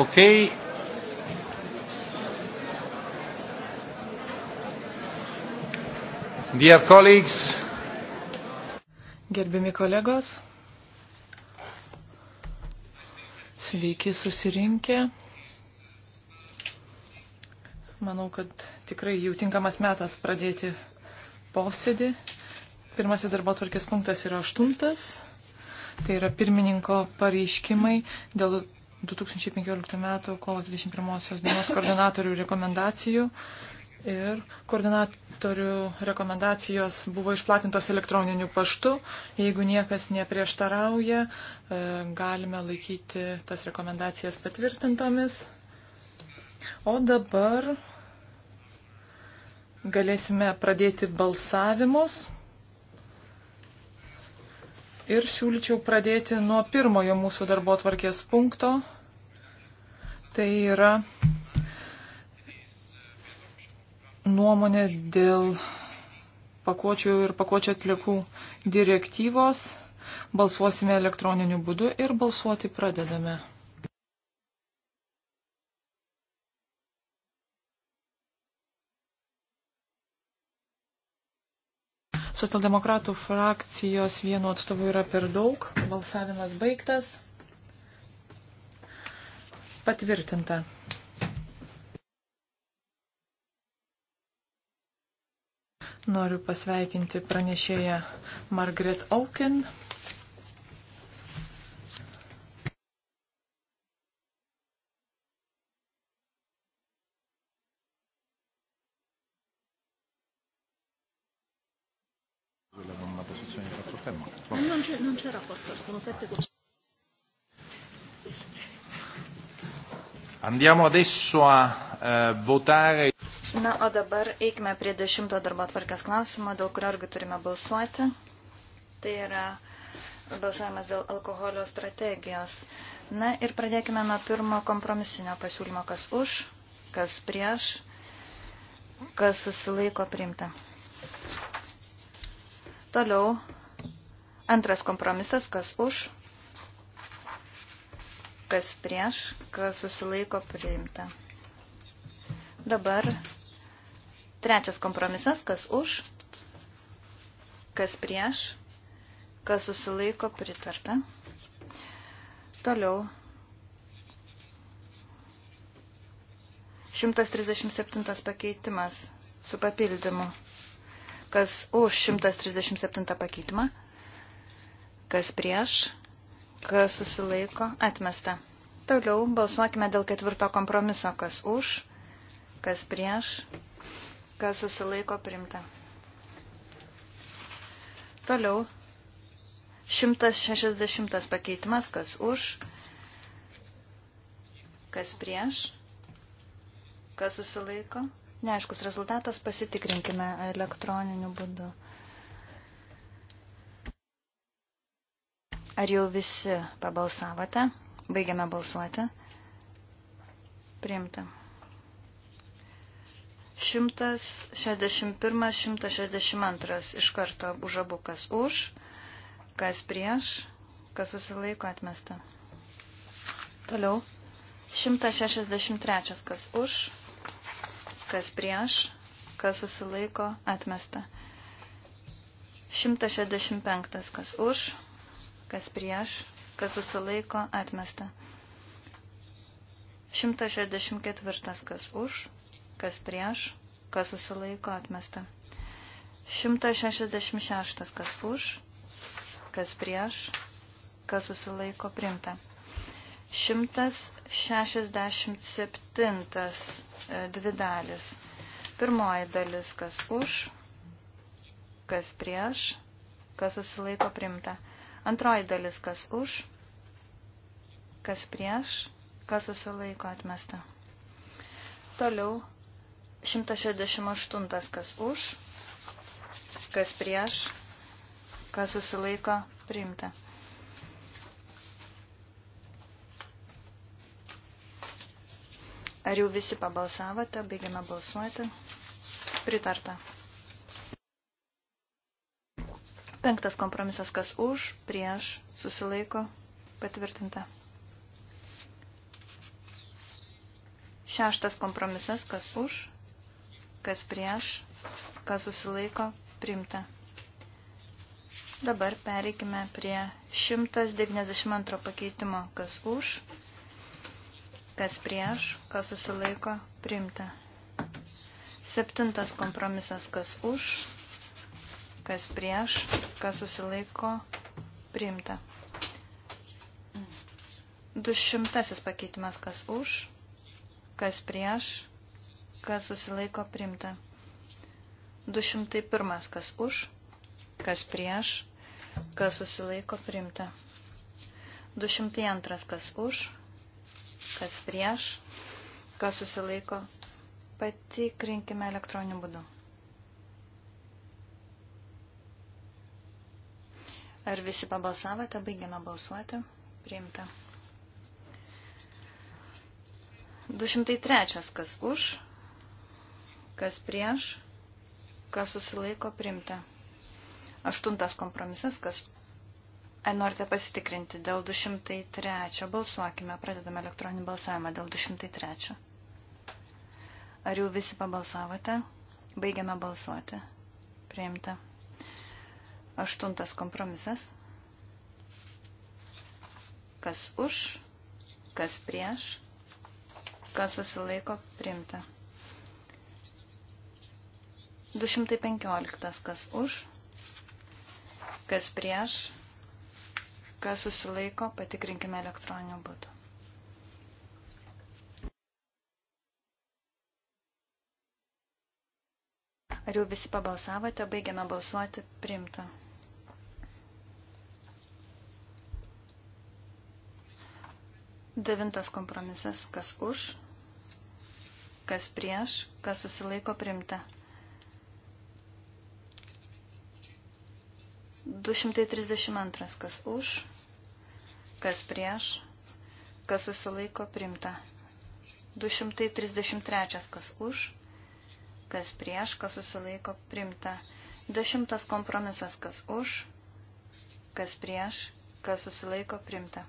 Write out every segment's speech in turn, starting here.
Okay. Dear colleagues. Gerbiami kolegos. Sveiki susirinkę. Manau, kad tikrai jau tinkamas metas pradėti posėdį. Pirmasis darbo tvarkės punktas yra aštuntas. Tai yra pirmininko pareiškimai dėl 2015 m. kovo 21 dienos koordinatorių rekomendacijų ir koordinatorių rekomendacijos buvo išplatintos elektroniniu paštu. Jeigu niekas neprieštarauja, e, galime laikyti tas rekomendacijas patvirtintomis. O dabar galėsime pradėti balsavimus ir siūlyčiau pradėti nuo pirmojo mūsų darbo tvarkės punkto. Tai yra nuomonė dėl pakuočių ir pakuočių atliekų direktyvos. Balsuosime elektroniniu būdu ir balsuoti pradedame. Socialdemokratų frakcijos vienu atstovu yra per daug. Balsavimas baigtas. Patvirtinta. Noriu pasveikinti pranešėją Margaret Auken. c'è il rapporto, sono sette questioni. Andiamo adesso a eh, votare. Na, o dabar eikime prie dešimto darbo atvarkės klausimo, dėl kurio irgi turime balsuoti. Tai yra balsavimas dėl alkoholio strategijos. Na ir pradėkime nuo pirmo kompromisinio pasiūlymo, kas už, kas prieš, kas susilaiko priimta. Toliau Antras kompromisas, kas už, kas prieš, kas susilaiko priimta. Dabar trečias kompromisas, kas už, kas prieš, kas susilaiko pritarta. Toliau 137 pakeitimas su papildymu. Kas už 137 pakeitimą, kas prieš, kas susilaiko, atmesta. Toliau balsuokime dėl ketvirto kompromiso, kas už, kas prieš, kas susilaiko primta. Toliau 160 pakeitimas, kas už, kas prieš, kas susilaiko. Neaiškus rezultatas pasitikrinkime elektroniniu būdu. Ar jau visi pabalsavote? Baigiame balsuoti. Priimta. 161-162 iš karto už abu, kas už, kas prieš, kas susilaiko atmesta. Toliau. 163 kas už, kas prieš, kas susilaiko atmesta. 165 kas už, kas prieš, kas susilaiko, atmesta. 164, kas už, kas prieš, kas susilaiko, atmesta. 166, kas už, kas prieš, kas susilaiko, primta. 167 e, dvi dalis. Pirmoji dalis, kas už, kas prieš, kas susilaiko primta. Antroji dalis, kas už, kas prieš, kas susilaiko atmesta. Toliau 168, kas už, kas prieš, kas susilaiko priimta. Ar jau visi pabalsavote, baigiame balsuoti? Pritarta. Penktas kompromisas, kas už, prieš, susilaiko, patvirtinta. Šeštas kompromisas, kas už, kas prieš, kas susilaiko, primta. Dabar pereikime prie 192 pakeitimo, kas už, kas prieš, kas susilaiko, primta. Septintas kompromisas, kas už, kas prieš, kas susilaiko, priimta. Dušimtasis pakeitimas, kas už, kas prieš, kas susilaiko, priimta. Dušimtai pirmas, kas už, kas prieš, kas susilaiko, priimta. Dušimtai antras, kas už, kas prieš, kas susilaiko, patikrinkime elektroniniu būdu. Ar visi pabalsavote? Baigiame balsuoti. Priimta. 203. Kas už, kas prieš, kas susilaiko priimta. Aštuntas kompromisas, kas. Ar norite pasitikrinti dėl 203? Balsuokime, pradedame elektroninį balsavimą dėl 203. Ar jau visi pabalsavote? Baigiame balsuoti. Priimta. Aštuntas kompromisas. Kas už, kas prieš, kas susilaiko priimta. 215. Kas už, kas prieš, kas susilaiko, patikrinkime elektroniniu būdu. Ar jau visi pabalsavote, baigiame balsuoti, primta. Devintas kompromisas. Kas už, kas prieš, kas susilaiko primta. 232. Kas už, kas prieš, kas susilaiko primta. 233. Kas už, kas prieš, kas susilaiko primta. Dešimtas kompromisas. Kas už, kas prieš, kas susilaiko primta.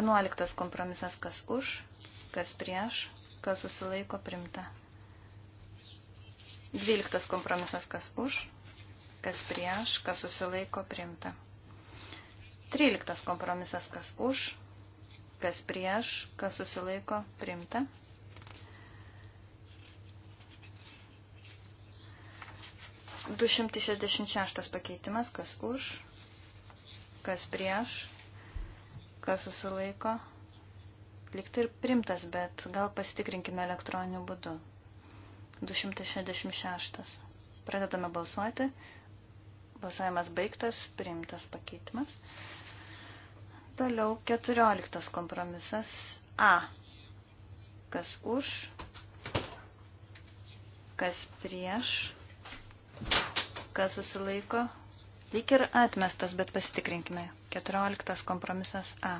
11 kompromisas, kas už, kas prieš, kas susilaiko primta. 12 kompromisas, kas už, kas prieš, kas susilaiko primta. 13 kompromisas, kas už, kas prieš, kas susilaiko primta. Du šimtai šešdešimt šeštas pakeitimas, kas už, kas prieš, kas susilaiko. Likti ir primtas, bet gal pasitikrinkime elektroniniu būdu. 266. Pradedame balsuoti. Balsavimas baigtas, priimtas pakeitimas. Toliau 14 kompromisas A. Kas už, kas prieš, kas susilaiko, Lyg ir atmestas, bet pasitikrinkime. 14 kompromisas A.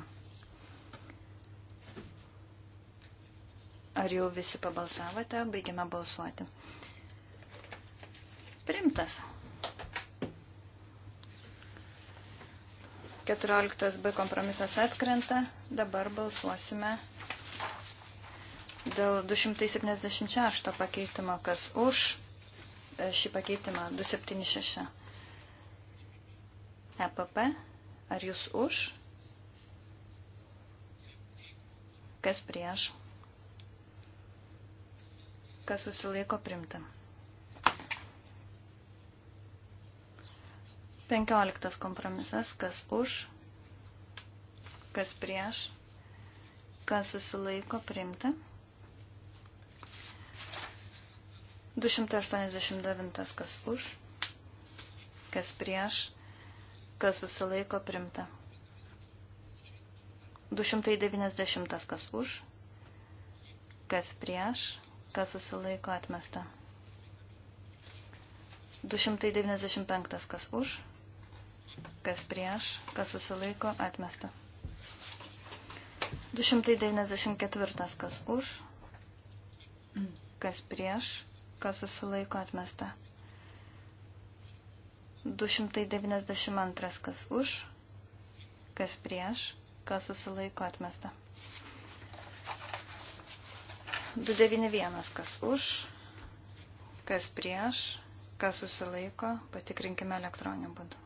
Ar jau visi pabalsavote? Baigime balsuoti. Primtas. 14b kompromisas atkrenta. Dabar balsuosime dėl 276 pakeitimo, kas už šį pakeitimą 276. EPP, ar jūs už? Kas prieš? Kas susilaiko primta? 15 kompromisas, kas už, kas prieš, kas susilaiko primta. 289 kas už, kas prieš, kas susilaiko primta. 290 kas už, kas prieš, kas susilaiko atmesta. 295 kas už, kas prieš, kas susilaiko atmesta. 294 kas už, kas prieš, kas susilaiko atmesta. 292 kas už, kas prieš, kas susilaiko atmesta. 291 kas už, kas prieš, kas susilaiko, patikrinkime elektroniniu būdu.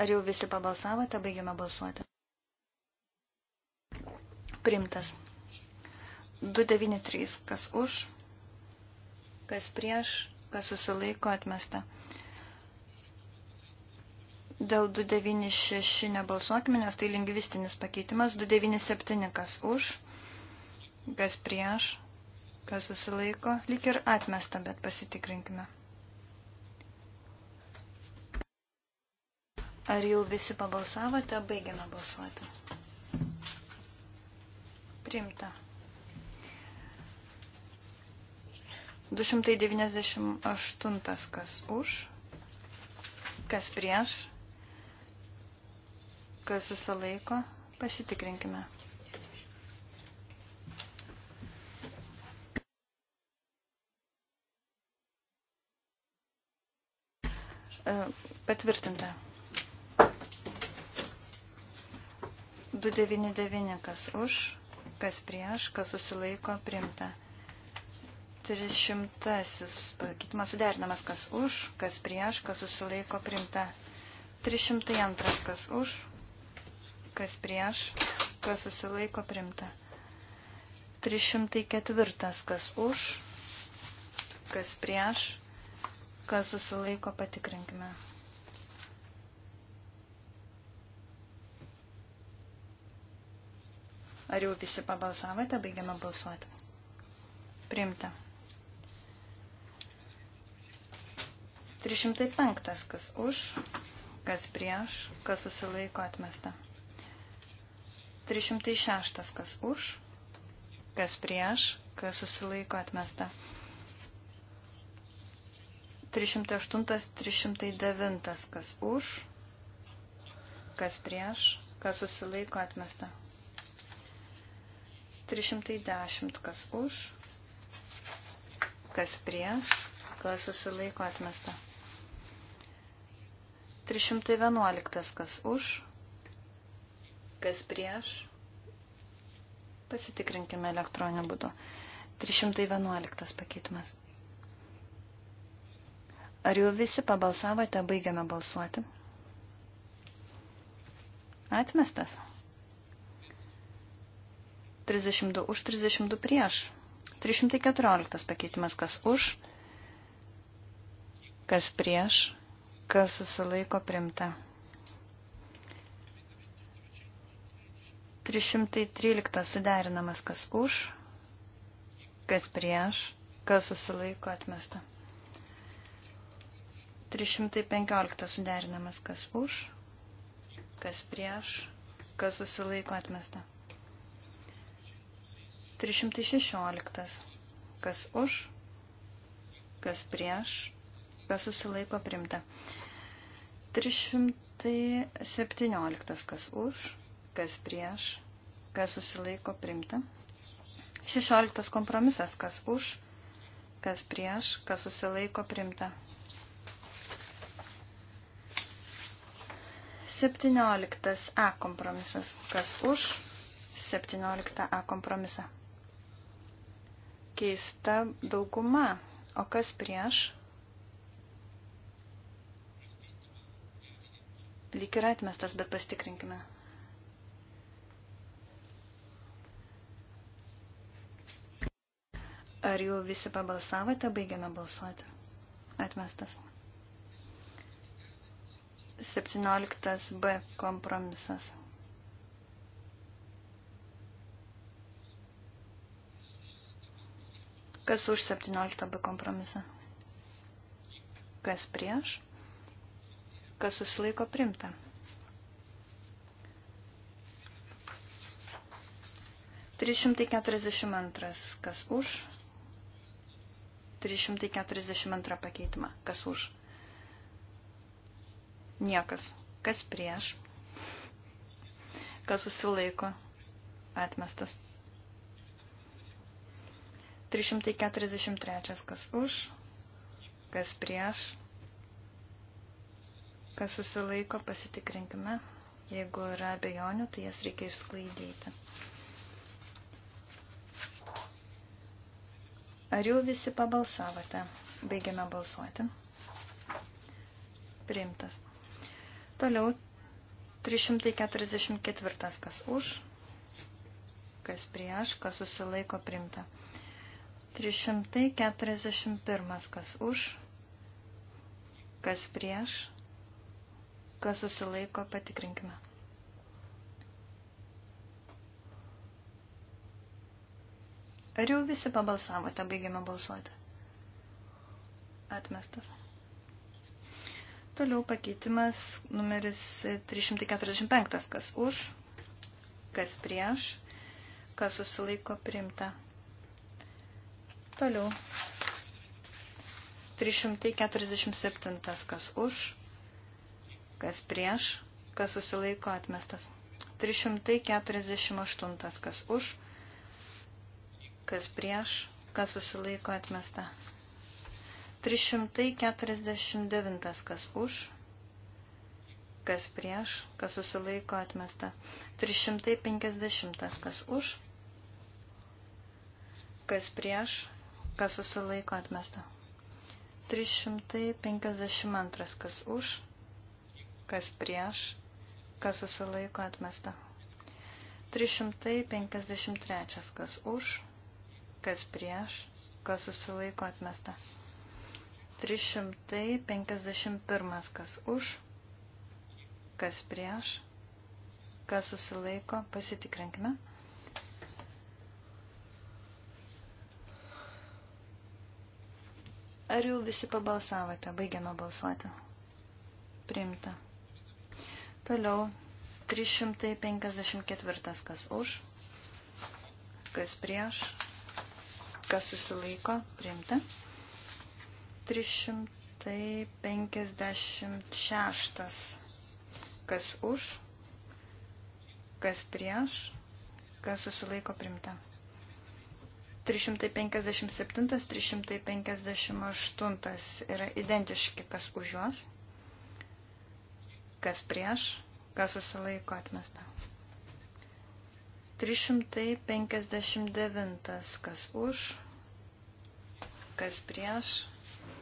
Ar jau visi pabalsavote, baigiame balsuoti. Primtas. 293, kas už, kas prieš, kas susilaiko atmesta. Dėl 296 nebalsuokime, nes tai lingvistinis pakeitimas. 297 kas už, kas prieš, kas susilaiko, lik ir atmesta, bet pasitikrinkime. Ar jau visi pabalsavote, baigiame balsuoti. Primta. 298 kas už, kas prieš, kas susilaiko, pasitikrinkime. E, patvirtinta. 299 kas už, kas prieš, kas susilaiko, primta. 300 pakeitimas e, suderinamas, kas už, kas prieš, kas susilaiko primta. 302 kas už, kas prieš, kas susilaiko primta. 304 kas už, kas prieš, kas susilaiko patikrinkime. Ar jau visi pabalsavote, baigiame balsuoti. Priimta. 305. Kas už, kas prieš, kas susilaiko atmesta. 306. Kas už, kas prieš, kas susilaiko atmesta. 308, 309, kas už, kas prieš, kas susilaiko atmesta. 310, kas už, kas prieš, kas susilaiko atmesta. 311. Kas už, kas prieš. Pasitikrinkime elektroniniu būdu. 311 pakeitimas. Ar jau visi pabalsavote, baigiame balsuoti? Atmestas. 32 už, 32 prieš. 314 pakeitimas, kas už, kas prieš, kas susilaiko primta. 313 suderinamas kas už, kas prieš, kas susilaiko atmesta. 315 suderinamas kas už, kas prieš, kas susilaiko atmesta. 316. Kas už, kas prieš, kas susilaiko primta. 317. Kas už, kas prieš, kas susilaiko primta. 16. Kompromisas. Kas už, kas prieš, kas susilaiko primta. 17. A kompromisas. Kas už 17. A kompromisą. Keista dauguma. O kas prieš? Lyg ir atmestas, bet pastikrinkime. Ar jau visi pabalsavote, baigiame balsuoti? Atmestas. 17b kompromisas. Kas už 17b kompromisą? Kas prieš? kas susilaiko primta. Trys šimtai keturiasdešimt antras, kas už. Trys šimtai keturiasdešimt antrą pakeitimą, kas už. Niekas, kas prieš, kas susilaiko, atmestas. 343 kas už, kas prieš, kas susilaiko, pasitikrinkime. Jeigu yra abejonių, tai jas reikia išsklaidyti. Ar jau visi pabalsavote? Baigiame balsuoti. Priimtas. Toliau 344. Kas už, kas prieš, kas susilaiko priimta. 341. Kas už, kas prieš, kas susilaiko, patikrinkime. Ar jau visi pabalsavote, baigėme balsuoti? Atmestas. Toliau pakeitimas numeris 345. Kas už, kas prieš, kas susilaiko priimta. Toliau. 347. Kas už, kas prieš, kas susilaiko atmestas. 348, kas už, kas prieš, kas susilaiko atmesta. 349, kas už, kas prieš, kas susilaiko atmesta. 350, kas už, kas prieš, kas susilaiko atmesta. 352, kas už, kas prieš, kas susilaiko atmesta. 353, kas už, kas prieš, kas susilaiko atmesta. 351, kas už, kas prieš, kas susilaiko, pasitikrinkime. Ar jau visi pabalsavote? Baigiame balsuoti. Priimta. Toliau 354. Kas už, kas prieš, kas susilaiko, priimta. 356. Kas už, kas prieš, kas susilaiko, priimta. 357, 358 yra identiški, kas už juos, kas prieš, kas susilaiko atmesta. 359, kas už, kas prieš,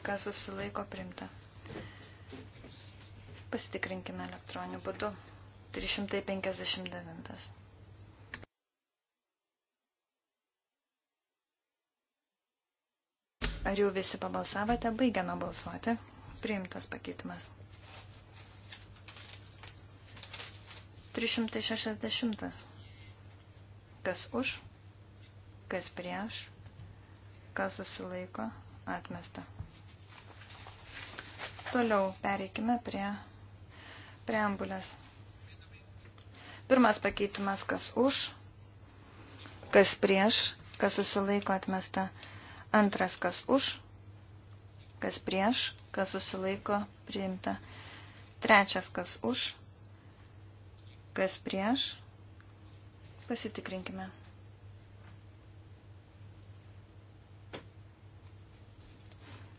kas susilaiko primta. Pasitikrinkime elektroniniu būdu. 359. Ar jau visi pabalsavote? Baigiame balsuoti. Priimtas pakeitimas. 360. Kas už, kas prieš, kas susilaiko, atmesta. Toliau pereikime prie preambulės. Pirmas pakeitimas, kas už, kas prieš, kas susilaiko atmesta. Antras, kas už, kas prieš, kas susilaiko priimta. Trečias, kas už, kas prieš. Pasitikrinkime.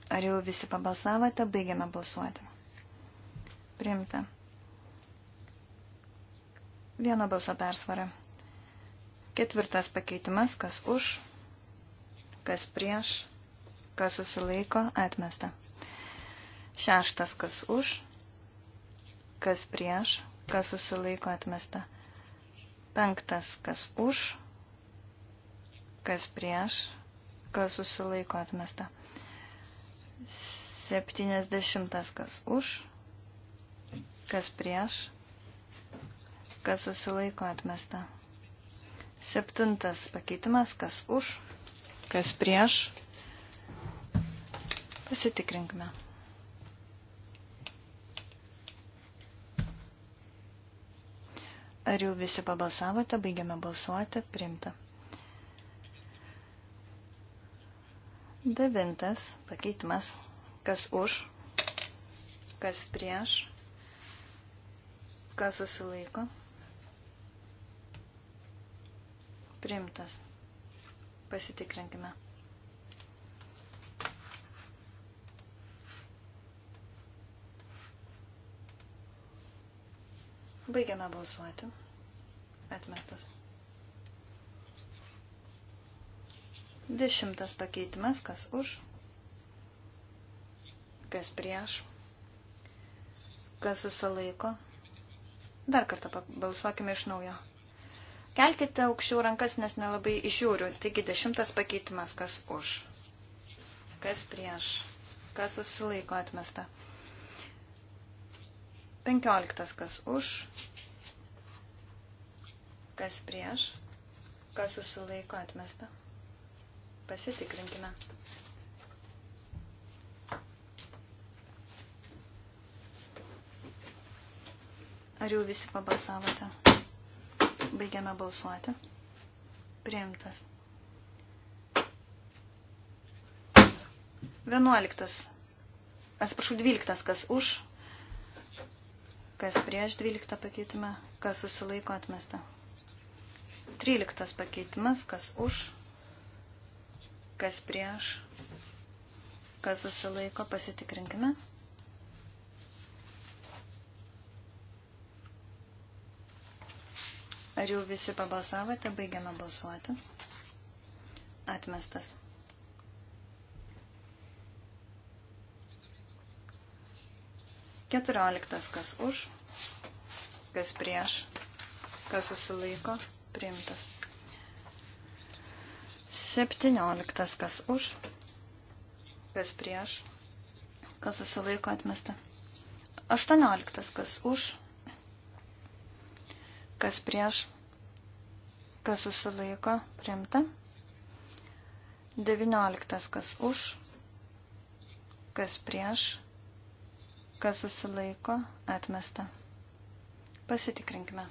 Ar jau visi pabalsavote, baigiame balsuoti. Priimta. Vieno balso persvara. Ketvirtas pakeitimas, kas už, kas prieš, kas susilaiko, atmesta. Šeštas, kas už, kas prieš, kas susilaiko atmesta. Penktas, kas už, kas prieš, kas susilaiko atmesta. Septynesdešimtas, kas už, kas prieš, kas susilaiko atmesta. Septintas pakeitimas, kas už, kas prieš. Pasitikrinkime. Ar jau visi pabalsavote? Baigiame balsuoti. Primta. Devintas pakeitimas. Kas už? Kas prieš? Kas susilaiko? Primtas. Pasitikrinkime. Baigiame balsuoti. Atmestas. Dešimtas pakeitimas, kas už, kas prieš, kas susilaiko. Dar kartą balsuokime iš naujo. Kelkite aukščiau rankas, nes nelabai išžiūriu. Taigi dešimtas pakeitimas, kas už, kas prieš, kas susilaiko atmesta. Penkioliktas kas už, kas prieš, kas susilaiko atmesta. Pasitikrinkime. Ar jau visi pabalsavote? Baigiame balsuoti. Priimtas. Vienuoliktas. Atsiprašau, dvyliktas, kas už, Kas prieš 12 pakeitimą, kas susilaiko atmesta. 13 pakeitimas, kas už, kas prieš, kas susilaiko, pasitikrinkime. Ar jau visi pabalsavote, baigiame balsuoti. Atmestas. Keturioliktas, kas už, kas prieš, kas susilaiko, priimtas. Septynioliktas, kas už, kas prieš, kas susilaiko, atmesta. Aštuonioliktas, kas už, kas prieš, kas susilaiko, priimta. Devynioliktas, kas už, kas prieš, kas susilaiko, atmesta. Pasitikrinkime.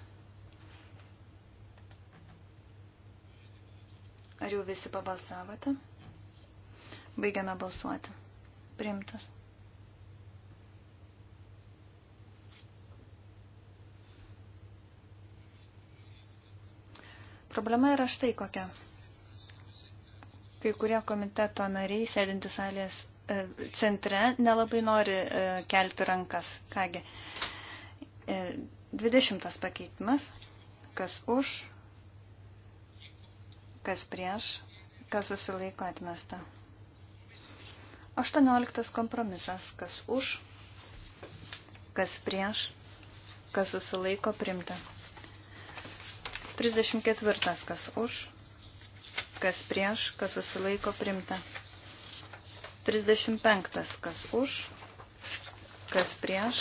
Ar jau visi pabalsavote? Baigiame balsuoti. Priimtas. Problema yra štai kokia. Kai kurie komiteto nariai, sėdinti salės E, centre nelabai nori e, kelti rankas. Kągi, 20 e, pakeitimas, kas už, kas prieš, kas susilaiko atmesta. 18 kompromisas, kas už, kas prieš, kas susilaiko primta. 34. Kas už, kas prieš, kas susilaiko primta. 35. Kas už, kas prieš,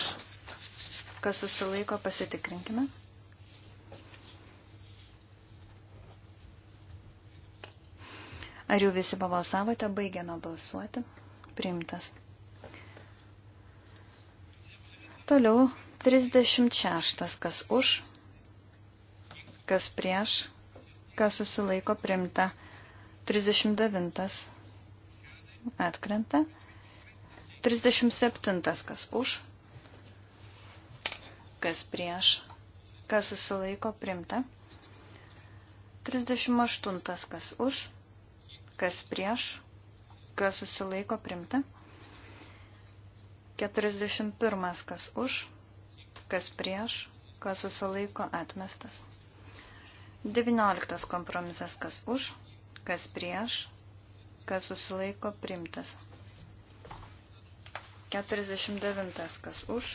kas susilaiko, pasitikrinkime. Ar jau visi pabalsavote, baigiame balsuoti? Priimtas. Toliau 36. Kas už, kas prieš, kas susilaiko primta. 39 atkrenta. 37 kas už, kas prieš, kas susilaiko primta. 38 kas už, kas prieš, kas susilaiko primta. 41 kas už, kas prieš, kas susilaiko atmestas. 19 kompromisas kas už, kas prieš, kas susilaiko primtas. 49. Kas už?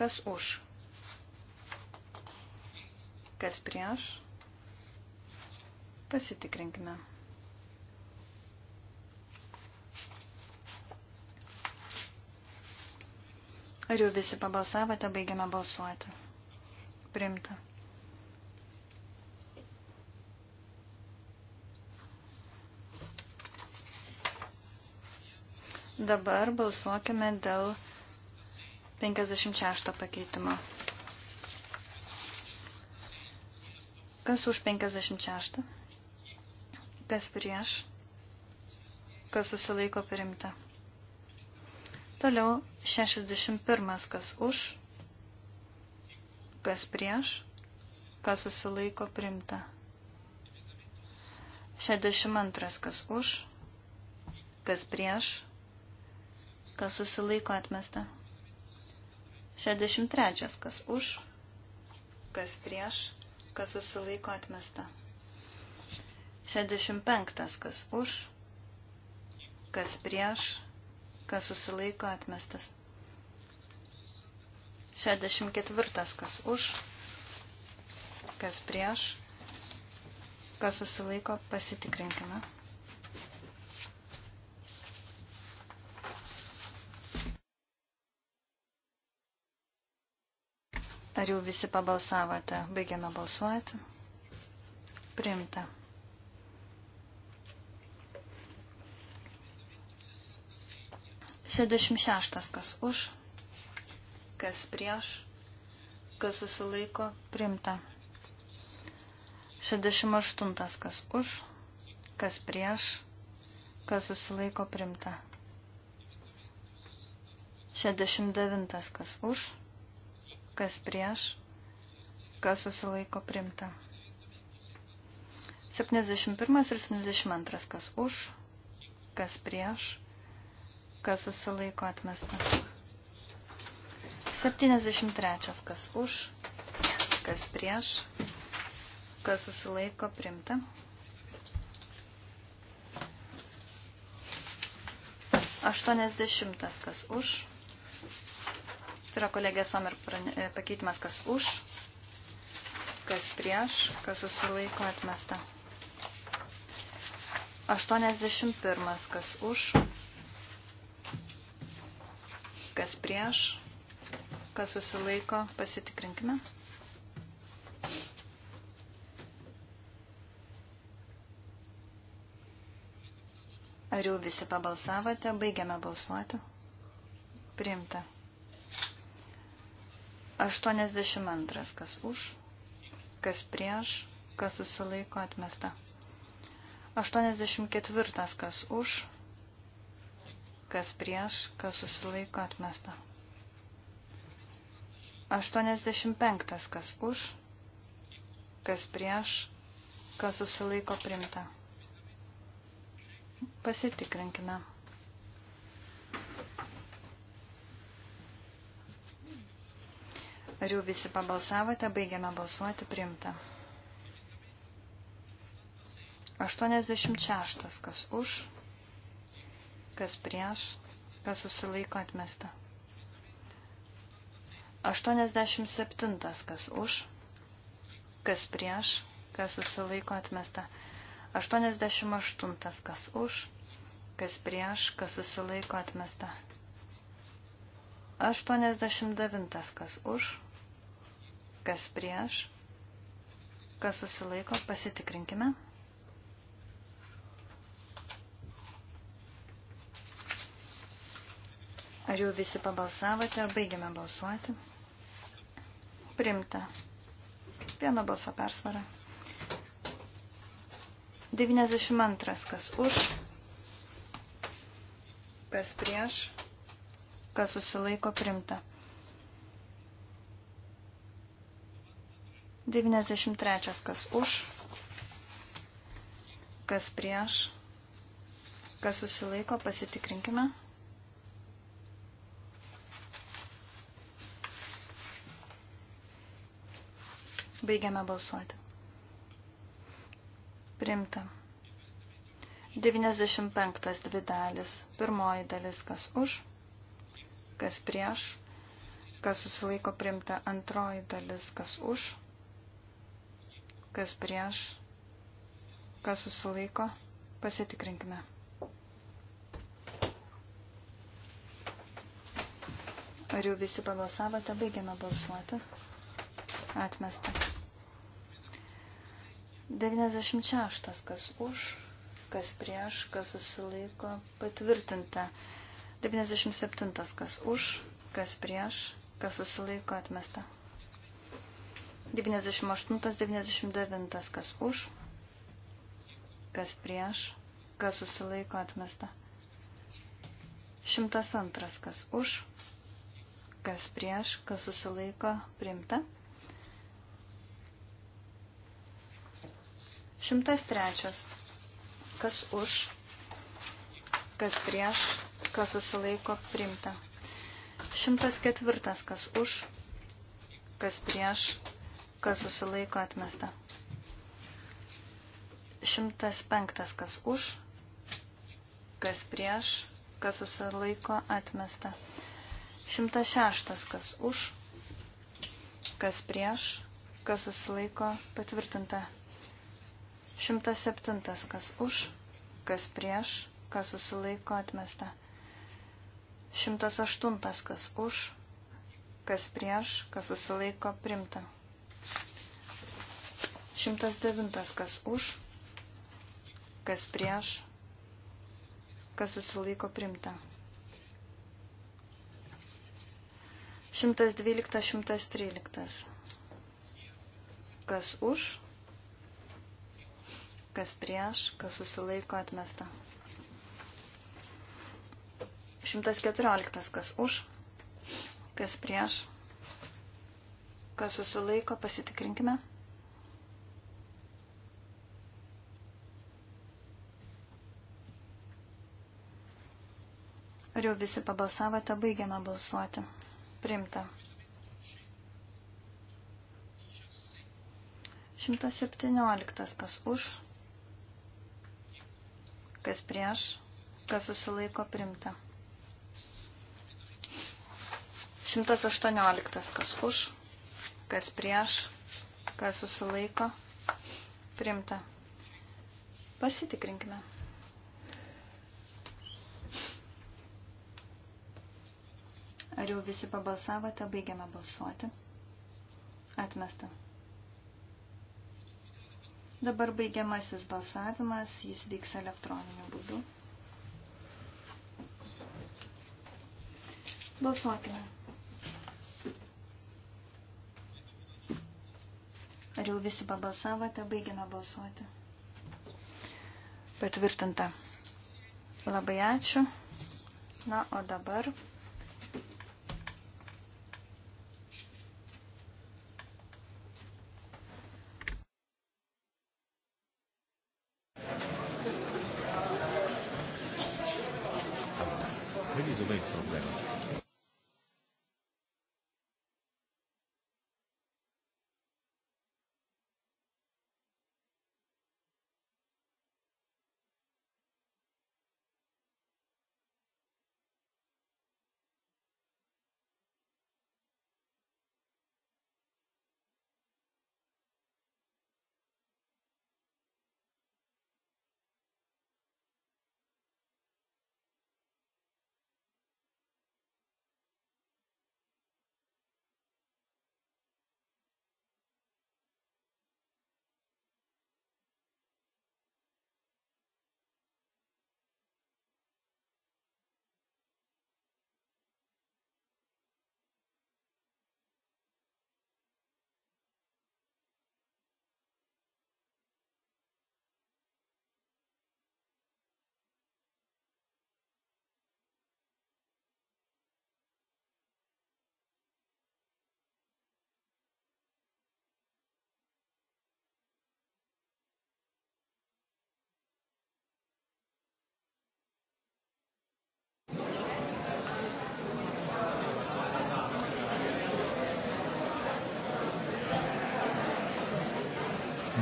Kas už? Kas prieš? Pasitikrinkime. Ar jau visi pabalsavote, baigiame balsuoti? Primta. Dabar balsuokime dėl 56 pakeitimo. Kas už 56? Kas prieš? Kas susilaiko perimta? Toliau 61. Kas už? Kas prieš? Kas susilaiko primta? 62. Kas už? Kas prieš? kas susilaiko atmesta. 63. Kas už, kas prieš, kas susilaiko atmesta. 65. Kas už, kas prieš, kas susilaiko atmestas. 64. Kas už, kas prieš, kas susilaiko, pasitikrinkime. Ar jau visi pabalsavote? Baigiame balsuoti. Priimta. Šedešimt šeštas, kas už, kas prieš, kas susilaiko, primta. Šedešimt aštuntas, kas už, kas prieš, kas susilaiko, primta. Šedešimt devintas, kas už, kas prieš, kas susilaiko primta. 71 ir 72, kas už, kas prieš, kas susilaiko atmesta. 73, kas už, kas prieš, kas susilaiko primta. Aštuoniasdešimtas, kas už, Tai yra kolegė Somer e, pakeitimas, kas už, kas prieš, kas susilaiko atmesta. 81. Kas už, kas prieš, kas susilaiko, pasitikrinkime. Ar jau visi pabalsavote? Baigiame balsuoti. Priimta. 82. Kas už, kas prieš, kas susilaiko atmesta. 84. Kas už, kas prieš, kas susilaiko atmesta. 85. Kas už, kas prieš, kas susilaiko primta. Pasitikrinkime. Ar jau visi pabalsavote? Baigiame balsuoti. Primta. 86. Kas už, kas prieš, kas susilaiko atmesta. 87. Kas už, kas prieš, kas susilaiko atmesta. 88. Kas už, kas prieš, kas susilaiko atmesta. 89. Kas už, kas prieš, kas susilaiko, pasitikrinkime. Ar jau visi pabalsavote, baigiame balsuoti. Primta. Vieno balso persvara. 92. Kas už, kas prieš, kas susilaiko primta. 93. Kas už, kas prieš, kas susilaiko, pasitikrinkime. Baigiame balsuoti. Primta. 95 dvi dalis. Pirmoji dalis kas už, kas prieš, kas susilaiko primta. Antroji dalis kas už, kas prieš, kas susilaiko, pasitikrinkime. Ar jau visi pabalsavote, baigiame balsuoti. Atmesta. 96. Kas už, kas prieš, kas susilaiko, patvirtinta. 97. Kas už, kas prieš, kas susilaiko, atmesta. 98-99, kas už, kas prieš, kas susilaiko atmesta. 102, kas už, kas prieš, kas susilaiko priimta. 103, kas už, kas prieš, kas susilaiko priimta. 104, kas už, kas prieš, kas susilaiko atmesta. 105, kas už, kas prieš, kas susilaiko atmesta. 106, kas už, kas prieš, kas susilaiko patvirtinta. 107, kas už, kas prieš, kas susilaiko atmesta. 108, kas už, kas prieš, kas susilaiko primta. 109. Kas už, kas prieš, kas susilaiko primta. 112, 113. Kas už, kas prieš, kas susilaiko atmesta. 114. Kas už, kas prieš, kas susilaiko, pasitikrinkime. Ar jau visi pabalsavote, baigiame balsuoti. Primta. 117. Kas už, kas prieš, kas susilaiko primta. 118. Kas už, kas prieš, kas susilaiko primta. Pasitikrinkime. Ar jau visi pabalsavote? Baigiame balsuoti. Atmesta. Dabar baigiamasis balsavimas, jis vyks elektroniniu būdu. Balsuokime. Ar jau visi pabalsavote? Baigiame balsuoti. Patvirtinta. Labai ačiū. Na, o dabar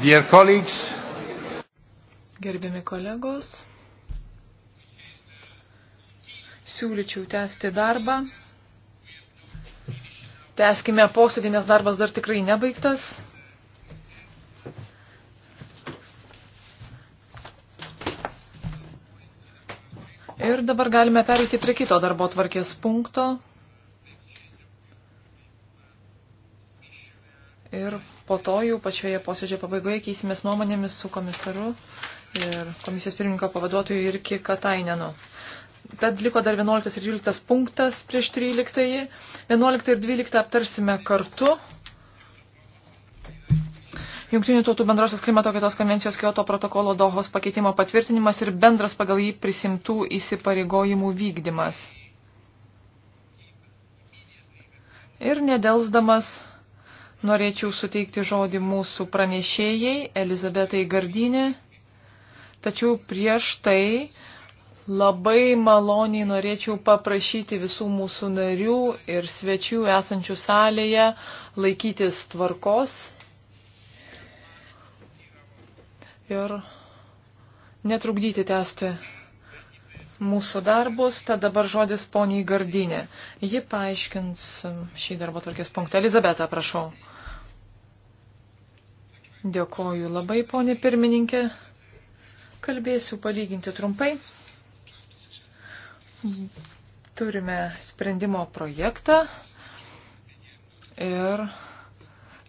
Dear colleagues. Gerbiami kolegos. Siūlyčiau tęsti darbą. Tęskime posėdį, nes darbas dar tikrai nebaigtas. Ir dabar galime pereiti prie kito darbo tvarkės punkto. Ir po to jau pačioje posėdžio pabaigoje keisimės nuomonėmis su komisaru ir komisijos pirmininko pavaduotoju ir Kikatainenu. Tad liko dar 11 ir 12 punktas prieš 13. 11 ir 12 aptarsime kartu. Junktinių tautų bendrosios klimato kaitos konvencijos Kyoto protokolo Dohos pakeitimo patvirtinimas ir bendras pagal jį prisimtų įsipareigojimų vykdymas. Ir nedelsdamas norėčiau suteikti žodį mūsų pranešėjai Elizabetai Gardinė, tačiau prieš tai labai maloniai norėčiau paprašyti visų mūsų narių ir svečių esančių salėje laikytis tvarkos ir netrukdyti tęsti mūsų darbus, tad dabar žodis poniai Gardinė. Ji paaiškins šį darbo tvarkės punktą. Elizabeta, prašau. Dėkoju labai, ponė pirmininkė. Kalbėsiu palyginti trumpai. Turime sprendimo projektą ir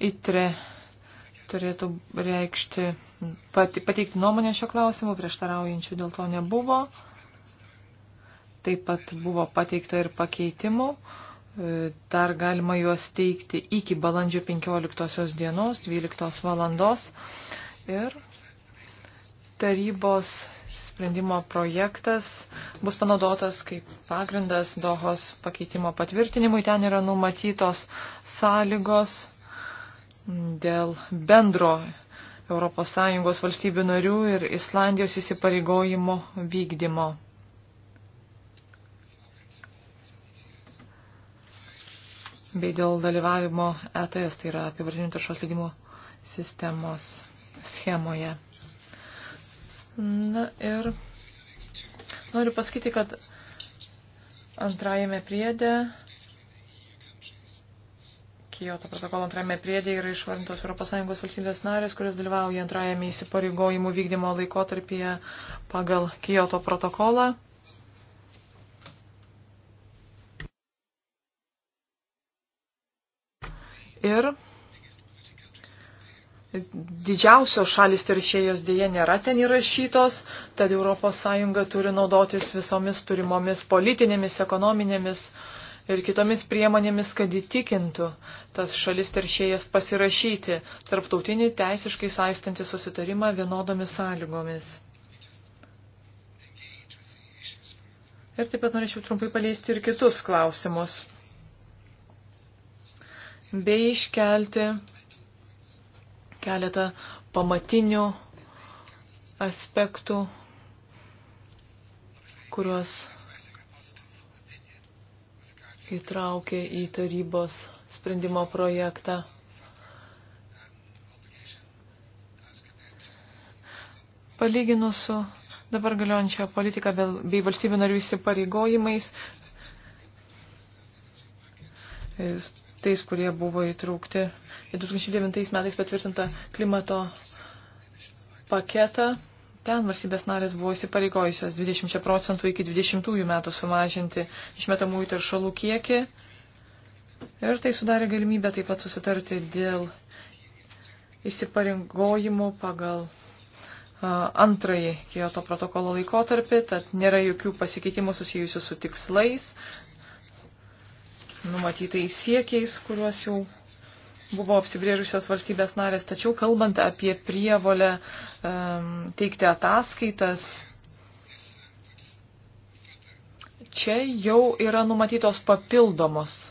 įtre turėtų reikšti, pateikti nuomonę šio klausimu, prieštaraujančių dėl to nebuvo. Taip pat buvo pateikta ir pakeitimų, E, dar galima juos teikti iki balandžio 15 dienos, 12 valandos. Ir tarybos sprendimo projektas bus panaudotas kaip pagrindas Dohos pakeitimo patvirtinimui. Ten yra numatytos sąlygos dėl bendro ES valstybių narių ir Islandijos įsipareigojimo vykdymo. bei dėl dalyvavimo ETS, tai yra apivartinių taršos leidimų sistemos schemoje. Na ir noriu pasakyti, kad antrajame priedė, Kijoto protokolo antrajame priedė yra išvardintos ES valstybės narės, kurios dalyvauja antrajame įsipareigojimų vykdymo laikotarpyje pagal Kijoto protokolą. Ir didžiausios šalis teršėjos dėje nėra ten įrašytos, tad ES turi naudotis visomis turimomis politinėmis, ekonominėmis ir kitomis priemonėmis, kad įtikintų tas šalis teršėjas pasirašyti tarptautinį teisiškai saistantį susitarimą vienodomis sąlygomis. Ir taip pat norėčiau trumpai paleisti ir kitus klausimus bei iškelti keletą pamatinių aspektų, kuriuos įtraukė į tarybos sprendimo projektą. Palyginus su dabar galiojančia politika bei valstybių narių įsipareigojimais, tais, kurie buvo įtraukti į 2009 metais patvirtintą klimato paketą. Ten valstybės narės buvo įsipareigojusios 20 procentų iki 20 metų sumažinti išmetamųjų teršalų kiekį. Ir tai sudarė galimybę taip pat susitarti dėl įsipareigojimų pagal antrąjį Kyoto protokolo laikotarpį, tad nėra jokių pasikeitimų susijusių su tikslais, numatytais siekiais, kuriuos jau buvo apsibrėžusios valstybės narės. Tačiau kalbant apie prievolę um, teikti ataskaitas, čia jau yra numatytos papildomos e,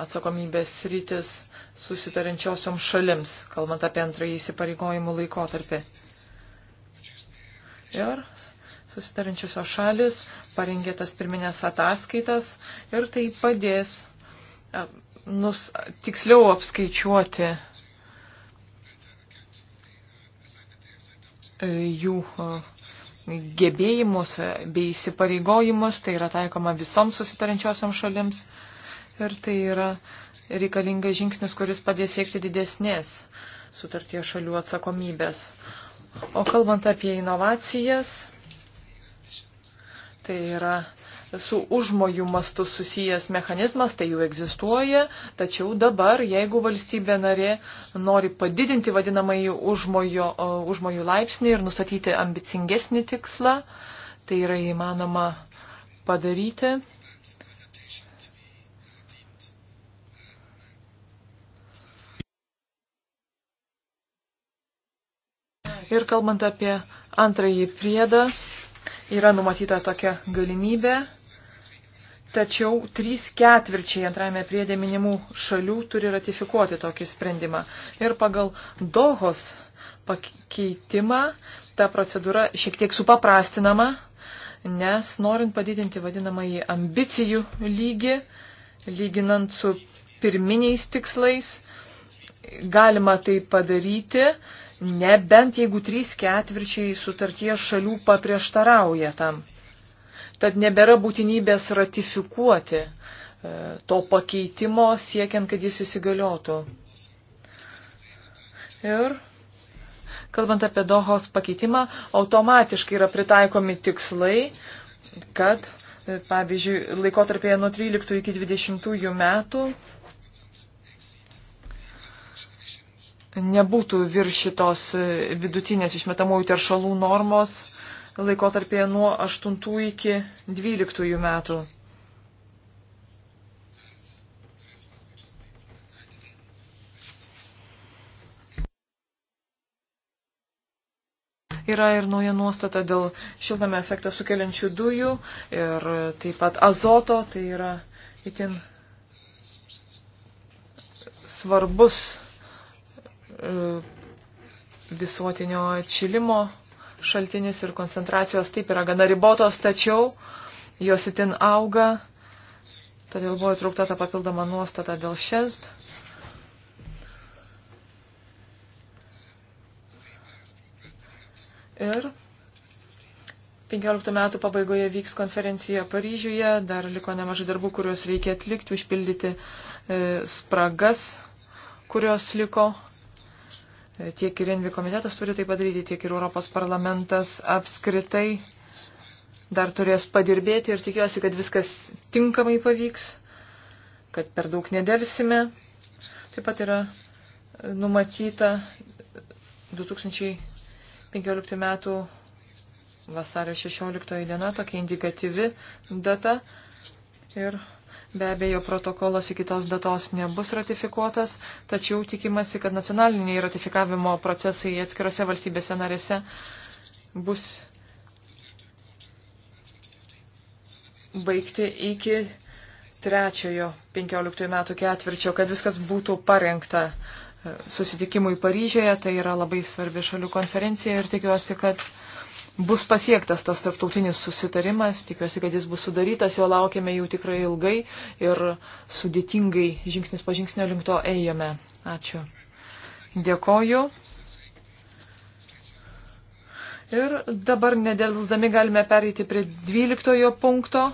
atsakomybės rytis susitarinčiosiom šalims, kalbant apie antrąjį įsipareigojimų laikotarpį. Ir susitarančiusios šalis parengė tas pirminės ataskaitas ir tai padės nus, tiksliau apskaičiuoti e, jų gebėjimus e, bei įsipareigojimus, tai yra taikoma visoms susitarančiosiam šalims ir tai yra reikalingas žingsnis, kuris padės siekti didesnės sutarties šalių atsakomybės. O kalbant apie inovacijas, Tai yra su užmojų mastu susijęs mechanizmas, tai jau egzistuoja, tačiau dabar, jeigu valstybė narė nori padidinti vadinamąjį užmojo, užmojų laipsnį ir nustatyti ambicingesnį tikslą, tai yra įmanoma padaryti. Ir kalbant apie antrąjį priedą, yra numatyta tokia galimybė, tačiau trys ketvirčiai antrajame priedė minimų šalių turi ratifikuoti tokį sprendimą. Ir pagal Dohos pakeitimą ta procedūra šiek tiek supaprastinama, nes norint padidinti vadinamąjį ambicijų lygį, lyginant su pirminiais tikslais, galima tai padaryti nebent jeigu trys ketvirčiai sutarties šalių paprieštarauja tam. Tad nebėra būtinybės ratifikuoti e, to pakeitimo siekiant, kad jis įsigaliotų. Ir kalbant apie Dohos pakeitimą, automatiškai yra pritaikomi tikslai, kad, e, pavyzdžiui, laikotarpėje nuo 13 iki 20 metų nebūtų virš šitos vidutinės išmetamųjų teršalų normos laikotarpėje nuo 8 iki 12 metų. Yra ir nauja nuostata dėl šiltame efektą sukeliančių dujų ir taip pat azoto, tai yra itin svarbus E, visuotinio atšilimo šaltinis ir koncentracijos taip yra gana ribotos, tačiau jos itin auga, todėl buvo įtraukta ta papildoma nuostata dėl šest. Ir 15 metų pabaigoje vyks konferencija Paryžiuje, dar liko nemažai darbų, kuriuos reikia atlikti, užpildyti e, spragas, kurios liko. Tiek ir Envi komitetas turi tai padaryti, tiek ir Europos parlamentas apskritai dar turės padirbėti ir tikiuosi, kad viskas tinkamai pavyks, kad per daug nedelsime. Taip pat yra numatyta 2015 metų vasario 16 diena, tokia indikatyvi data. Ir Be abejo, protokolas iki tos datos nebus ratifikuotas, tačiau tikimasi, kad nacionaliniai ratifikavimo procesai atskirose valstybėse narėse bus baigti iki trečiojo 15 metų ketvirčio, kad viskas būtų parengta e, susitikimui Paryžioje. Tai yra labai svarbi šalių konferencija ir tikiuosi, kad bus pasiektas tas tarptautinis susitarimas, tikiuosi, kad jis bus sudarytas, jo laukiame jau tikrai ilgai ir sudėtingai žingsnis po žingsnio link to ėjome. Ačiū. Dėkoju. Ir dabar nedėlsdami galime pereiti prie 12 punkto.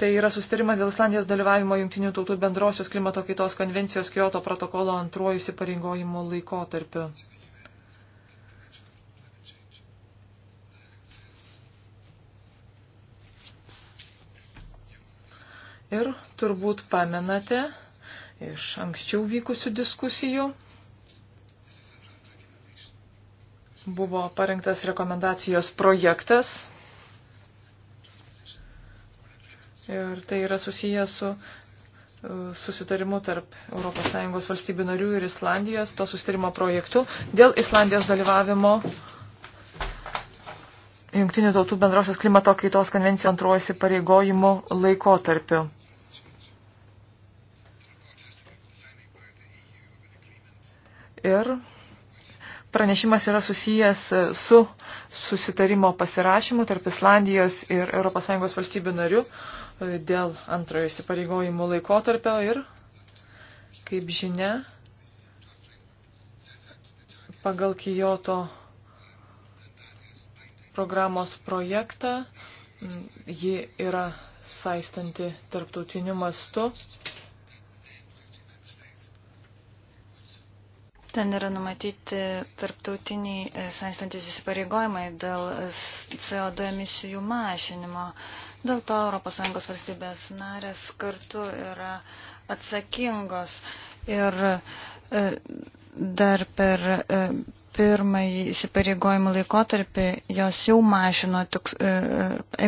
Tai yra sustarimas dėl Islandijos dalyvavimo Junktinių tautų bendrosios klimato kaitos konvencijos Kyoto protokolo antruoju įsipareigojimo laikotarpiu. Ir turbūt pamenate iš anksčiau vykusių diskusijų buvo parengtas rekomendacijos projektas. Ir tai yra susijęs su e, susitarimu tarp ES valstybių narių ir Islandijos, to susitarimo projektu dėl Islandijos dalyvavimo Junktinių tautų bendrosios klimato kaitos konvencijos antrojo įsipareigojimų laikotarpiu. ir pranešimas yra susijęs su susitarimo pasirašymu tarp Islandijos ir ES valstybių narių e, dėl antrojo įsipareigojimų laikotarpio ir, kaip žinia, pagal Kijoto programos projektą ji yra saistanti tarptautiniu mastu Ten yra numatyti tarptautiniai e, saistantis įsipareigojimai dėl CO2 emisijų mažinimo. Dėl to ES valstybės narės kartu yra atsakingos. Ir e, dar per e, pirmąjį įsipareigojimų laikotarpį jos jau mažino tiks,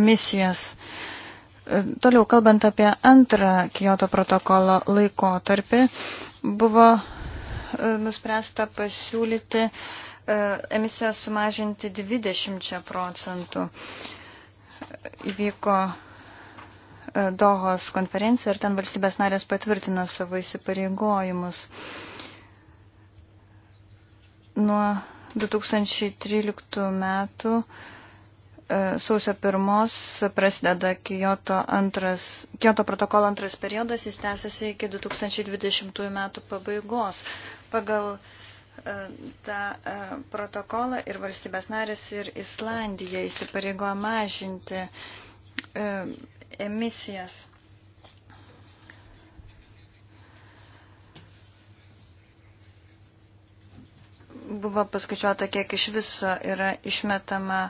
emisijas. Toliau, kalbant apie antrą Kyoto protokolo laikotarpį, buvo E, nuspręsta pasiūlyti e, emisijas sumažinti 20 procentų. Įvyko e, Dohos konferencija ir ten valstybės narės patvirtina savo įsipareigojimus. Nuo 2013 metų sausio pirmos prasideda Kyoto, antras, Kyoto protokolo antras periodas, jis tęsiasi iki 2020 metų pabaigos pagal e, tą e, protokolą ir valstybės narės ir Islandija įsipareigoja mažinti e, emisijas. Buvo paskaičiuota, kiek iš viso yra išmetama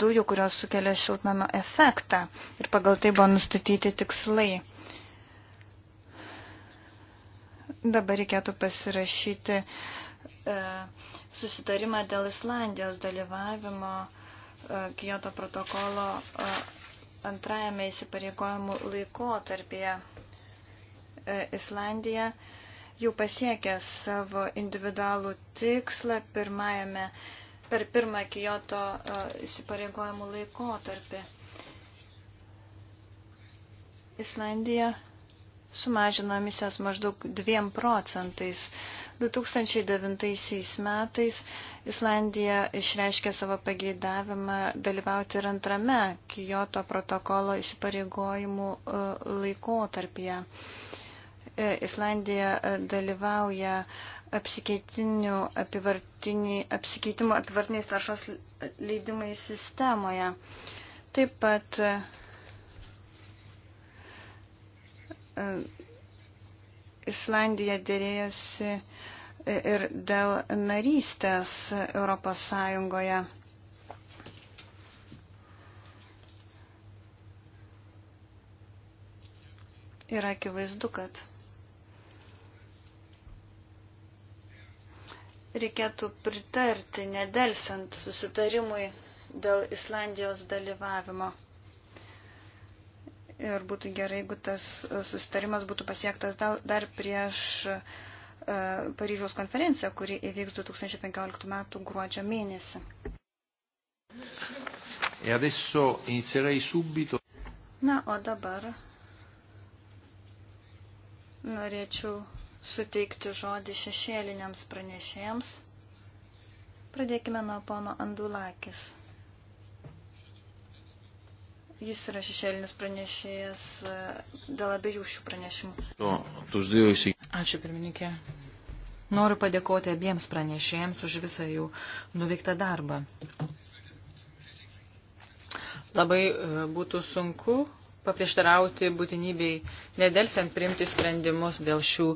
dujų, kurios sukelia šiltnamio efektą ir pagal tai buvo nustatyti tikslai. Dabar reikėtų pasirašyti e, susitarimą dėl Islandijos dalyvavimo e, Kyoto protokolo e, antrajame įsipareigojimų laikotarpyje. Islandija jau pasiekė savo individualų tikslą pirmajame, per pirmą Kyoto įsipareigojimų laikotarpį. Islandija sumažino emisijas maždaug 2 procentais. 2009 metais Islandija išreiškė savo pageidavimą dalyvauti ir antrame Kyoto protokolo įsipareigojimų e, laikotarpyje. E, Islandija e, dalyvauja apsikeitinių apsikeitimo apivartiniais taršos leidimai sistemoje. Taip pat E, Islandija dėrėjosi ir dėl narystės Europos Sąjungoje. Yra akivaizdu, kad reikėtų pritarti nedelsant susitarimui dėl Islandijos dalyvavimo ir būtų gerai, jeigu tas e, susitarimas būtų pasiektas dar prieš e, Paryžiaus konferenciją, kuri įvyks 2015 m. gruodžio mėnesį. E Na, o dabar norėčiau suteikti žodį šešėliniams pranešėjams. Pradėkime nuo pono Andulakis. Jis yra šešėlinis pranešėjas e, dėl abiejų šių pranešimų. Ačiū, pirmininkė. Noriu padėkoti abiems pranešėjams už visą jų nuveiktą darbą. Labai e, būtų sunku paprieštarauti būtinybei nedelsiant priimti sprendimus dėl šių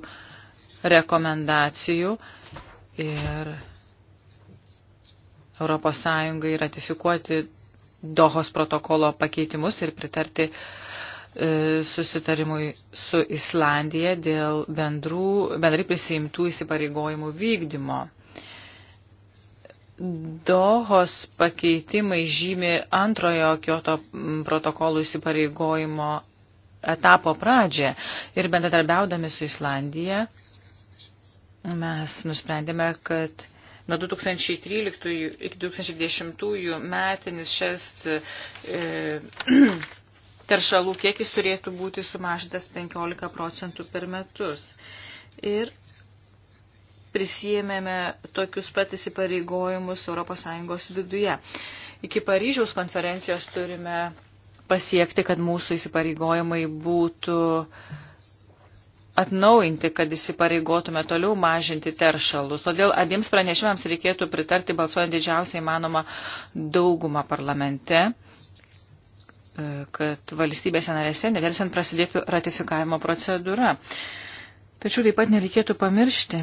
rekomendacijų ir Europos Sąjungai ratifikuoti Dohos protokolo pakeitimus ir pritarti e, susitarimui su Islandija dėl bendrų, bendrai prisimtų įsipareigojimų vykdymo. Dohos pakeitimai žymi antrojo Kyoto protokolų įsipareigojimo etapo pradžią ir bendradarbiaudami su Islandija mes nusprendėme, kad Nuo 2013 iki 2010 metinis šias e, teršalų kiekis turėtų būti sumažintas 15 procentų per metus. Ir prisijėmėme tokius pat įsipareigojimus ES viduje. Iki Paryžiaus konferencijos turime pasiekti, kad mūsų įsipareigojimai būtų atnaujinti, kad įsipareigotume toliau mažinti teršalus. Todėl abiems pranešimams reikėtų pritarti balsuojant didžiausiai manoma daugumą parlamente e, kad valstybėse narėse nedelsiant prasidėtų ratifikavimo procedūra. Tačiau taip pat nereikėtų pamiršti,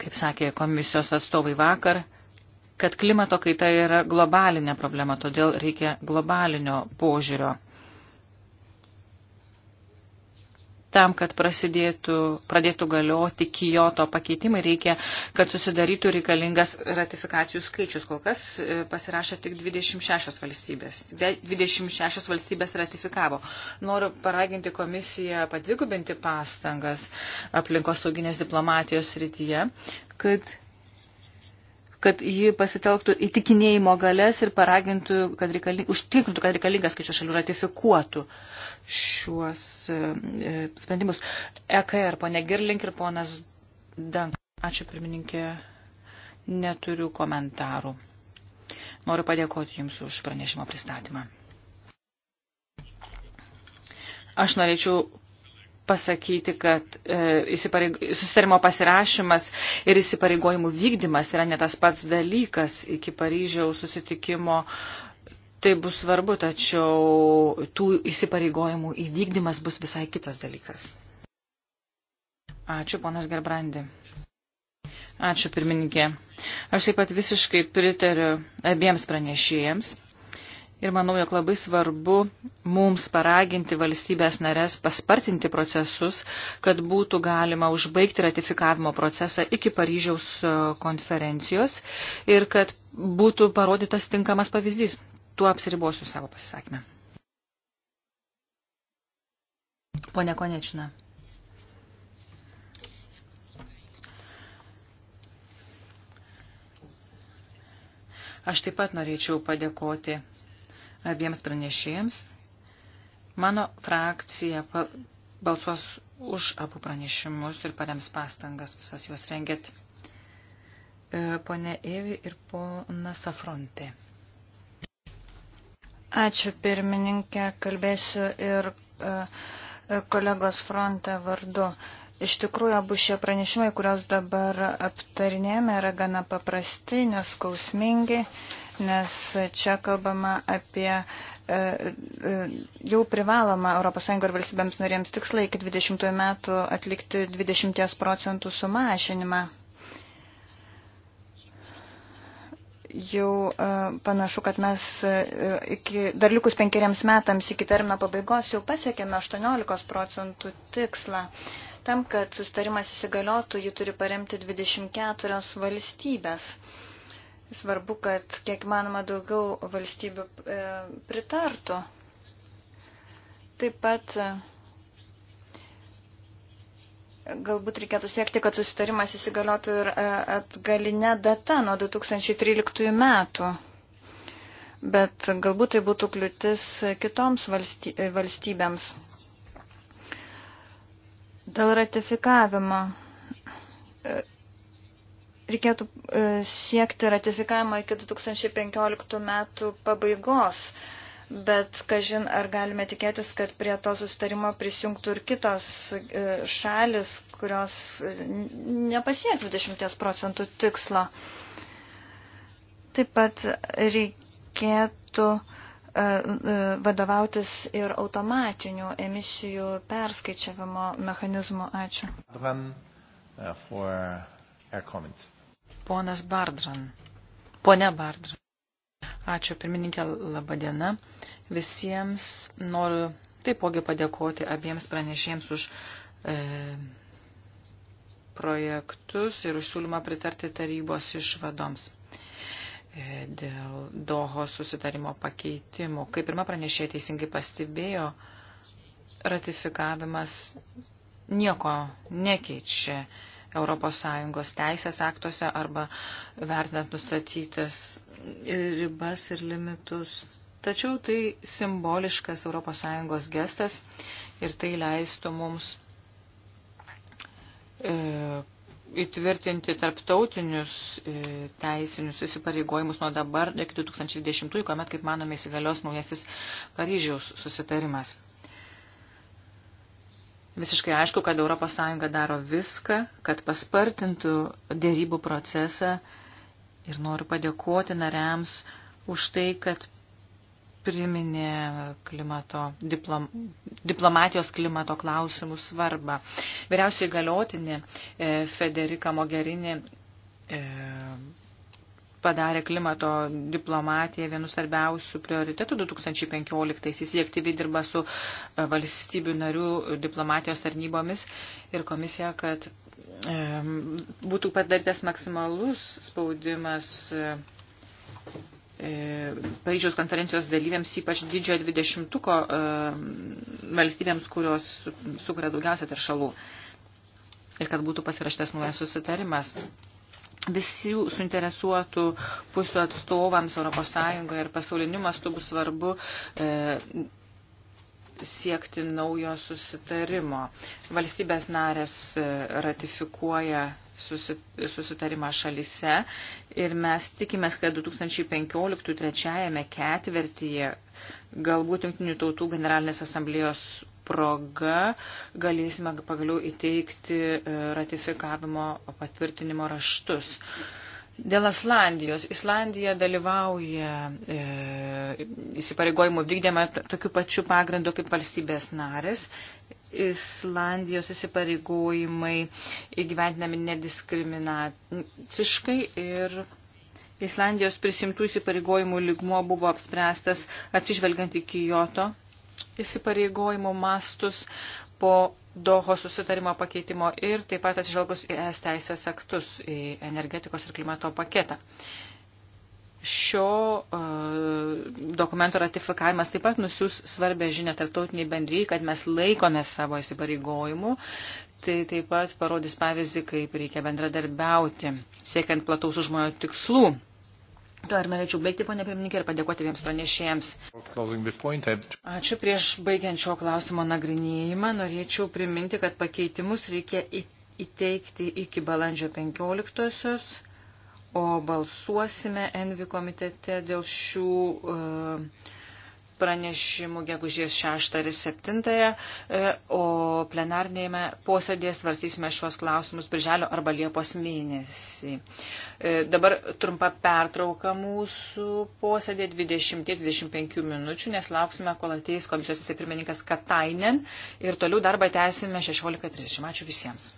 kaip sakė komisijos atstovai vakar, kad klimato kaita yra globalinė problema, todėl reikia globalinio požiūrio. tam, kad prasidėtų, pradėtų galioti Kijoto pakeitimai, reikia, kad susidarytų reikalingas ratifikacijų skaičius. Kol kas e, pasirašė tik 26 valstybės. 26 valstybės ratifikavo. Noriu paraginti komisiją padvigubinti pastangas aplinkos sauginės diplomatijos rytyje, kad kad ji pasitelktų įtikinėjimo galės ir paragintų, kad reikaling, užtikrintų, kad reikalingas skaičių šalių ratifikuotų šiuos e, e sprendimus. EKR, ponė Girlink ir ponas Dank. Ačiū, pirmininkė, neturiu komentarų. Noriu padėkoti Jums už pranešimo pristatymą. Aš norėčiau pasakyti, kad e, susitarimo pasirašymas ir įsipareigojimų vykdymas yra ne tas pats dalykas iki Paryžiaus susitikimo. Tai bus svarbu, tačiau tų įsipareigojimų įvykdymas bus visai kitas dalykas. Ačiū, ponas Gerbrandi. Ačiū, pirmininkė. Aš taip pat visiškai pritariu abiems pranešėjams ir manau, jog labai svarbu mums paraginti valstybės narės paspartinti procesus, kad būtų galima užbaigti ratifikavimo procesą iki Paryžiaus e, konferencijos ir kad būtų parodytas tinkamas pavyzdys. Tuo apsiribosiu savo pasisakymę. Pone Konečina. Aš taip pat norėčiau padėkoti abiems pranešėjams. Mano frakcija balsuos už abu pranešimus ir parems pastangas visas juos rengėt. E, pone Evi ir pona Safronte. Ačiū pirmininkė, kalbėsiu ir e, e, kolegos fronte vardu. Iš tikrųjų, abu šie pranešimai, kuriuos dabar aptarinėjame, yra gana paprasti, neskausmingi. Uh, nes čia kalbama apie e, e, jau privaloma ES ir valstybėms norėms tikslai iki 20 metų atlikti 20 procentų sumažinimą. jau e, panašu, kad mes iki, dar likus penkeriams metams iki termino pabaigos jau pasiekėme 18 procentų tikslą. Tam, kad sustarimas įsigaliotų, jį turi paremti 24 valstybės. Svarbu, kad kiek manoma daugiau valstybių e, pritartų. Taip pat e, galbūt reikėtų siekti, kad susitarimas įsigaliotų ir e, atgalinę datą nuo 2013 metų. Bet galbūt tai būtų kliūtis kitoms valstybėms. Dėl ratifikavimo reikėtų e, siekti ratifikavimą iki 2015 metų pabaigos, bet kažin ar galime tikėtis, kad prie to susitarimo prisijungtų ir kitos e, šalis, kurios e, nepasieks 20 procentų tikslo. Taip pat reikėtų vadovautis ir automatinių emisijų perskaičiavimo mechanizmu. Ačiū. Uh, her comments. Ponas Bardran. Pone Bardran. Ačiū, pirmininkė, laba diena. Visiems noriu taipogi padėkoti abiems pranešėjams už e, projektus ir už siūlymą pritarti tarybos išvadoms e, dėl doho susitarimo pakeitimų. Kaip pirma pranešėja teisingai pastebėjo, ratifikavimas nieko nekeičia. E, ES teisės aktuose arba vertinant nustatytas ribas ir limitus. Tačiau tai simboliškas ES gestas ir tai leistų mums e, įtvirtinti tarptautinius e, teisinius įsipareigojimus nuo dabar iki 2010, kuomet, kaip manome, įsigalios naujasis Paryžiaus susitarimas. Visiškai aišku, kad ES daro viską, kad paspartintų dėrybų procesą ir noriu padėkoti nariams už tai, kad priminė klimato, diplom, diplomatijos klimato klausimų svarbą. Vyriausiai galiotinė e, Federika Mogherini e, padarė klimato diplomatiją vienu svarbiausių prioritetų 2015-aisiais. Jie aktyviai dirba su e, valstybių narių diplomatijos tarnybomis ir komisija, kad e, būtų padarytas maksimalus spaudimas e, e Paryžiaus konferencijos dalyviams, ypač didžiojo dvidešimtuko e, valstybėms, kurios sukuria daugiausia teršalų ir kad būtų pasirašytas naujas susitarimas. Visių suinteresuotų pusių atstovams ES ir pasauliniu mastu bus svarbu e, siekti naujo susitarimo. Valstybės narės e, ratifikuoja susitarimą šalise ir mes tikimės, kad 2015 trečiajame ketvirtyje galbūt Junktinių tautų generalinės asamblėjos proga galėsime pagaliau įteikti e, ratifikavimo patvirtinimo raštus. Dėl Islandijos. Islandija dalyvauja e, įsipareigojimų vykdėme tokiu pačiu pagrindu kaip valstybės narės. Islandijos įsipareigojimai įgyventinami nediskriminaciškai ir Islandijos prisimtų įsipareigojimų lygmuo buvo apspręstas atsižvelgiant į Kyoto įsipareigojimų mastus po Doho susitarimo pakeitimo ir taip pat atsižvelgus į ES teisės aktus, į energetikos ir klimato paketą. Šio uh, dokumento ratifikavimas taip pat nusius svarbę žinę tarptautiniai bendryjai, kad mes laikome savo įsipareigojimų. Tai taip pat parodys pavyzdį, kaip reikia bendradarbiauti, siekiant plataus užmojo tikslų Tuo ir norėčiau baigti, ponė pirmininkė, ir padėkoti abiems pranešėjams. Ačiū prieš baigiančio klausimo nagrinėjimą. Norėčiau priminti, kad pakeitimus reikia įteikti iki balandžio 15-osios, o balsuosime Envi komitete dėl šių uh, pranešimų gegužės 6 ir 7, e, o plenarnėjame posėdėje svarstysime šios klausimus birželio arba Liepos mėnesį. E, dabar trumpa pertrauka mūsų posėdė 20-25 minučių, nes lauksime, kol ateis komisijos vicepirmininkas Katainen ir toliau darbą tęsime 16.30. Ačiū visiems.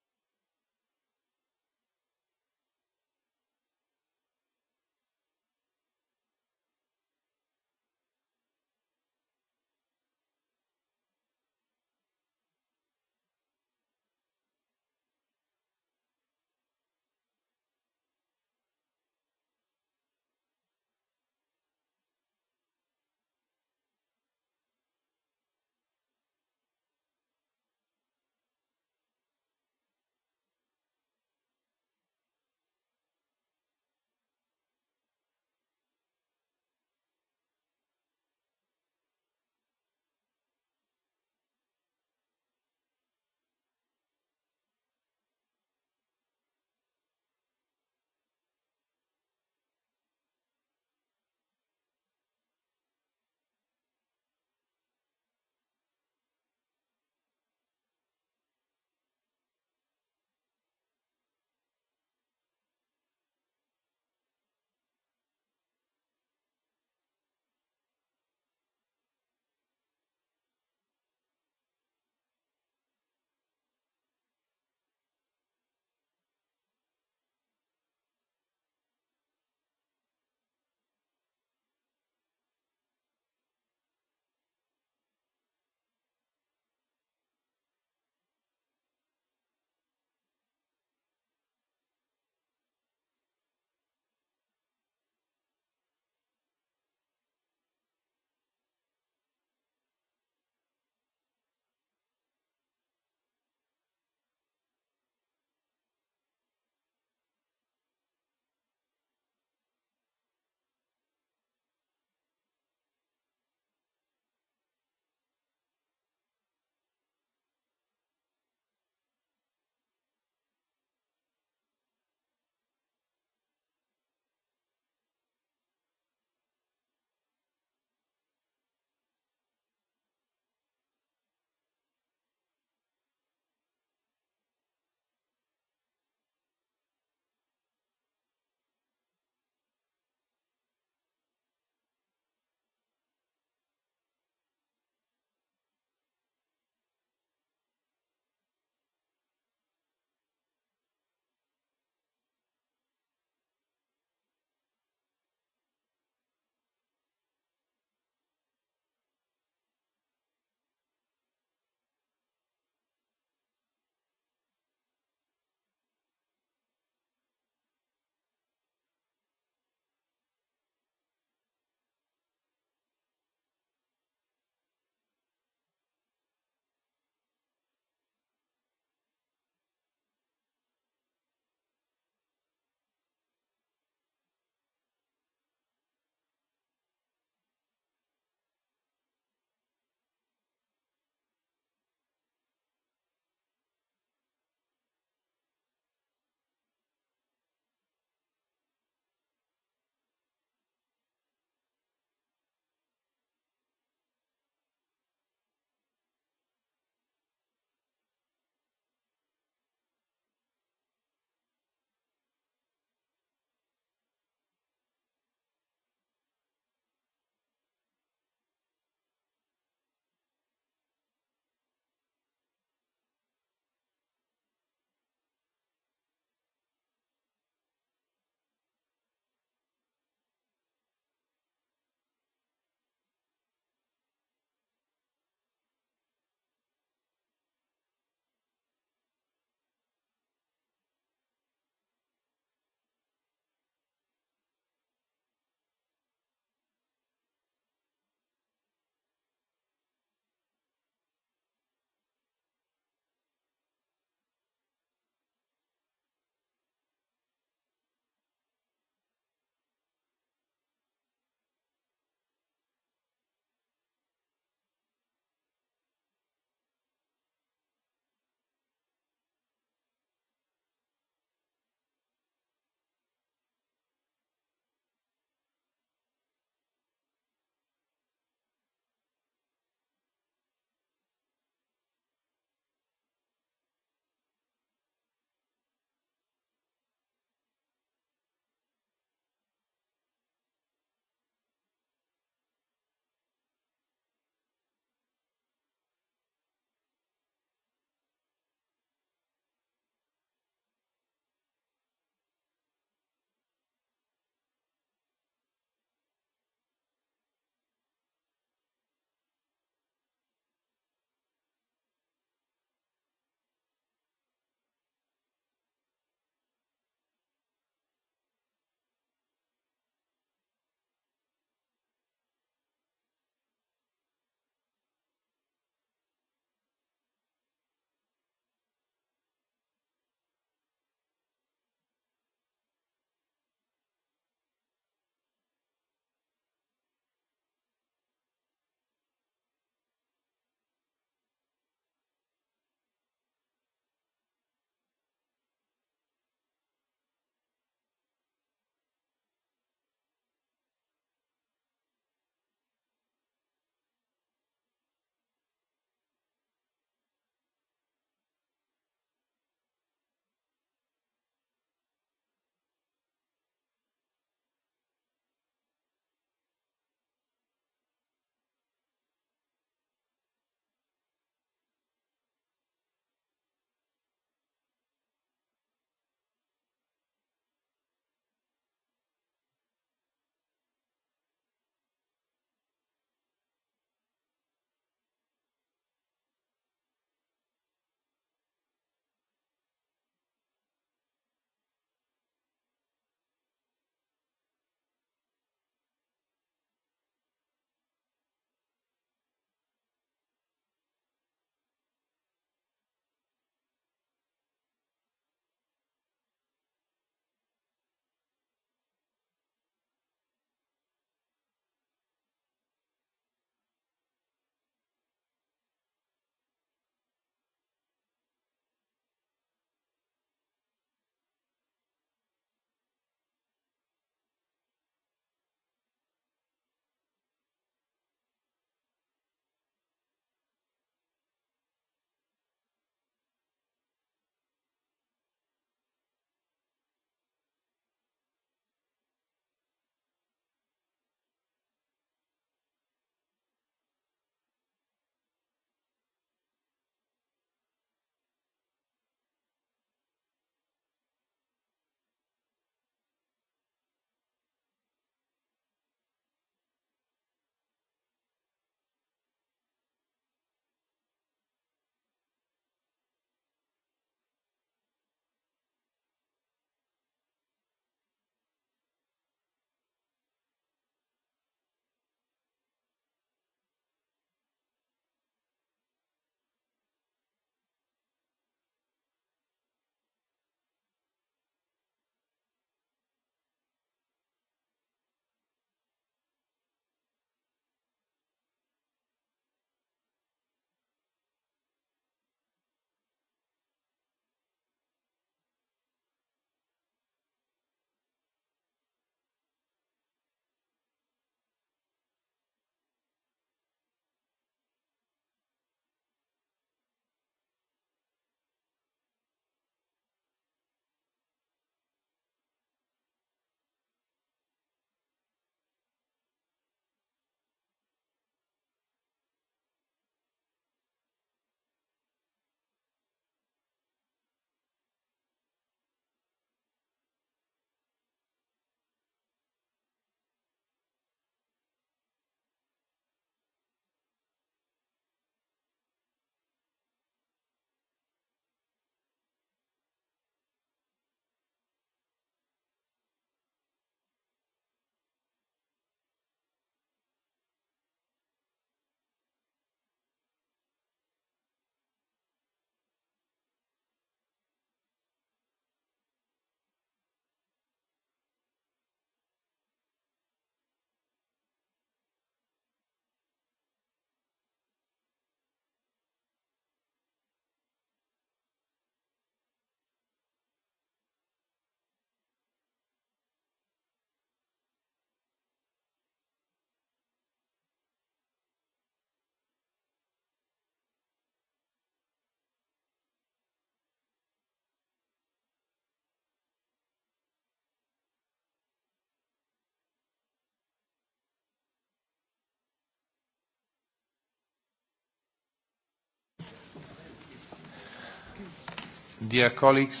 Dear colleagues,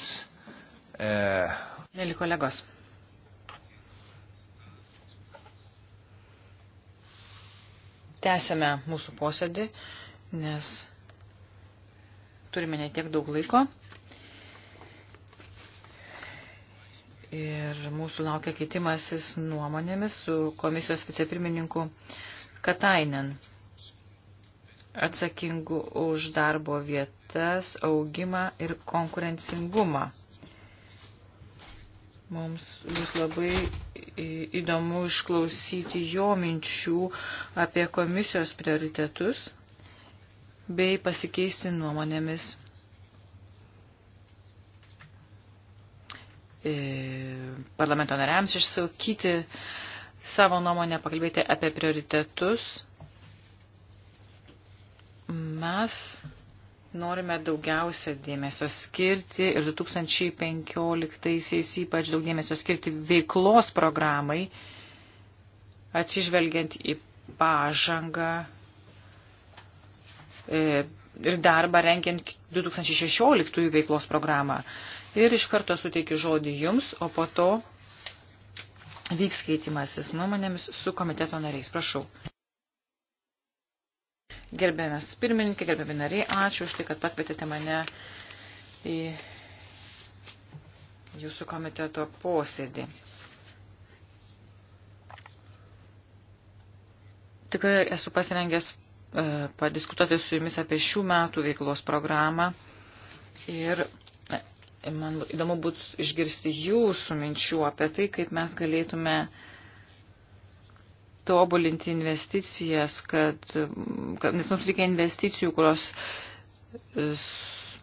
uh... Mėly kolegos. Tęsėme mūsų posėdį, nes turime netiek daug laiko. Ir mūsų laukia keitimasis nuomonėmis su komisijos vicepirmininku Katainen atsakingų už darbo vietas, augimą ir konkurencingumą. Mums bus labai įdomu išklausyti jo minčių apie komisijos prioritetus bei pasikeisti nuomonėmis e, parlamento nariams išsakyti savo nuomonę, pakalbėti apie prioritetus Mes norime daugiausia dėmesio skirti ir 2015-aisiais ypač daug dėmesio skirti veiklos programai, atsižvelgiant į pažangą e, ir darbą renkiant 2016 veiklos programą. Ir iš karto suteikiu žodį jums, o po to vyks keitimasis nuomonėmis su komiteto nariais. Prašau. Gerbėmės pirmininkė, gerbėmi nariai, ačiū už tai, kad pakvietėte mane į jūsų komiteto posėdį. Tikrai esu pasirengęs e, padiskutuoti su jumis apie šių metų veiklos programą ir e, man įdomu būtų išgirsti jūsų minčių apie tai, kaip mes galėtume uh, tobulinti investicijas, kad, kad, nes mums reikia investicijų, kurios e,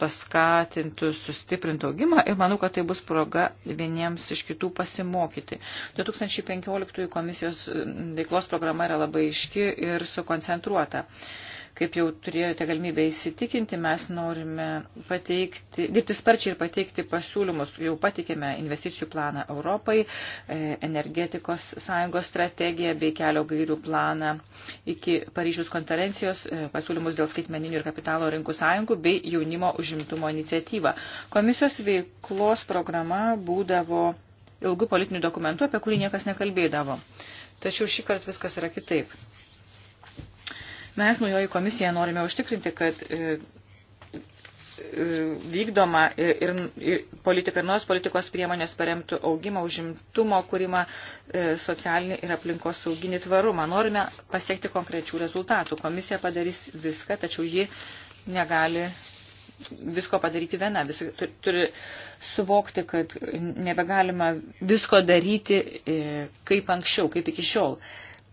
paskatintų, sustiprintų augimą ir manau, kad tai bus proga vieniems iš kitų pasimokyti. 2015 komisijos veiklos programa yra labai iški ir sukoncentruota. Uh, Kaip jau turėjote galimybę įsitikinti, mes norime pateikti, dirbti sparčiai ir pateikti pasiūlymus. Jau patikėme investicijų planą Europai, e, energetikos sąjungos strategiją bei kelio gairių planą iki Paryžiaus konferencijos, e, pasiūlymus dėl skaitmeninių ir kapitalo rinkų sąjungų bei jaunimo užimtumo iniciatyvą. Komisijos veiklos programa būdavo ilgų politinių dokumentų, apie kurį niekas nekalbėdavo. Tačiau šį kartą viskas yra kitaip. Mes naujoji komisija norime užtikrinti, kad e, e, vykdoma ir, ir politika ir nors politikos priemonės paremtų augimą, užimtumo kūrimą, e, socialinį ir aplinkos sauginį tvarumą. Norime pasiekti konkrečių rezultatų. Komisija padarys viską, tačiau ji negali visko padaryti viena. Vis, turi, turi suvokti, kad nebegalima visko daryti kaip anksčiau, kaip iki šiol.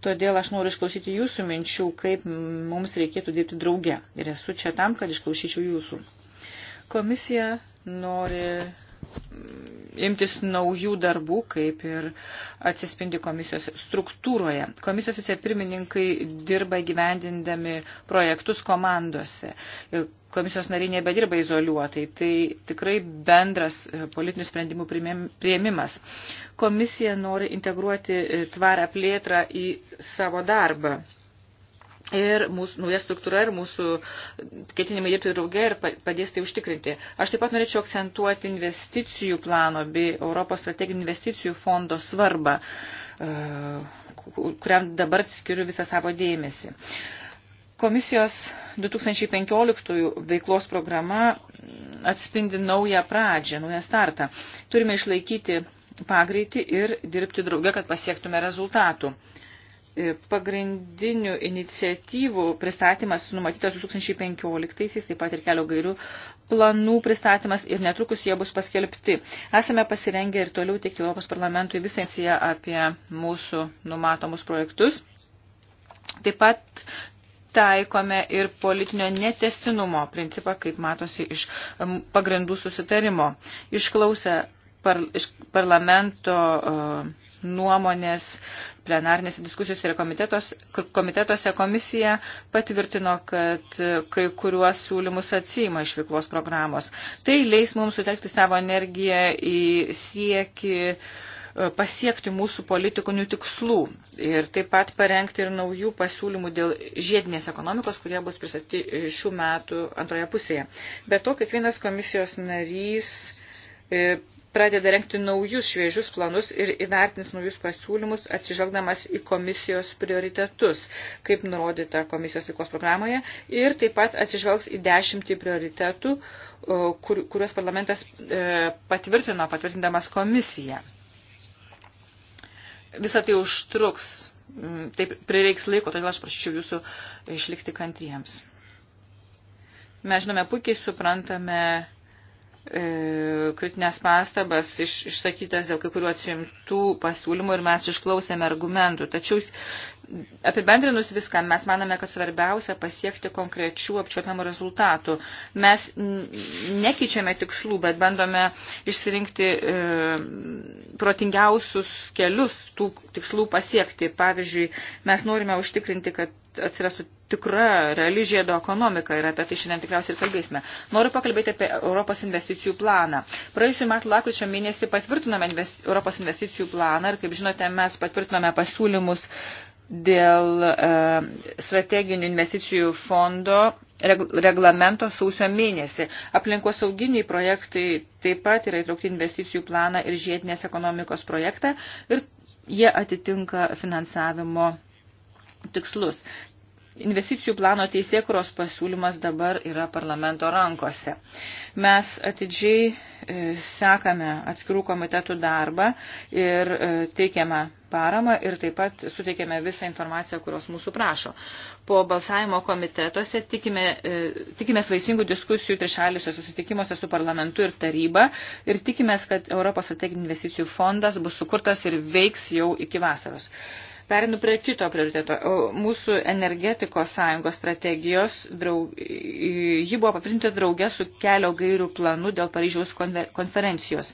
Todėl aš noriu išklausyti jūsų minčių, kaip mums reikėtų dirbti drauge. Ir esu čia tam, kad išklausyčiau jūsų. Komisija nori imtis naujų darbų, kaip ir atsispindi komisijos struktūroje. Komisijos vicepirmininkai dirba gyvendindami projektus komandose. Komisijos nariai nebedirba izoliuotai. Tai tikrai bendras e, politinių sprendimų prieimimas. Komisija nori integruoti e, tvarę plėtrą į savo darbą. Ir mūsų nauja struktūra ir mūsų ketinimai dirbti drauge ir padės tai užtikrinti. Aš taip pat norėčiau akcentuoti investicijų plano bei Europos strateginių investicijų fondo svarbą, e, kuriam dabar skiriu visą savo dėmesį. Komisijos 2015 veiklos programa atspindi naują pradžią, naują startą. Turime išlaikyti pagreitį ir dirbti drauge, kad pasiektume rezultatų. E, pagrindinių iniciatyvų pristatymas numatytas 2015-aisiais, taip pat ir kelio gairių planų pristatymas ir netrukus jie bus paskelbti. Esame pasirengę ir toliau teikti Europos parlamentui visą enciją apie mūsų numatomus projektus. Taip pat taikome ir politinio netestinumo principą, kaip matosi iš pagrindų susitarimo. Išklausę par, iš parlamento uh, nuomonės plenarnėse diskusijose ir komitetos, komitetuose komisija patvirtino, kad kai kuriuos siūlymus atsima iš veiklos programos. Tai leis mums sutelkti savo energiją į sieki e, pasiekti mūsų politikonių tikslų ir taip pat parengti ir naujų pasiūlymų dėl žiedinės ekonomikos, kurie bus pristatyti šių metų antroje pusėje. Be to, kiekvienas komisijos narys E, pradeda renkti naujus šviežius planus ir įvertins naujus pasiūlymus, atsižvelgdamas į komisijos prioritetus, kaip nurodyta komisijos veiklos programoje, ir taip pat atsižvelgs į dešimtį prioritetų, kur, kuriuos parlamentas e, patvirtino, patvirtindamas komisiją. Visą tai užtruks, taip prireiks laiko, todėl aš prašyčiau jūsų išlikti kantriems. Mes žinome, puikiai suprantame E, kritinės pastabas iš, išsakytas dėl kai kurių atsimtų pasiūlymų ir mes išklausėme argumentų. Tačiau apibendrinus viską, mes manome, kad svarbiausia pasiekti konkrečių apčiopiamų rezultatų. Mes nekeičiame tikslų, bet bandome išsirinkti e, protingiausius kelius tų tikslų pasiekti. Pavyzdžiui, mes norime užtikrinti, kad atsirastų tikra, reali žiedo ekonomika ir apie tai šiandien tikriausiai ir kalbėsime. Noriu pakalbėti apie Europos investicijų planą. Praėjusiu metu lakryčio mėnesį patvirtinome invest, Europos investicijų planą ir, kaip žinote, mes patvirtinome pasiūlymus dėl e, strateginių investicijų fondo reglamento sausio mėnesį. Aplinkosauginiai projektai taip pat yra įtraukti investicijų planą ir žiedinės ekonomikos projektą ir jie atitinka finansavimo tikslus. Investicijų plano teisėkuros pasiūlymas dabar yra parlamento rankose. Mes atidžiai e, sekame atskirų komitetų darbą ir e, teikiame paramą ir taip pat suteikiame visą informaciją, kurios mūsų prašo. Po balsavimo komitetuose tikime, e, tikimės vaisingų diskusijų trišalėse susitikimuose su parlamentu ir taryba ir tikimės, kad Europos strateginių investicijų fondas bus sukurtas ir veiks jau iki vasaros. Perinu prie kito prioriteto. Mūsų energetikos sąjungos strategijos, draug, ji buvo paprinta draugė su kelio gairių planu dėl Paryžiaus konferencijos.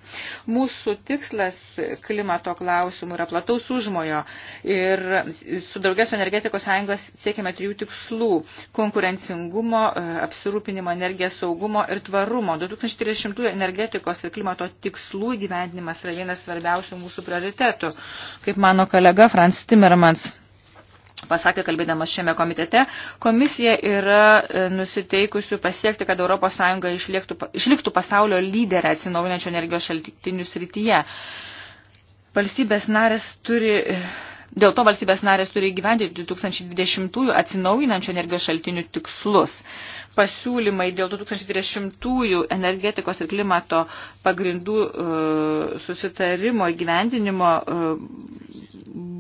Mūsų tikslas klimato klausimų yra plataus užmojo ir su draugės energetikos sąjungos siekime trijų tikslų – konkurencingumo, e, apsirūpinimo energijos saugumo ir tvarumo. 2030 energetikos ir klimato tikslų įgyvendinimas yra vienas svarbiausių mūsų prioritetų. Kaip mano kolega Frans Timmer Timermans pasakė kalbėdamas šiame komitete, komisija yra e, nusiteikusi pasiekti, kad ES išliktų, išliktų pasaulio lyderę atsinaujinančio energijos šaltinių srityje. Valstybės narės turi e, Dėl to valstybės narės turi gyvendinti 2020 atsinaujinančių energijos šaltinių tikslus. Pasiūlymai dėl 2030 energetikos ir klimato pagrindų e, susitarimo įgyvendinimo e,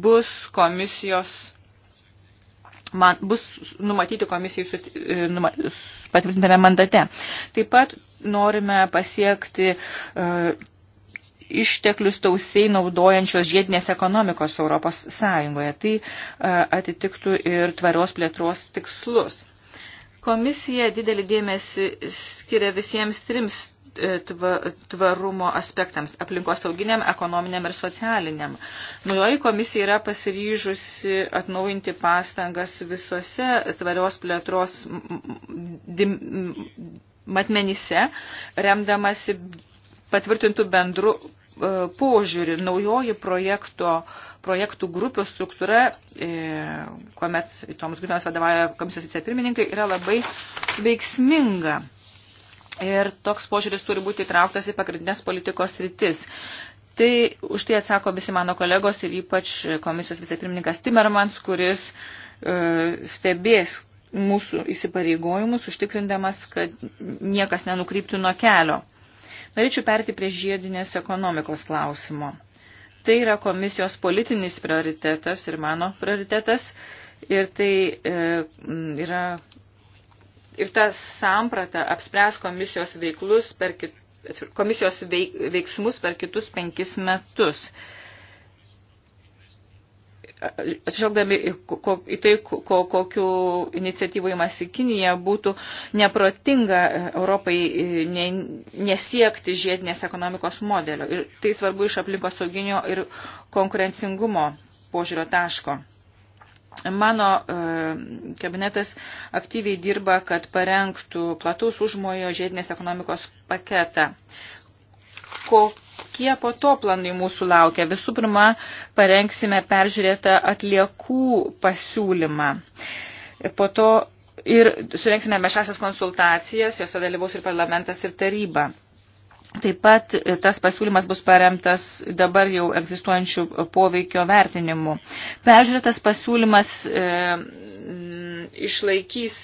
bus komisijos man, bus numatyti komisijai e, numa, patvirtintame mandate. Taip pat norime pasiekti uh, išteklius tausiai naudojančios žiedinės ekonomikos Europos Sąjungoje. Tai e, atitiktų ir tvarios plėtros tikslus. Komisija didelį dėmesį skiria visiems trims e, tvarumo aspektams - aplinkosauginiam, ekonominiam ir socialiniam. Naujoji komisija yra pasiryžusi atnaujinti pastangas visose tvarios plėtros matmenyse, remdamasi patvirtintų bendru e, požiūrį. Naujoji projekto, projektų grupių struktūra, e, kuomet toms grupėms vadovauja komisijos vicepirmininkai, yra labai veiksminga. Ir toks požiūris turi būti įtrauktas į pagrindinės politikos rytis. Tai už tai atsako visi mano kolegos ir ypač komisijos vicepirmininkas Timermans, kuris e, stebės mūsų įsipareigojimus, užtikrindamas, kad niekas nenukryptų nuo kelio. Norėčiau perti prie žiedinės ekonomikos klausimo. Tai yra komisijos politinis prioritetas ir mano prioritetas. Ir tai e, yra. Ir ta samprata apspręs komisijos, veiklus per kit, komisijos veik, veiksmus per kitus penkis metus. E, atšvelgdami į tai, ko, kokiu iniciatyvu įmasi Kinija, būtų neprotinga Europai e, ne, nesiekti žiedinės ekonomikos modelio. Ir tai svarbu iš aplinkos sauginio ir konkurencingumo požiūrio taško. Mano e, kabinetas aktyviai dirba, kad parengtų plataus užmojo žiedinės ekonomikos paketą. Kok kokie po to planai mūsų laukia. Visų pirma, parengsime peržiūrėtą atliekų pasiūlymą. Po to ir surenksime mešasias konsultacijas, jose dalyvaus ir parlamentas, ir taryba. Taip pat tas pasiūlymas bus paremtas dabar jau egzistuojančių poveikio vertinimu. Peržiūrėtas pasiūlymas e, išlaikys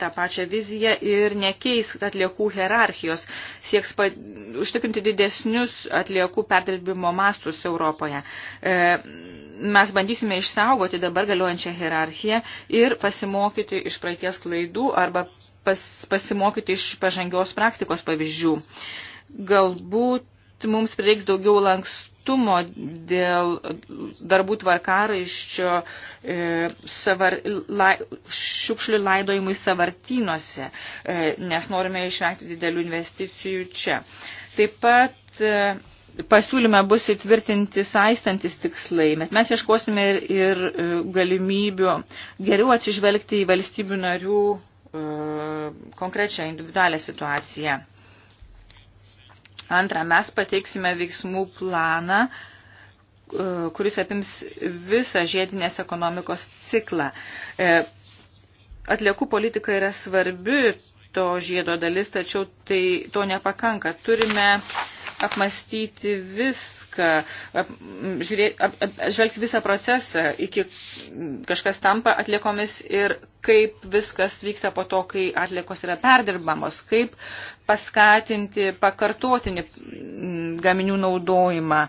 tą pačią viziją ir nekeis atliekų hierarchijos, sieks pa, užtikrinti didesnius atliekų perdirbimo mastus Europoje. E, mes bandysime išsaugoti dabar galiojančią hierarchiją ir pasimokyti iš praeities klaidų arba pas, pasimokyti iš pažangios praktikos pavyzdžių. Galbūt mums prireiks daugiau lankstumo dėl darbų tvarkaraiščio e, savar, la, šiukšlių laidojimui savartynuose, e, nes norime išvengti didelių investicijų čia. Taip pat e, pasiūlyme bus įtvirtinti saistantis tikslai, bet mes ieškosime ir, ir e, galimybių geriau atsižvelgti į valstybių narių e, konkrečią individualią situaciją. Antra, mes pateiksime veiksmų planą, e, kuris apims visą žiedinės ekonomikos ciklą. E, atliekų politika yra svarbi to žiedo dalis, tačiau tai, to nepakanka. Turime apmastyti viską, ap, žiūrėti, ap, ap, žvelgti visą procesą, iki kažkas tampa atliekomis ir kaip viskas vyksta po to, kai atliekos yra perdirbamos, kaip paskatinti pakartotinį mm, gaminių naudojimą.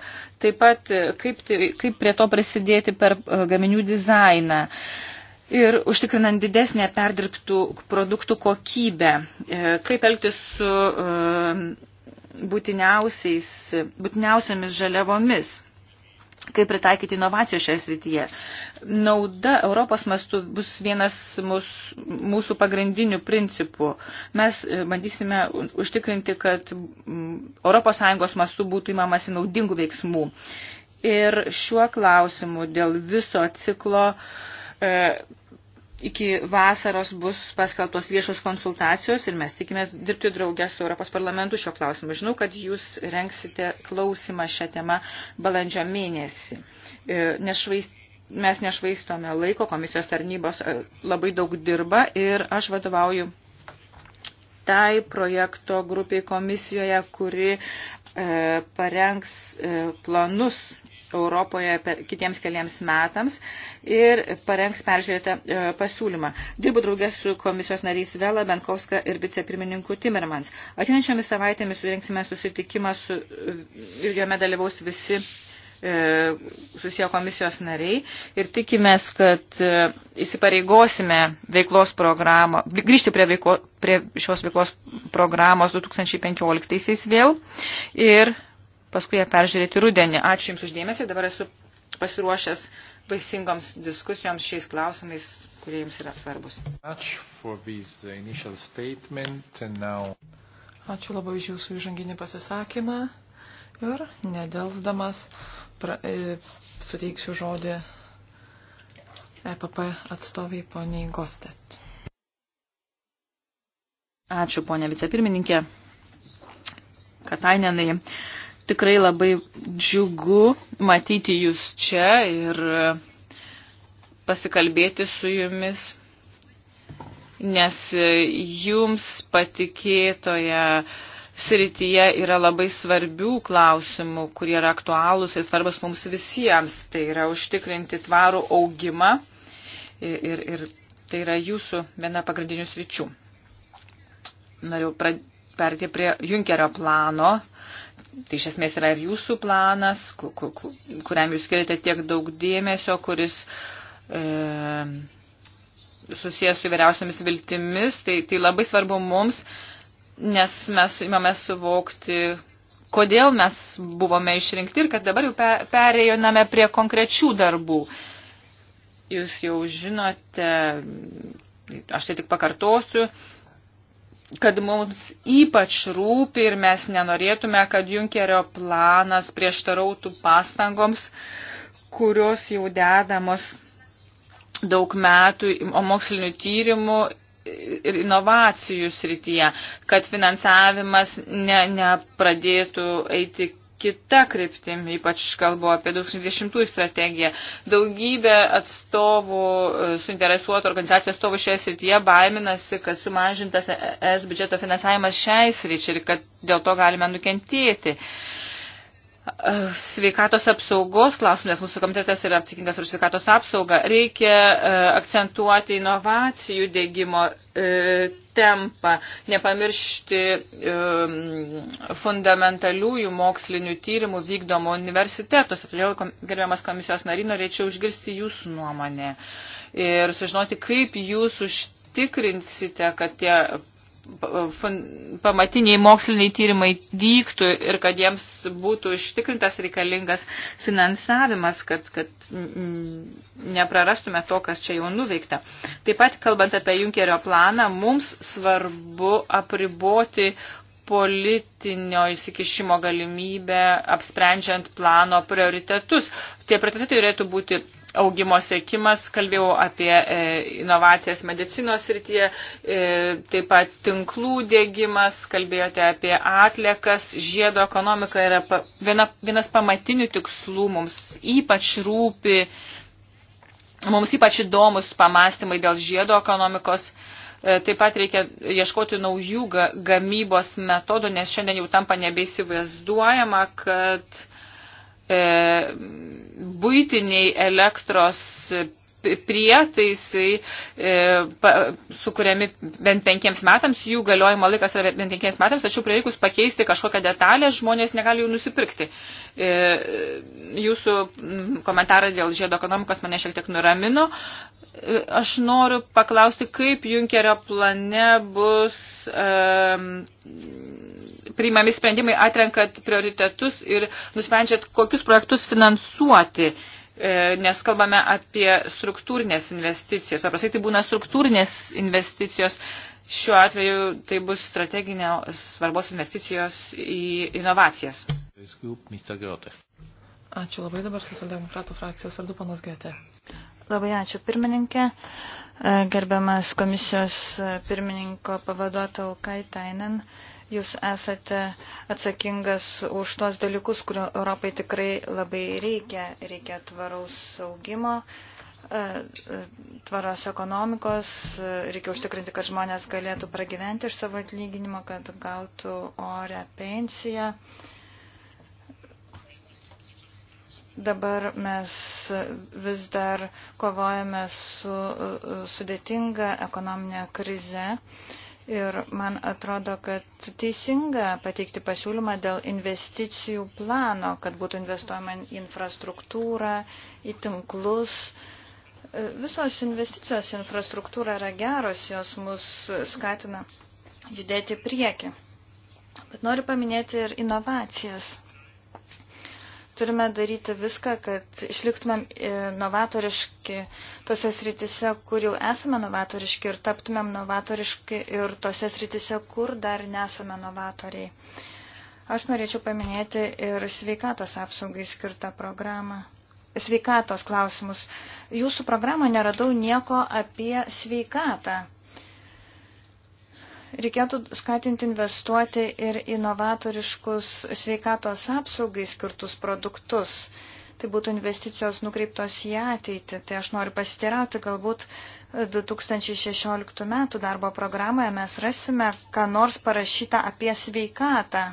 Taip pat e, kaip, tai, kaip prie to prisidėti per e, gaminių dizainą. Ir užtikrinant didesnę perdirbtų produktų kokybę, e, kaip elgtis su būtiniausiamis žaliavomis kaip pritaikyti inovacijos šioje srityje. Nauda Europos mastu bus vienas mūsų pagrindinių principų. Mes e, bandysime užtikrinti, kad mm, ES mastu būtų įmamasi naudingų veiksmų. Ir šiuo klausimu dėl viso ciklo e, iki vasaros bus paskelbtos viešos konsultacijos ir mes tikimės dirbti draugę su Europos parlamentu šio klausimu. Žinau, kad jūs renksite klausimą šią temą balandžio mėnesį. E, nešvaist, mes nešvaistome laiko, komisijos tarnybos e, labai daug dirba ir aš vadovauju tai projekto grupiai komisijoje, kuri e, parengs planus Europoje per, kitiems keliems metams ir parengs peržiūrėtą e, pasiūlymą. Dirbu draugės su komisijos narys Vela, Benkovska ir vicepirmininku Timmermans. Atinančiomis savaitėmis surinksime susitikimą su, ir jame dalyvaus visi e, susiję komisijos nariai ir tikimės, kad e, įsipareigosime veiklos programą, grįžti prie, veiko, prie šios veiklos programos 2015 vėl ir paskui ją peržiūrėti rudenį. Ačiū Jums uždėmesį, dabar esu pasiruošęs vaisingoms diskusijoms šiais klausimais, kurie Jums yra svarbus. Ačiū labai už Jūsų įžanginį pasisakymą ir nedelsdamas pra, e, suteiksiu žodį EPP atstoviai poniai Gostet. Ačiū, ponė vicepirmininkė Katainenai. Tikrai labai džiugu matyti jūs čia ir e, pasikalbėti su jumis nes e, jums patikėtoje srityje yra labai svarbių klausimų, kurie yra aktualūs ir svarbus mums visiems. Tai yra užtikrinti tvarų augimą ir, ir, ir tai yra jūsų viena pagrindinių sričių. Noriu perėti prie Junkerio plano Tai iš esmės yra ir jūsų planas, kuriam jūs skiriate tiek daug dėmesio, kuris e, susijęs su vyriausiamis viltimis. Tai, tai labai svarbu mums, nes mes imame suvokti, kodėl mes buvome išrinkti ir kad dabar jau perėjome prie konkrečių darbų. Jūs jau žinote, aš tai tik pakartosiu, kad mums ypač rūpi ir mes nenorėtume, kad Junkerio planas prieštarautų pastangoms, kurios jau dedamos daug metų o mokslinių tyrimų ir inovacijų srityje, kad finansavimas ne, nepradėtų eiti kita kryptim, ypač kalbu apie 2020 strategiją. Daugybė atstovų, e, suinteresuotų organizacijų atstovų šioje srityje baiminasi, kad sumažintas ES biudžeto finansavimas šiai sričiai ir kad dėl to galime nukentėti. Uh, sveikatos apsaugos klausimas, mūsų komitetas yra atsakingas už sveikatos apsaugą, reikia e, akcentuoti inovacijų dėgymo e, tempą, nepamiršti e, fundamentaliųjų mokslinių tyrimų vykdomų universitetuose. Todėl, gerbiamas komisijos nariai, norėčiau užgirsti jūsų nuomonę ir sužinoti, kaip jūs užtikrinsite, kad tie pamatiniai moksliniai tyrimai vyktų ir kad jiems būtų ištikrintas reikalingas finansavimas, kad, kad neprarastume to, kas čia jau nuveikta. Taip pat, kalbant apie Junkerio planą, mums svarbu apriboti politinio įsikišimo galimybę, apsprendžiant plano prioritetus. Tie prioritetai turėtų būti augimo sėkimas, kalbėjau apie e, inovacijas medicinos srityje, e, taip pat tinklų dėgymas, kalbėjote apie atliekas, žiedo ekonomika yra viena, vienas pamatinių tikslų, mums ypač rūpi, mums ypač įdomus pamastymai dėl žiedo ekonomikos. E, taip pat reikia ieškoti naujų gamybos metodų, nes šiandien jau tampa nebeįsivaizduojama, kad uh, e, būtiniai elektros prietaisai e, pa, sukuriami bent penkiems metams, jų galiojimo laikas yra bent penkiems metams, tačiau prireikus pakeisti kažkokią detalę, žmonės negali jų nusipirkti. E, jūsų komentarą dėl žiedo ekonomikos mane šiek tiek nuramino. Aš noriu paklausti, kaip Junkerio plane bus um, priimami sprendimai, atrenkat prioritetus ir nusprendžiat, kokius projektus finansuoti, e, nes kalbame apie struktūrinės investicijas. Paprastai tai būna struktūrinės investicijos, šiuo atveju tai bus strateginio svarbos investicijos į inovacijas. Ačiū labai dabar socialdemokratų frakcijos vardu panas Gėtė. Labai ačiū pirmininkė. E, gerbiamas komisijos e, pirmininko pavaduotau Kaitainen. Jūs esate atsakingas už tuos dalykus, kurio Europai tikrai labai reikia. Reikia tvaraus saugimo, e, tvaros ekonomikos, reikia užtikrinti, kad žmonės galėtų pragyventi iš savo atlyginimo, kad gautų orę pensiją. Dabar mes vis dar kovojame su sudėtinga ekonominė krize ir man atrodo, kad teisinga pateikti pasiūlymą dėl investicijų plano, kad būtų investuojama į infrastruktūrą, į tinklus. Visos investicijos į infrastruktūrą yra geros, jos mus skatina judėti prieki. Bet noriu paminėti ir inovacijas. Turime daryti viską, kad išliktumėm e, novatoriški tose sritise, kur jau esame novatoriški ir taptumėm novatoriški ir tose sritise, kur dar nesame novatoriai. Aš norėčiau paminėti ir sveikatos apsaugai skirtą programą. Sveikatos klausimus. Jūsų programą neradau nieko apie sveikatą reikėtų skatinti investuoti ir inovatoriškus sveikatos apsaugai skirtus produktus. Tai būtų investicijos nukreiptos į ateitį. Tai aš noriu pasiteirauti, galbūt 2016 metų darbo programoje mes rasime, ką nors parašyta apie sveikatą.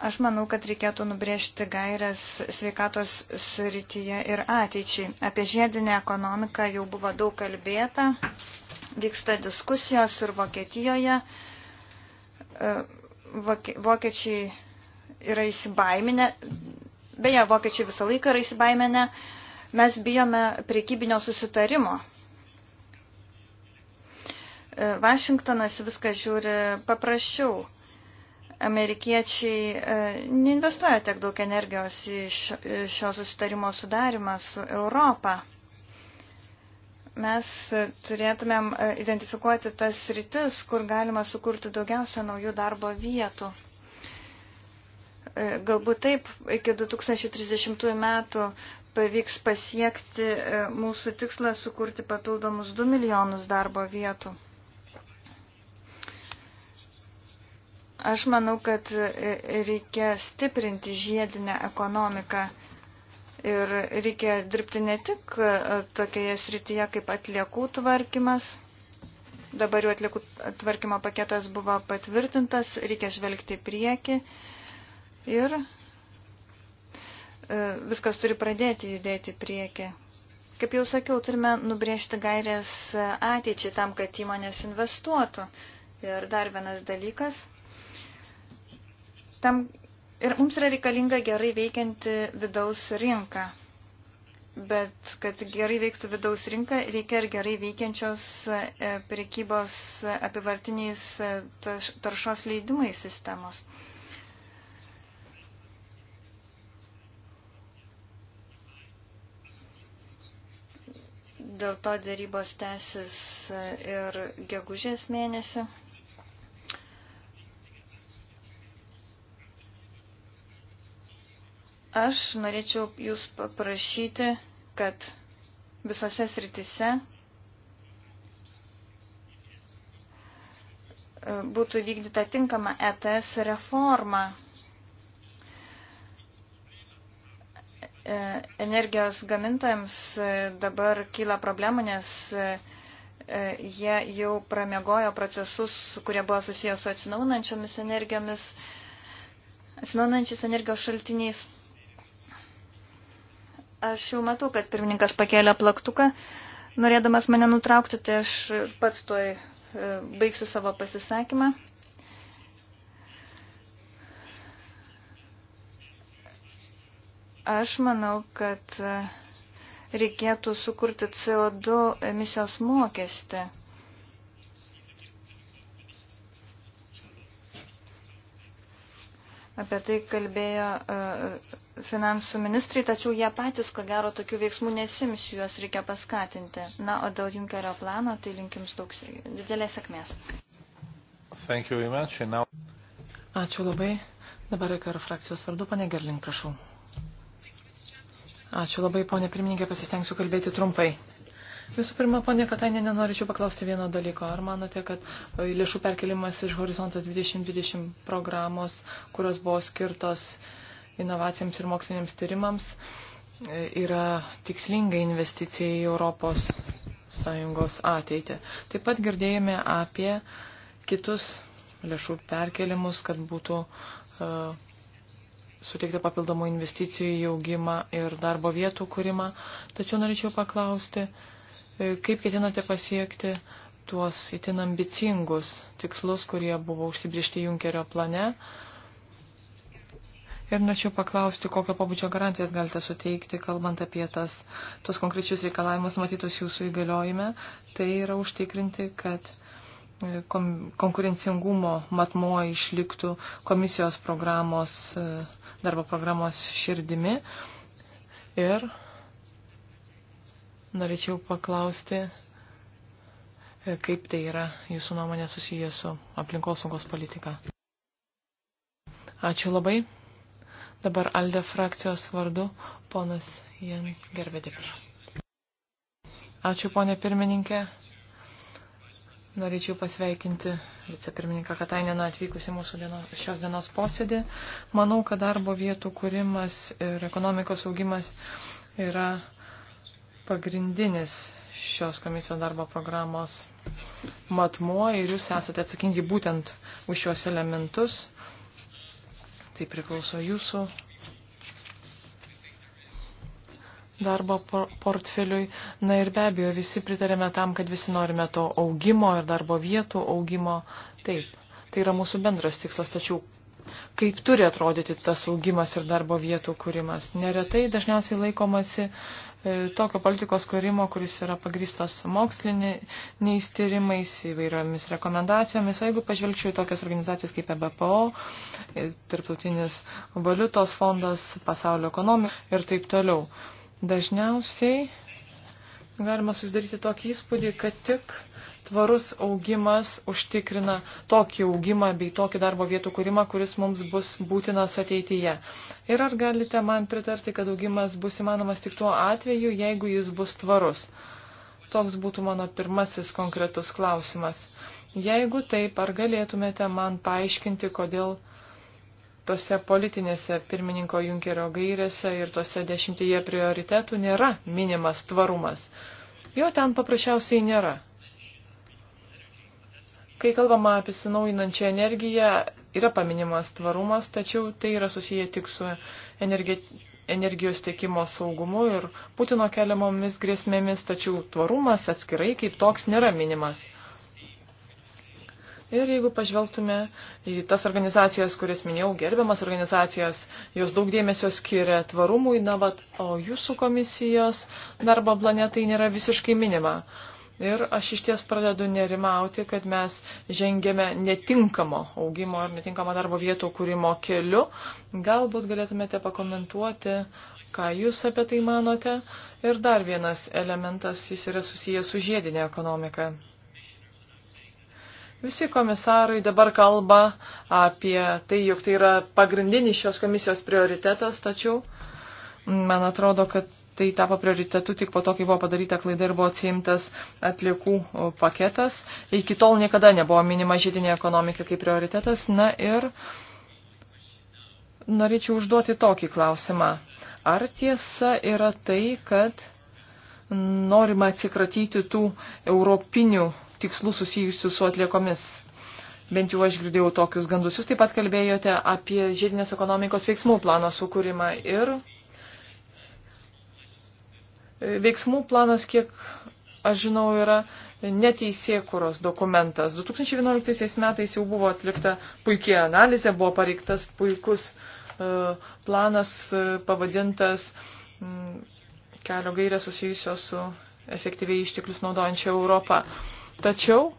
Aš manau, kad reikėtų nubrėžti gairias sveikatos srityje ir ateičiai. Apie žiedinę ekonomiką jau buvo daug kalbėta. Vyksta diskusijos ir Vokietijoje. E, vokiečiai yra įsibaiminę. Beje, vokiečiai visą laiką yra įsibaiminę. Mes bijome priekybinio susitarimo. E, Vašingtonas viską žiūri paprasčiau. Amerikiečiai e, neinvestuoja tiek daug energijos į šio susitarimo sudarimą su Europą mes turėtumėm e, identifikuoti tas rytis, kur galima sukurti daugiausia naujų darbo vietų. E, galbūt taip iki 2030 metų pavyks pasiekti e, mūsų tikslą sukurti papildomus 2 milijonus darbo vietų. Aš manau, kad reikia stiprinti žiedinę ekonomiką Ir reikia dirbti ne tik e, tokioje srityje kaip atliekų tvarkymas. Dabar jau atliekų tvarkymo paketas buvo patvirtintas, reikia žvelgti prieki. Ir e, viskas turi pradėti judėti prieki. Kaip jau sakiau, turime nubriežti gairės ateičiai tam, kad įmonės investuotų. Ir dar vienas dalykas. Tam, Ir mums yra reikalinga gerai veikianti vidaus rinka. Bet kad gerai veiktų vidaus rinka, reikia ir gerai veikiančios e, prekybos apivartiniais e, taršos leidimai sistemos. Dėl to dėrybos tęsis e, ir gegužės mėnesį. Aš norėčiau jūs paprašyti, kad visose sritise e, būtų vykdyta tinkama ETS reforma. E, energijos gamintojams e, dabar kyla problemų, nes jie jau pramiegojo procesus, kurie buvo susijęs su atsinaunančiomis energijomis, atsinaunančiais energijos šaltiniais. Aš jau matau, kad pirmininkas pakėlė plaktuką, norėdamas mane nutraukti, tai aš pats toj e, baigsiu savo pasisakymą. Aš manau, kad e, reikėtų sukurti CO2 emisijos mokestį. Apie tai kalbėjo uh, finansų ministrai, tačiau jie patys, ko gero, tokių veiksmų nesims, juos reikia paskatinti. Na, o dėl Junkerio plano, tai linkims daug didelės sėkmės. Now... Ačiū labai. Dabar ir frakcijos vardu, pane Gerling, prašau. Ačiū labai, ponė pirmininkė, pasistengsiu kalbėti trumpai. Visų pirma, ponė Katainė, nenorėčiau paklausti vieno dalyko. Ar manote, kad e, lėšų perkelimas iš Horizontas 2020 programos, kurios buvo skirtos inovacijams ir moksliniams tyrimams e, yra tikslinga investicija į Europos Sąjungos ateitį. Taip pat girdėjome apie kitus lėšų perkelimus, kad būtų uh, e, suteikti papildomų investicijų į augimą ir darbo vietų kūrimą. Tačiau norėčiau paklausti, e, kaip ketinate pasiekti tuos itin ambicingus tikslus, kurie buvo užsibriežti Junkerio plane, uh, Ir norėčiau paklausti, kokio pabudžio garantijas galite suteikti, kalbant apie tas, tos konkrečius reikalavimus matytus jūsų įgaliojime. Tai yra užtikrinti, kad e, kom, konkurencingumo matmo išliktų komisijos programos, e, darbo programos širdimi. Ir norėčiau paklausti, e, kaip tai yra jūsų nuomonė susiję su aplinkosaugos politika. Ačiū labai. Dabar Alde frakcijos vardu ponas Jan Gerbėdė. Ačiū, ponė pirmininkė. Norėčiau pasveikinti vicepirmininką Kataininą atvykusi mūsų dieno, šios dienos posėdį. Manau, kad darbo vietų kūrimas ir ekonomikos augimas yra pagrindinis šios komisijos darbo programos matmuo ir jūs esate atsakingi būtent už šios elementus tai priklauso jūsų darbo portfeliui. Na ir be abejo, visi pritarėme tam, kad visi norime to augimo ir darbo vietų augimo. Taip, tai yra mūsų bendras tikslas, tačiau kaip turi atrodyti tas augimas ir darbo vietų kūrimas. Neretai dažniausiai laikomasi E, tokio politikos kūrimo, kuris yra pagristas moksliniais tyrimais, įvairiomis rekomendacijomis. O jeigu pažvelgčiau į tokias organizacijas kaip EBPO, e, Tarptautinis valiutos fondas, pasaulio ekonomika ir taip toliau, dažniausiai galima susidaryti tokį įspūdį, kad tik tvarus augimas užtikrina tokį augimą bei tokį darbo vietų kūrimą, kuris mums bus būtinas ateityje. Ir ar galite man pritarti, kad augimas bus įmanomas tik tuo atveju, jeigu jis bus tvarus? Toks būtų mano pirmasis konkretus klausimas. Jeigu taip, ar galėtumėte man paaiškinti, kodėl tose politinėse pirmininko Junkerio gairėse ir tose dešimtyje prioritetų nėra minimas tvarumas. Jo ten paprasčiausiai nėra. Kai kalbama apie sinaujinančią energiją, yra paminimas tvarumas, tačiau tai yra susiję tik su energi... energijos tiekimo saugumu ir Putino keliamomis grėsmėmis, tačiau tvarumas atskirai kaip toks nėra minimas. Ir jeigu pažvelgtume į tas organizacijas, kurias minėjau, gerbiamas organizacijas, jos daug dėmesio skiria tvarumui, na, vat, o jūsų komisijos darbo planetai nėra visiškai minima. Ir aš iš ties pradedu nerimauti, kad mes žengėme netinkamo augimo ir netinkamo darbo vietų kūrimo keliu. Galbūt galėtumėte pakomentuoti, ką jūs apie tai manote. Ir dar vienas elementas, jis yra susijęs su žiedinė ekonomika. Visi komisarai dabar kalba apie tai, jog tai yra pagrindinis šios komisijos prioritetas, tačiau mm, man atrodo, kad tai tapo prioritetu tik po to, kai buvo padaryta klaida ir buvo atsiimtas atliekų paketas. Iki tol niekada nebuvo minima žydinė ekonomika kaip prioritetas. Na ir norėčiau užduoti tokį klausimą. Ar tiesa yra tai, kad norima atsikratyti tų europinių tikslų susijusių su atliekomis. Bent jau aš girdėjau tokius gandus. Jūs taip pat kalbėjote apie žiedinės ekonomikos veiksmų plano sukūrimą ir veiksmų planas, kiek aš žinau, yra neteisėkuros dokumentas. 2011 metais jau buvo atlikta puikia analizė, buvo pareiktas puikus e, planas e, pavadintas kelio gairė susijusio su efektyviai išteklius naudojančia Europą. Tačiau,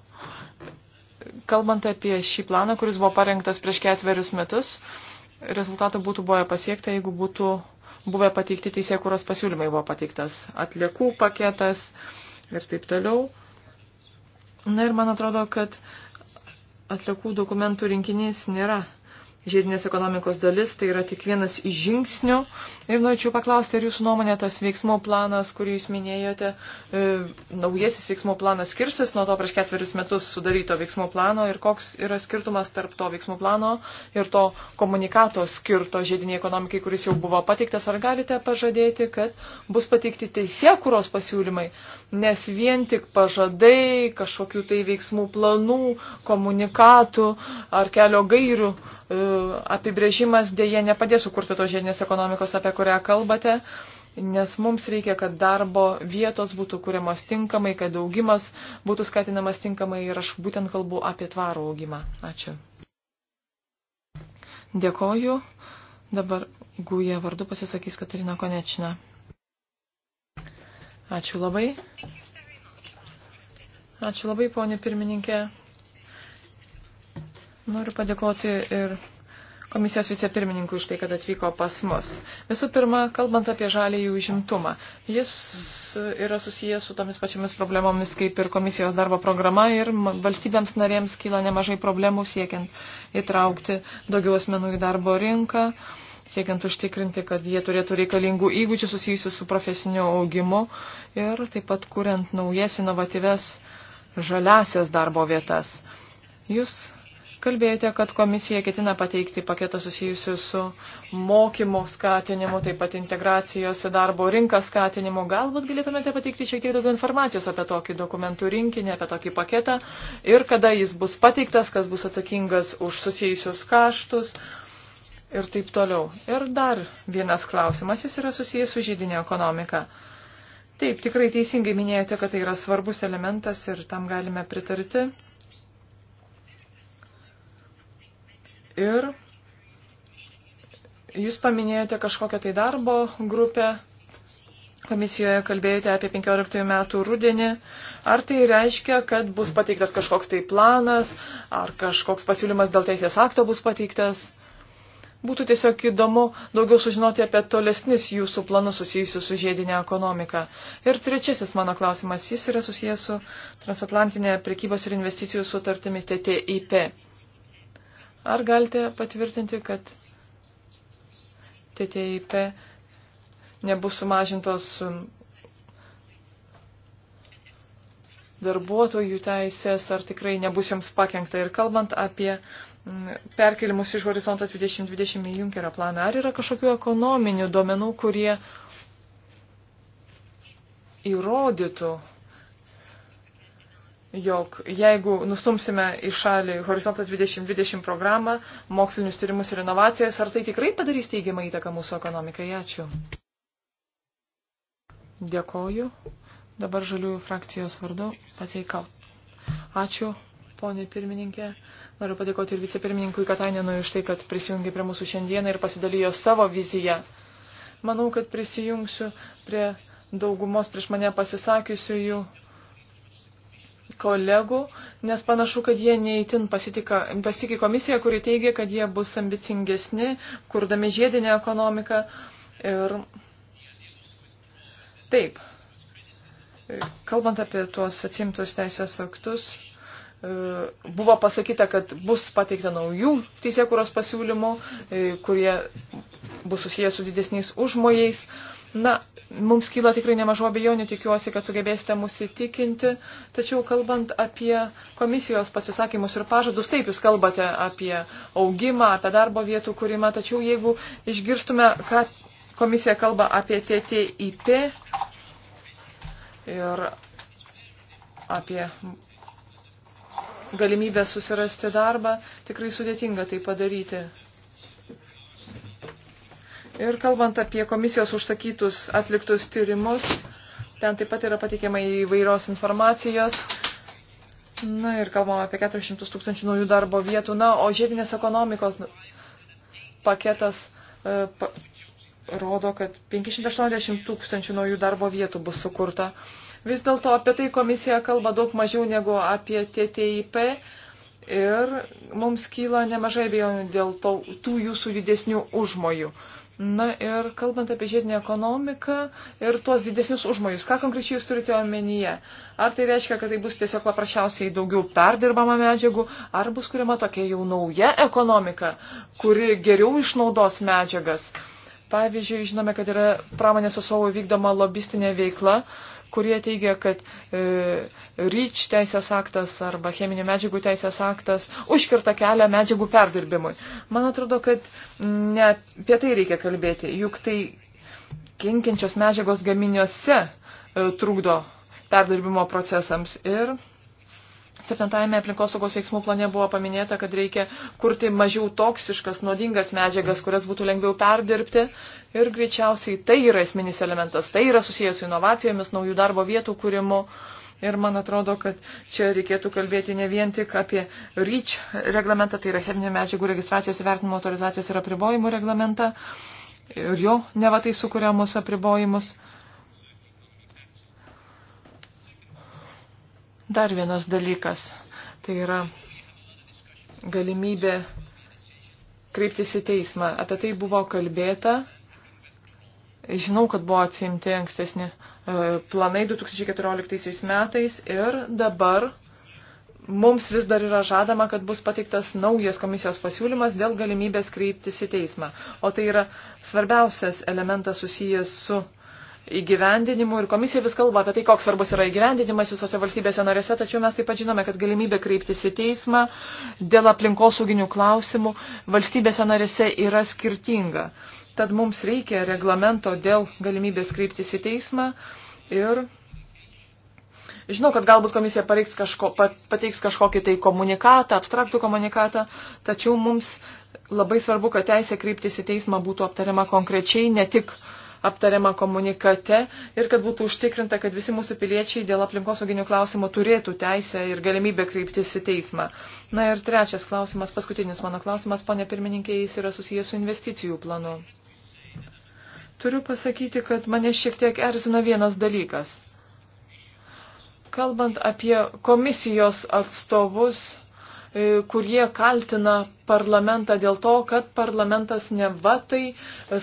kalbant apie šį planą, kuris buvo parengtas prieš ketverius metus, rezultatų būtų buvę pasiekta, jeigu būtų buvę pateikti teisėjai, kurios pasiūlymai buvo pateiktas. Atliekų paketas ir taip toliau. Na ir man atrodo, kad atliekų dokumentų rinkinys nėra žiedinės ekonomikos dalis, tai yra tik vienas iš žingsnių. Ir norėčiau paklausti, ar jūsų nuomonė tas veiksmų planas, kurį jūs minėjote, e, naujasis veiksmų planas skirsis nuo to prieš ketverius metus sudaryto veiksmų plano ir koks yra skirtumas tarp to veiksmų plano ir to komunikato skirto žiediniai ekonomikai, kuris jau buvo pateiktas. Ar galite pažadėti, kad bus pateikti teisėkuros pasiūlymai, nes vien tik pažadai kažkokių tai veiksmų planų, komunikatų ar kelio gairių E, apibrėžimas dėje nepadės sukurti tos žiedinės ekonomikos, apie kurią kalbate, nes mums reikia, kad darbo vietos būtų kuriamos tinkamai, kad augimas būtų skatinamas tinkamai ir aš būtent kalbu apie tvarų augimą. Ačiū. Dėkoju. Dabar Gūje vardu pasisakys Katarina Konečina. Ačiū labai. Ačiū labai, ponė pirmininkė. Noriu padėkoti ir komisijos vicepirmininkui už tai, kad atvyko pas mus. Visų pirma, kalbant apie žalį jų užimtumą, jis yra susijęs su tomis pačiomis problemomis kaip ir komisijos darbo programa ir valstybėms narėms kyla nemažai problemų siekiant įtraukti daugiau asmenų į darbo rinką, siekiant užtikrinti, kad jie turėtų reikalingų įgūdžių susijusių su profesiniu augimu ir taip pat kuriant naujas inovatyves žaliasias darbo vietas. Jūs Kalbėjote, kad komisija ketina pateikti paketą susijusiu su mokymo skatinimu, taip pat integracijos į darbo rinką skatinimu. Galbūt galėtumėte pateikti šiek tiek daugiau informacijos apie tokį dokumentų rinkinį, apie tokį paketą ir kada jis bus pateiktas, kas bus atsakingas už susijusius kaštus ir taip toliau. Ir dar vienas klausimas, jis yra susijęs su žydinė ekonomika. Taip, tikrai teisingai minėjote, kad tai yra svarbus elementas ir tam galime pritarti. Ir jūs paminėjote kažkokią tai darbo grupę, komisijoje kalbėjote apie 15 metų rudenį. Ar tai reiškia, kad bus pateiktas kažkoks tai planas, ar kažkoks pasiūlymas dėl teisės akto bus pateiktas? Būtų tiesiog įdomu daugiau sužinoti apie tolesnis jūsų planus susijusius su žiedinė ekonomika. Ir trečiasis mano klausimas, jis yra susijęs su transatlantinė prekybos ir investicijų sutartimi TTIP. Ar galite patvirtinti, kad TTIP nebus sumažintos darbuotojų teisės, ar tikrai nebus joms pakengta. Ir kalbant apie mm, perkelimus iš horizontą 2020 į Junkerio planą, ar yra kažkokių ekonominių duomenų, kurie įrodytų, jog jeigu nustumsime į šalį Horizontas 2020 programą, mokslinius tyrimus ir inovacijas, ar tai tikrai padarys teigiamą įtaką mūsų ekonomikai? Ačiū. Dėkoju. Dabar žaliųjų frakcijos vardu pasveikau. Ačiū, ponė pirmininkė. Noriu padėkoti ir vicepirmininkui Katainenui už tai, kad prisijungė prie mūsų šiandieną ir pasidalijo savo viziją. Manau, kad prisijungsiu prie daugumos prieš mane pasisakiusiųjų. jų kolegų, nes panašu, kad jie neįtin pasitikė komisiją, kuri teigia, kad jie bus ambicingesni, kurdami žiedinę ekonomiką. Ir taip, kalbant apie tuos atsimtus teisės aktus, buvo pasakyta, kad bus pateikta naujų teisėkuros pasiūlymų, kurie bus susijęs su didesniais užmojais. Na, mums kyla tikrai nemažo abejonių, tikiuosi, kad sugebėsite mus įtikinti. Tačiau kalbant apie komisijos pasisakymus ir pažadus, taip jūs kalbate apie augimą, apie darbo vietų kūrimą, tačiau jeigu išgirstume, ką komisija kalba apie TTIP ir apie galimybę susirasti darbą, tikrai sudėtinga tai padaryti. Ir kalbant apie komisijos užsakytus atliktus tyrimus, ten taip pat yra pateikiama įvairios informacijos. Na ir kalbama apie 400 tūkstančių naujų darbo vietų. Na, o žiedinės ekonomikos paketas e, pa, rodo, kad 580 tūkstančių naujų darbo vietų bus sukurta. Vis dėlto apie tai komisija kalba daug mažiau negu apie TTIP ir mums kyla nemažai bejonių dėl to, tų jūsų didesnių užmojų. Na ir kalbant apie žiedinę ekonomiką ir tuos didesnius užmojus, ką konkrečiai jūs turite omenyje? Ar tai reiškia, kad tai bus tiesiog paprasčiausiai daugiau perdirbama medžiagų, ar bus kuriama tokia jau nauja ekonomika, kuri geriau išnaudos medžiagas? Pavyzdžiui, žinome, kad yra pramonės atsovų vykdoma lobistinė veikla, uh, kurie teigia, kad e, ryč teisės aktas arba cheminių medžiagų teisės aktas užkirta kelią medžiagų perdirbimui. Man atrodo, kad ne apie tai reikia kalbėti, juk tai kenkiančios medžiagos gaminiuose e, trukdo perdirbimo procesams ir Septintame aplinkosaugos veiksmų plane buvo paminėta, kad reikia kurti mažiau toksiškas, nuodingas medžiagas, kurias būtų lengviau perdirbti. Ir greičiausiai tai yra esminis elementas. Tai yra susijęs su inovacijomis, naujų darbo vietų kūrimu. Ir man atrodo, kad čia reikėtų kalbėti ne vien tik apie REACH reglamentą, tai yra cheminių medžiagų registracijos įvertinimo autorizacijos ir apribojimų reglamentą ir jo nevatai sukūriamus apribojimus. apribojimus. Dar vienas dalykas - tai yra galimybė kreiptis į teismą. Apie tai buvo kalbėta. Žinau, kad buvo atsimti ankstesni e, planai 2014 metais ir dabar mums vis dar yra žadama, kad bus pateiktas naujas komisijos pasiūlymas dėl galimybės kreiptis į teismą. O tai yra svarbiausias elementas susijęs su įgyvendinimu ir komisija vis kalba apie tai, koks svarbus yra įgyvendinimas visose valstybėse narėse, tačiau mes taip pat žinome, kad galimybė kreiptis į teismą dėl aplinkosauginių klausimų valstybėse narėse yra skirtinga. Tad mums reikia reglamento dėl galimybės kreiptis į teismą ir Žinau, kad galbūt komisija kažko, pateiks kažkokį tai komunikatą, abstraktų komunikatą, tačiau mums labai svarbu, kad teisė kreiptis į teismą būtų aptariama konkrečiai, ne tik uh, aptariama komunikate ir kad būtų užtikrinta, kad visi mūsų piliečiai dėl aplinkosauginių klausimų turėtų teisę ir galimybę kreiptis į teismą. Na ir trečias klausimas, paskutinis mano klausimas, ponė pirmininkė, jis yra susijęs su investicijų planu. Turiu pasakyti, kad mane šiek tiek erzina vienas dalykas. Kalbant apie komisijos atstovus, E, kurie kaltina parlamentą dėl to, kad parlamentas neva tai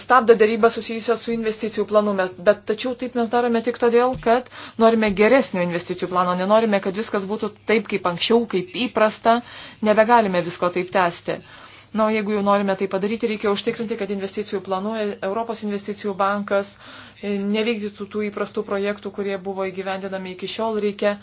stabdė dėrybą susijusią su investicijų planu, bet tačiau taip mes darome tik todėl, kad norime geresnio investicijų plano, nenorime, kad viskas būtų taip kaip anksčiau, kaip įprasta, nebegalime visko taip tęsti. Na, o jeigu jau norime tai padaryti, reikia užtikrinti, kad investicijų planų e, Europos investicijų bankas e, nevykdytų tų įprastų projektų, kurie buvo įgyvendinami iki šiol. Reikia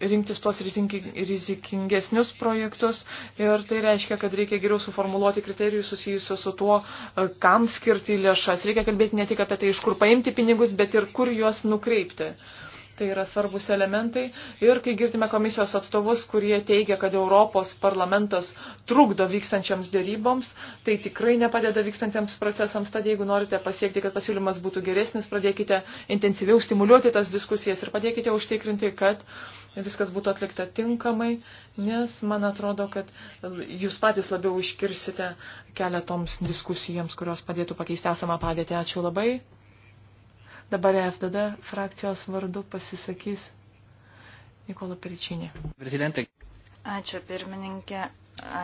rinktis tuos rizikingesnius projektus ir tai reiškia, kad reikia geriau suformuluoti kriterijus susijusius su tuo, e, kam skirti lėšas. Reikia kalbėti ne tik apie tai, iš kur paimti pinigus, bet ir kur juos nukreipti. Uh, tai yra svarbus elementai. Ir kai girdime komisijos atstovus, kurie teigia, kad Europos parlamentas trukdo vykstančiams dėryboms, tai tikrai nepadeda vykstantiems procesams. Tad jeigu norite pasiekti, kad pasiūlymas būtų geresnis, pradėkite intensyviau stimuliuoti tas diskusijas ir padėkite užtikrinti, kad viskas būtų atlikta tinkamai, nes man atrodo, kad jūs patys labiau iškirsite kelią toms diskusijams, kurios padėtų pakeisti esamą padėtį. Ačiū labai. Dabar FDD frakcijos vardu pasisakys Nikola Peričinė. Prezidentė. Ačiū pirmininkė,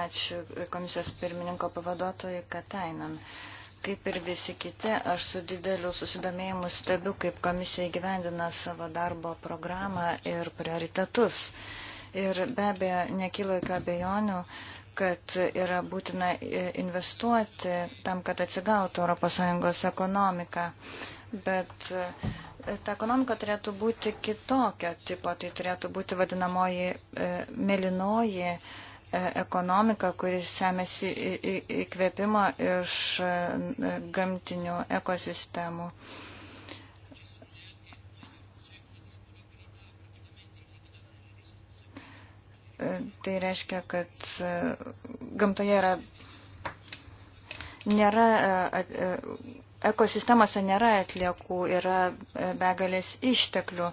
ačiū komisijos pirmininko pavaduotojai Katainam. Kaip ir visi kiti, aš su dideliu susidomėjimu stebiu, kaip komisija gyvendina savo darbo programą ir prioritetus. Ir be abejo, nekyla jokio abejonių, kad yra būtina investuoti tam, kad atsigautų ES ekonomika bet e, ta ekonomika turėtų būti kitokio tipo, tai turėtų būti vadinamoji e, melinoji e, ekonomika, kuris semėsi įkvėpimą iš e, gamtinių ekosistemų. E, tai reiškia, kad e, gamtoje yra, nėra ekosistemose nėra atliekų, yra e, begalės išteklių.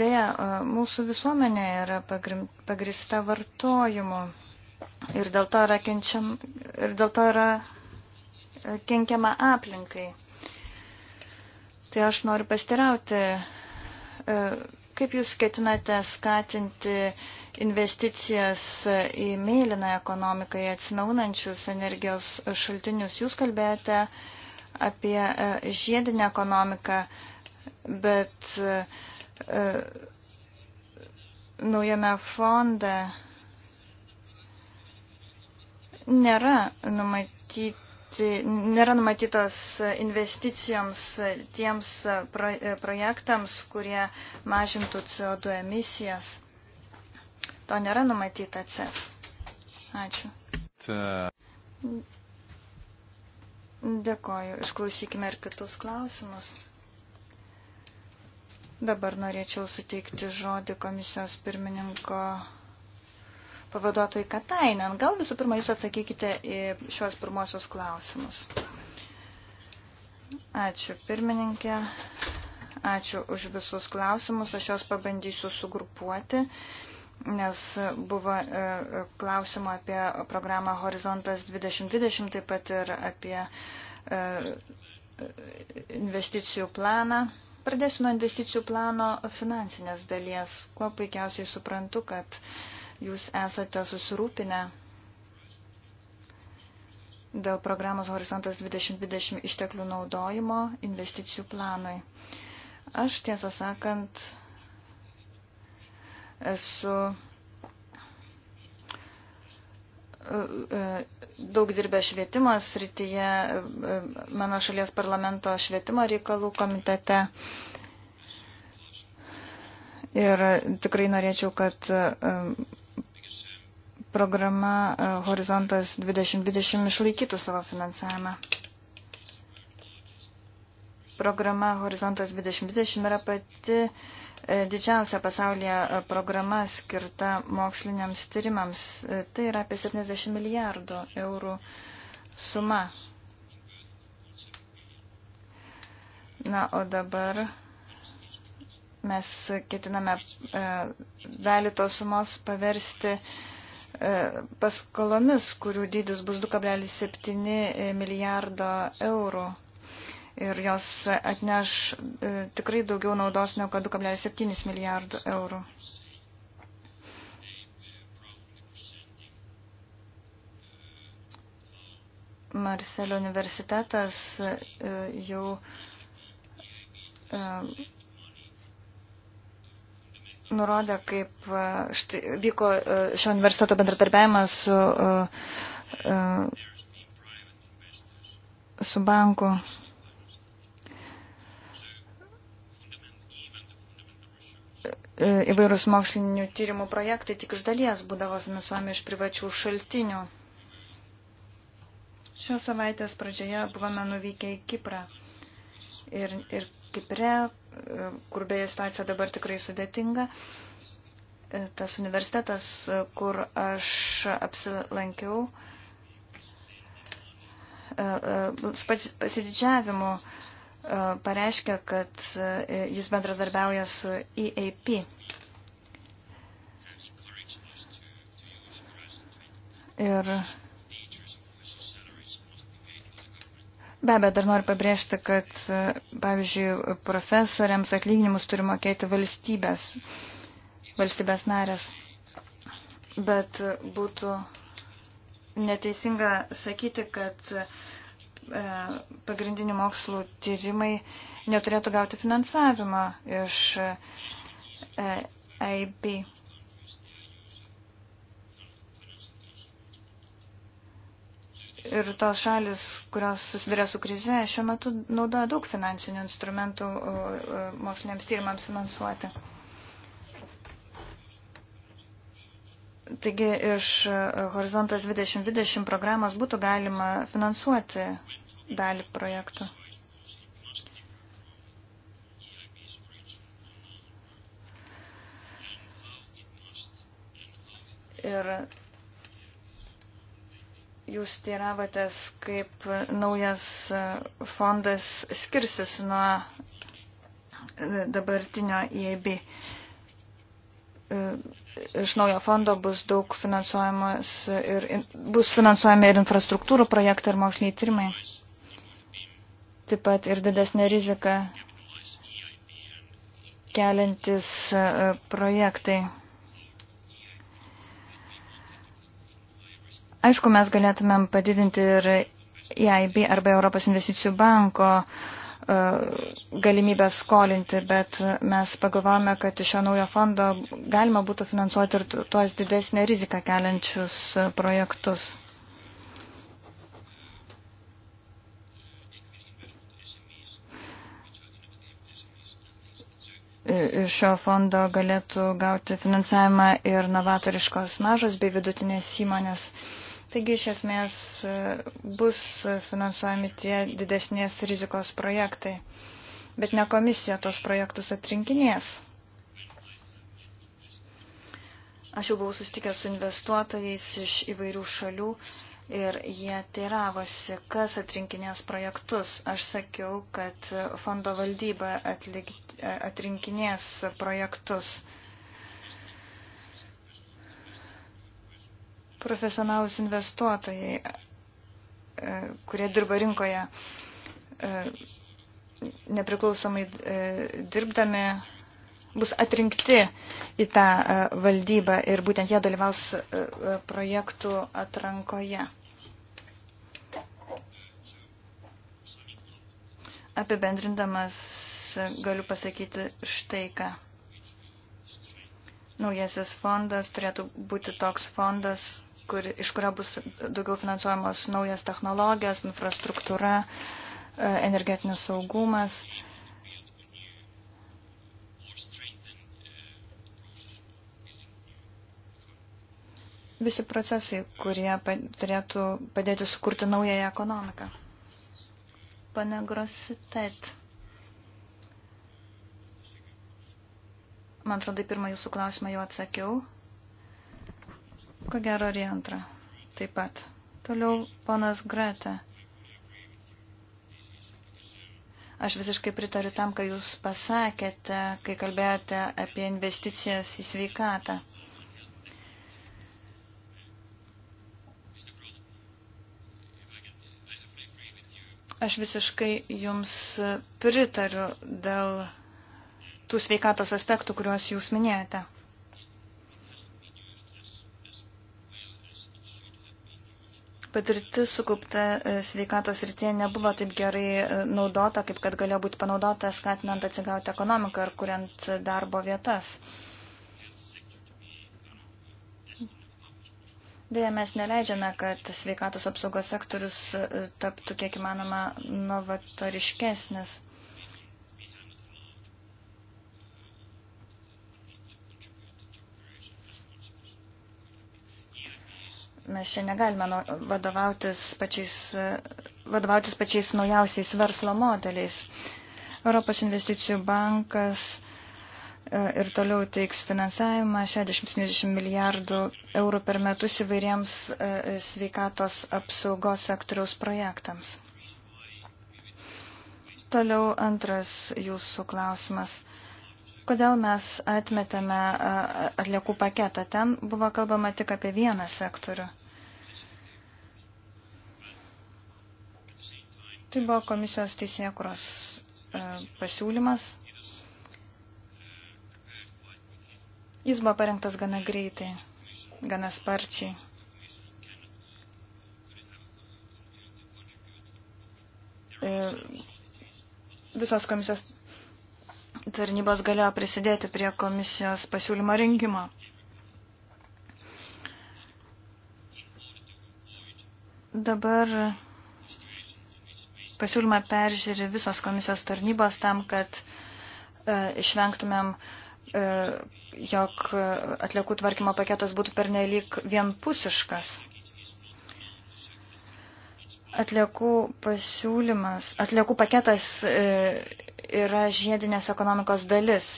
Deja, e, mūsų visuomenė yra pagrista vartojimu ir dėl to yra, kenčiam, ir dėl to yra e, kenkiama aplinkai. Tai aš noriu pastirauti, kaip jūs ketinate skatinti investicijas į mėlyną ekonomiką, į atsinaunančius energijos šaltinius. Jūs kalbėjote apie e, žiedinę ekonomiką, bet e, e, naujame fonde nėra numatyti nėra numatytos investicijoms tiems projektams, kurie mažintų CO2 emisijas. To nėra numatyta C. Ačiū. Dėkoju. Išklausykime ir kitus klausimus. Dabar norėčiau suteikti žodį komisijos pirmininko pavaduotojai Katainen. Gal visų pirma jūs atsakykite į šios pirmosios klausimus. Ačiū pirmininkė, ačiū už visus klausimus, aš juos pabandysiu sugrupuoti nes buvo e, e, klausimo apie programą Horizontas 2020, taip pat ir apie e, investicijų planą. Pradėsiu nuo investicijų plano finansinės dalies. Kuo puikiausiai suprantu, kad jūs esate susirūpinę dėl programos Horizontas 2020 išteklių naudojimo investicijų planui. Aš tiesą sakant, Esu e, e, daug dirbę švietimo srityje, e, mano šalies parlamento švietimo reikalų komitete. Ir tikrai norėčiau, kad programa Horizontas 2020 išlaikytų savo finansavimą. Programa Horizontas 2020 yra pati didžiausia pasaulyje e, programa skirta moksliniams tyrimams. E, tai yra apie 70 milijardų eurų suma. Na, o dabar mes ketiname e, dalį tos sumos paversti paskolomis, kurių dydis bus 2,7 milijardo eurų ir jos atneš e, tikrai daugiau naudos negu 2,7 milijardų eurų. Marselio universitetas e, jau e, nurodė, kaip štai, vyko šio universiteto bendradarbiavimas su, su banku. E, įvairūs mokslinių tyrimų projektai tik iš dalies būdavo finansuojami iš privačių šaltinių. Šios savaitės pradžioje buvome nuvykę į Kiprą. Ir, ir Kipre, e, kur beje situacija dabar tikrai sudėtinga, e, tas universitetas, kur aš apsilankiau, pasididžiavimu E, pareiškia, kad e, jis bendradarbiauja su EAP. Ir Be abejo, dar noriu pabrėžti, kad, e, pavyzdžiui, profesoriams atlyginimus turi mokėti valstybės, valstybės narės. Bet būtų neteisinga sakyti, kad E, pagrindinių mokslų tyrimai neturėtų gauti finansavimą iš EIB. Ir tos šalis, kurios susiduria su krize, šiuo metu naudoja daug finansinių instrumentų moksliniams tyrimams finansuoti. Taigi iš e, Horizontas 2020 programos būtų galima finansuoti dalį projektų. Ir jūs teiravotės, kaip naujas e, fondas skirsis nuo e, dabartinio EIB iš naujo fondo bus daug finansuojamas ir bus finansuojami ir infrastruktūrų projektai ir moksliniai tyrimai. Taip pat ir didesnė rizika keliantis e, projektai. Aišku, mes galėtumėm padidinti ir EIB arba Europos investicijų banko uh, E, galimybę skolinti, bet mes pagalvojame, kad iš šio naujo fondo galima būtų finansuoti ir tuos didesnę riziką keliančius projektus. Iš šio fondo galėtų gauti finansavimą ir novatoriškos mažos bei vidutinės įmonės. Uh, Taigi iš esmės bus finansuojami tie didesnės rizikos projektai. Bet ne komisija tos projektus atrinkinės. Aš jau buvau sustikęs su investuotojais iš įvairių šalių ir jie teiravosi, kas atrinkinės projektus. Aš sakiau, kad fondo valdyba atlik, atrinkinės projektus. profesionalus investuotojai, e, kurie dirba rinkoje e, nepriklausomai e, dirbdami, bus atrinkti į tą valdybą ir būtent jie dalyvaus projektų atrankoje. Apibendrindamas galiu pasakyti štai ką. Naujasis fondas turėtų būti toks fondas, kur, iš kurio bus daugiau finansuojamos naujas technologijos, infrastruktūra, e, energetinis saugumas. Visi procesai, kurie turėtų padėti sukurti naująją ekonomiką. Pane Grositet. Man atrodo, pirmą jūsų klausimą jau atsakiau ko gero ir antrą. Taip pat. Toliau ponas Greta. Aš visiškai pritariu tam, ką jūs pasakėte, kai kalbėjote apie investicijas į sveikatą. Aš visiškai jums pritariu dėl tų sveikatos aspektų, kuriuos jūs minėjote. patirtis sukaupta e, sveikatos rytie nebuvo taip gerai e, naudota, kaip kad galėjo būti panaudota skatinant atsigauti ekonomiką ir kuriant darbo vietas. Dėja, mes neleidžiame, kad sveikatos apsaugos sektorius e, taptų kiek įmanoma novatoriškesnis. mes čia negalime vadovautis pačiais, vadovautis pačiais naujausiais verslo modeliais. Europos investicijų bankas e, ir toliau teiks finansavimą 60-70 milijardų eurų per metus įvairiems e, sveikatos apsaugos sektoriaus projektams. Toliau antras jūsų klausimas – Kodėl mes atmetėme atliekų paketą? Ten buvo kalbama tik apie vieną sektorių. Tai buvo komisijos teisėkuros pasiūlymas. Jis buvo parengtas gana greitai, gana sparčiai. Visos komisijos tarnybos galėjo prisidėti prie komisijos pasiūlymo rengimo. Dabar pasiūlymą peržiūri visos komisijos tarnybos tam, kad e, išvengtumėm, e, jog atliekų tvarkymo paketas būtų pernelyg vienpusiškas. Atliekų pasiūlymas, atliekų paketas e, yra žiedinės ekonomikos dalis,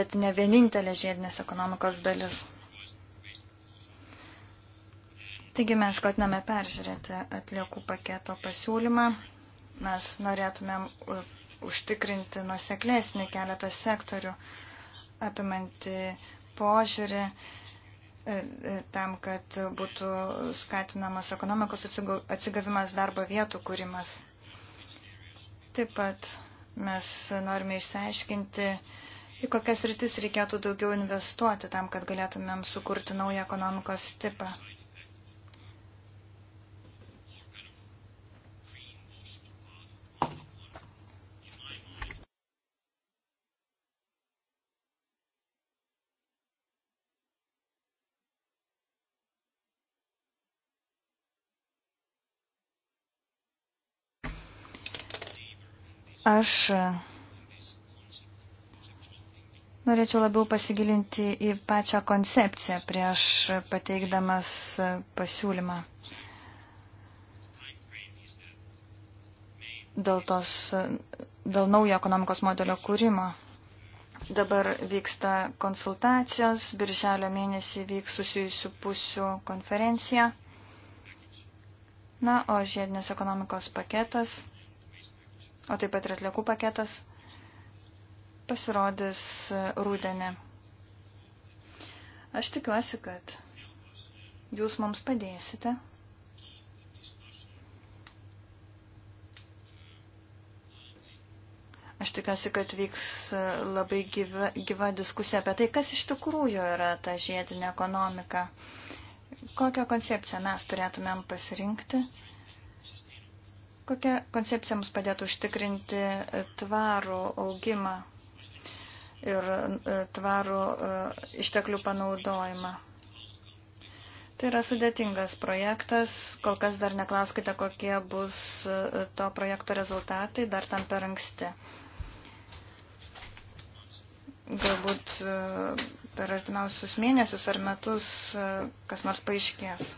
bet ne vienintelė žiedinės ekonomikos dalis. Taigi mes skatiname peržiūrėti atliekų paketo pasiūlymą. Mes norėtumėm e, užtikrinti nuseklesnį keletą sektorių apimanti požiūrį E, tam, kad būtų skatinamas ekonomikos atsigavimas darbo vietų kūrimas. Taip pat mes norime išsiaiškinti, į kokias rytis reikėtų daugiau investuoti tam, kad galėtumėm sukurti naują ekonomikos tipą. Aš norėčiau labiau pasigilinti į pačią koncepciją prieš pateikdamas pasiūlymą. Dėl, tos, dėl naujo ekonomikos modelio kūrimo. Dabar vyksta konsultacijos, birželio mėnesį vyks susijusių pusių konferencija. Na, o žiedinės ekonomikos paketas o taip pat ir atliekų paketas pasirodys rūdienį. Aš tikiuosi, kad jūs mums padėsite. Aš tikiuosi, kad vyks labai gyva, gyva diskusija apie tai, kas iš tikrųjų yra ta žiedinė ekonomika. Kokią koncepciją mes turėtumėm pasirinkti. Uh, Kokia koncepcija mums padėtų užtikrinti e, tvarų augimą ir e, tvarų e, išteklių panaudojimą? Tai yra sudėtingas projektas, kol kas dar neklauskite, kokie bus to projekto rezultatai, dar tam per anksti. Galbūt per artimiausius mėnesius ar metus kas nors paaiškės.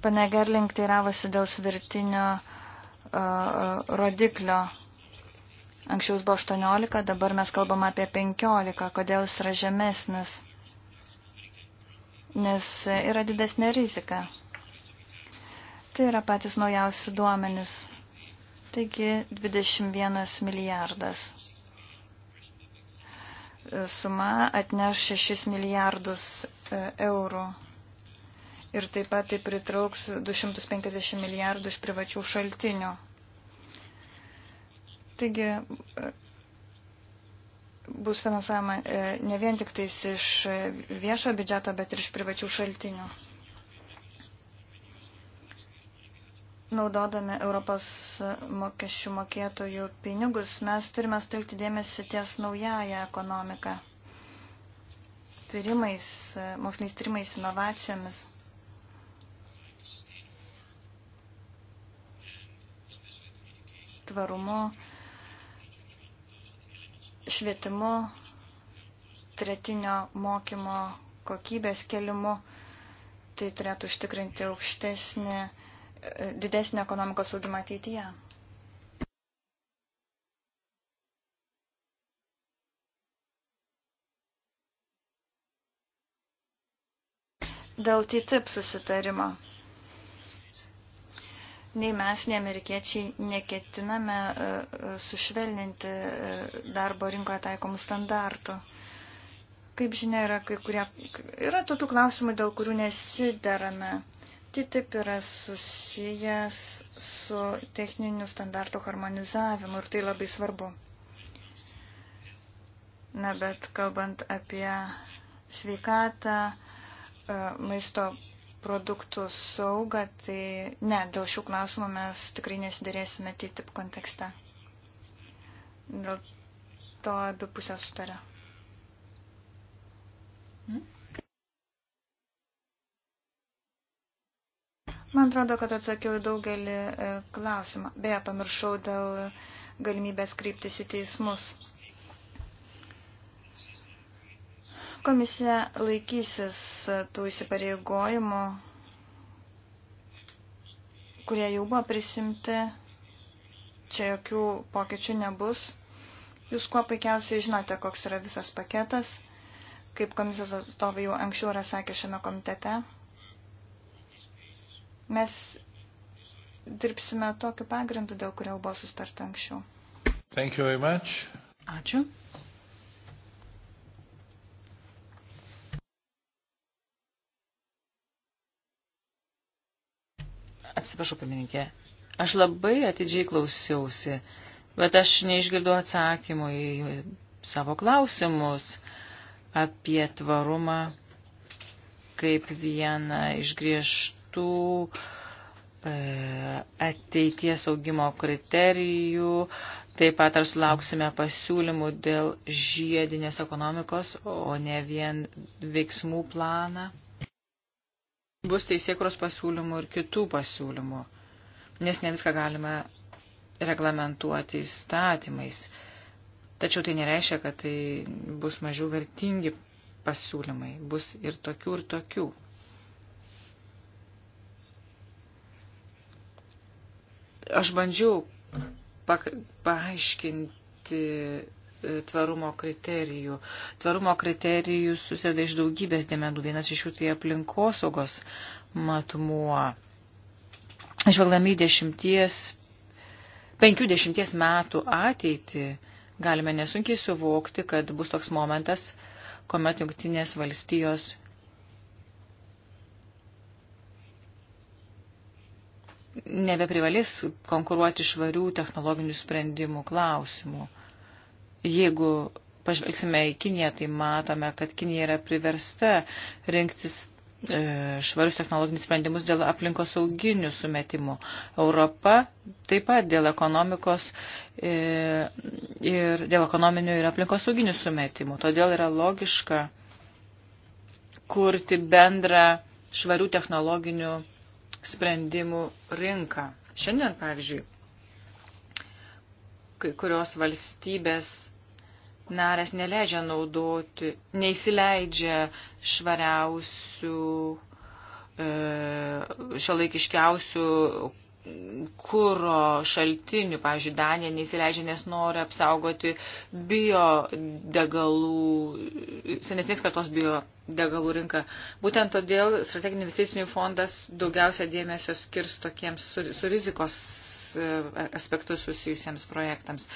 Pane Gerling teiravosi dėl svirtinio uh, rodiklio. Anksčiau jis buvo 18, dabar mes kalbam apie 15. Kodėl jis yra žemesnis? Nes yra didesnė rizika. Tai yra patys naujausi duomenys. Taigi 21 milijardas. Suma atneš 6 milijardus e, eurų ir taip pat tai pritrauks 250 milijardų iš privačių šaltinių. Taigi e, bus finansuojama e, ne vien tik tais iš viešo biudžeto, bet ir iš privačių šaltinių. Naudodami Europos mokesčių mokėtojų pinigus, mes turime stilti dėmesį ties naująją ekonomiką, tyrimais, e, moksliniais tyrimais, inovacijomis. tvarumu, švietimu, tretinio mokymo kokybės kelimu. Tai turėtų užtikrinti aukštesnį, e, didesnį ekonomikos augimą ateityje. Dėl TTIP susitarimo. Nei mes, nei amerikiečiai neketiname e, e, sušvelninti e, darbo rinkoje taikomų standartų. Kaip žinia, yra, kai kurie, yra tokių klausimų, dėl kurių nesiderame. Tai taip yra susijęs su techninių standartų harmonizavimu ir tai labai svarbu. Na, bet kalbant apie sveikatą, maisto produktų saugą, tai ne, dėl šių klausimų mes tikrai nesidarėsime TTIP kontekste. Dėl to abi pusės sutarė. Hmm? Man atrodo, kad atsakiau į daugelį e, klausimą. Beje, pamiršau dėl galimybės kryptis į teismus. Komisija laikysis tų įsipareigojimų, kurie jau buvo prisimti. Čia jokių pokyčių nebus. Jūs kuo puikiausiai žinote, koks yra visas paketas, kaip komisijos atstovai jau anksčiau yra sakę šiame komitete. Mes dirbsime tokiu pagrindu, dėl kurio buvo sustarta anksčiau. Ačiū. Atsiprašau, pirmininkė. Aš labai atidžiai klausiausi, bet aš neišgirdau atsakymų į savo klausimus apie tvarumą kaip vieną iš griežtų e, ateities augimo kriterijų. Taip pat ar sulauksime pasiūlymų dėl žiedinės ekonomikos, o ne vien veiksmų planą. Bus teisėkros pasiūlymų ir kitų pasiūlymų, nes ne viską galime reglamentuoti įstatymais. Tačiau tai nereiškia, kad tai bus mažiau vertingi pasiūlymai. Bus ir tokių, ir tokių. Aš bandžiau paaiškinti E, tvarumo kriterijų. Tvarumo kriterijų susideda iš daugybės dėmenų. Vienas iš jų tai aplinkosaugos matmuo. Žvelgdami dešimties, penkių dešimties metų ateitį galime nesunkiai suvokti, kad bus toks momentas, kuomet jungtinės valstijos nebeprivalės konkuruoti švarių technologinių sprendimų klausimų. Jeigu pažvelgsime į Kiniją, tai matome, kad Kinija yra priversta rinktis e, švarius technologinius sprendimus dėl aplinkos sauginių sumetimų. Europa taip pat dėl ekonomikos e, ir dėl ekonominių ir aplinkos sauginių sumetimų. Todėl yra logiška kurti bendrą švarių technologinių sprendimų rinką. Šiandien, pavyzdžiui, kai kurios valstybės narės neleidžia naudoti, neįsileidžia švariausių, e, šio laikiškiausių kūro šaltinių, pavyzdžiui, Danija neįsileidžia, nes nori apsaugoti bio degalų, senesnės kartos bio degalų rinką. Būtent todėl strateginių investicinių fondas daugiausia dėmesio skirs tokiems su, su rizikos e, aspektus susijusiems projektams,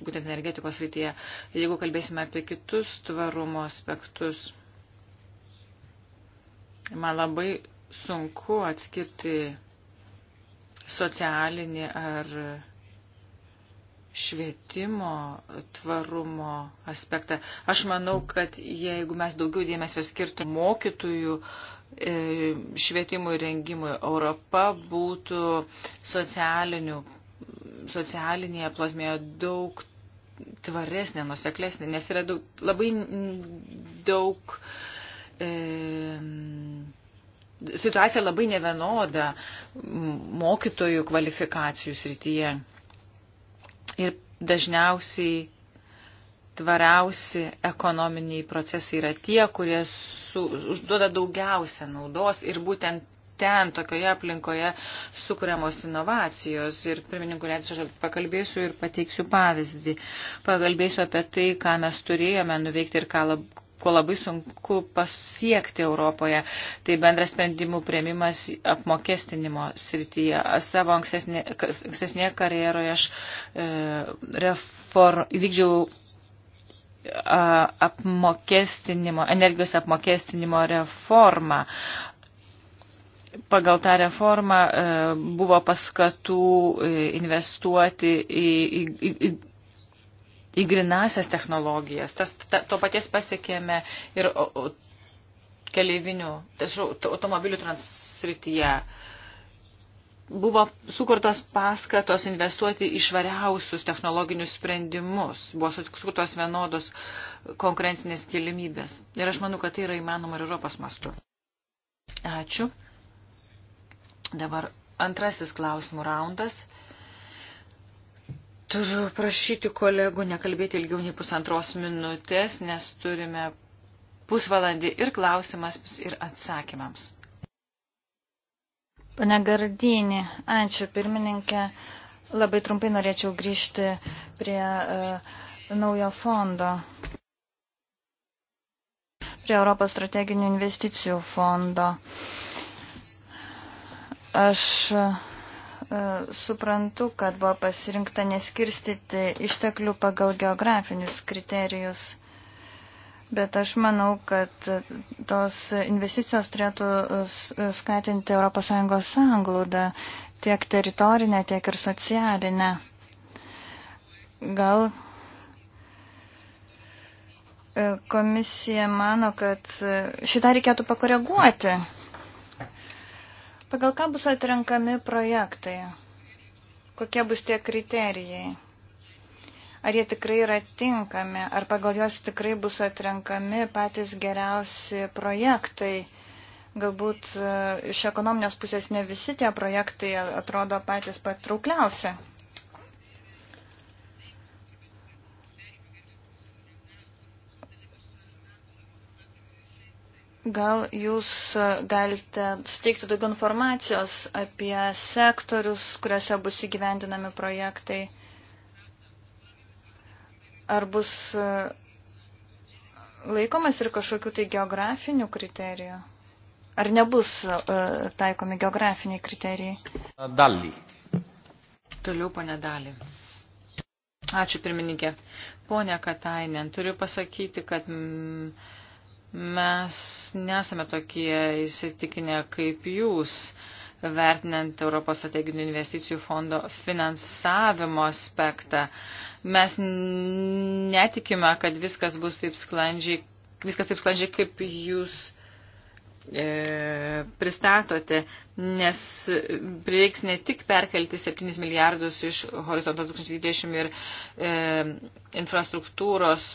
būtent energetikos rytyje. Jeigu kalbėsime apie kitus tvarumo aspektus, man labai sunku atskirti socialinį ar švietimo tvarumo aspektą. Aš manau, kad jeigu mes daugiau dėmesio skirtume mokytojų e, švietimui rengimui, Europa būtų socialinėje plotmėje daug tvaresnė, nuseklesnė, nes yra daug, labai daug e, situacija labai nevienoda mokytojų kvalifikacijų srityje. Ir dažniausiai tvariausi ekonominiai procesai yra tie, kurie su, užduoda daugiausia naudos ir būtent ten, tokioje aplinkoje, sukūriamos inovacijos. Ir pirmininkų leidžiu, aš pakalbėsiu ir pateiksiu pavyzdį. Pakalbėsiu apie tai, ką mes turėjome nuveikti ir ką lab, ko labai sunku pasiekti Europoje. Tai bendras sprendimų prieimimas apmokestinimo srityje. Savo ankstesnė, ankstesnėje karjeroje aš e, reform, vykdžiau apmokestinimo, energijos apmokestinimo reformą. Pagal tą reformą e, buvo paskatų e, investuoti į, į, į į grinasias technologijas. Tas, ta, to paties pasiekėme ir o, o, keleivinių, tačiau automobilių transrityje. Buvo sukurtos paskatos investuoti į švariausius technologinius sprendimus, buvo sukurtos vienodos konkurencinės galimybės. Ir aš manau, kad tai yra įmanoma ir Europos mastu. Ačiū. Dabar antrasis klausimų raundas. Turiu prašyti kolegų nekalbėti ilgiau nei pusantros minutės, nes turime pusvalandį ir klausimas, ir atsakymams. Pane Gardinį, ačiū pirmininkė. Labai trumpai norėčiau grįžti prie uh, naujo fondo, prie Europos strateginių investicijų fondo. Aš uh, E, suprantu, kad buvo pasirinkta neskirstyti išteklių pagal geografinius kriterijus, bet aš manau, kad tos investicijos turėtų skatinti ES sąnglaudą tiek teritorinę, tiek ir socialinę. Gal e, komisija mano, kad šitą reikėtų pakoreguoti Pagal ką bus atrenkami projektai? Kokie bus tie kriterijai? Ar jie tikrai yra tinkami? Ar pagal juos tikrai bus atrenkami patys geriausi projektai? Galbūt e, iš ekonominės pusės ne visi tie projektai atrodo patys patraukliausi. Gal jūs e, galite suteikti daugiau informacijos apie sektorius, kuriuose bus įgyvendinami projektai? Ar bus e, laikomas ir kažkokių tai geografinių kriterijų? Ar nebus uh, taikomi geografiniai kriterijai? Dalį. Toliau, pane Dalį. Ačiū, pirmininkė. Pone Katainen, turiu pasakyti, kad... Mm, Mes nesame tokie įsitikinę kaip jūs, vertinant Europos strateginių investicijų fondo finansavimo aspektą. Mes netikime, kad viskas bus taip sklandžiai, viskas taip sklandžiai kaip jūs e, pristatote, nes prireiks ne tik perkelti 7 milijardus iš horizonto 2020 ir e, infrastruktūros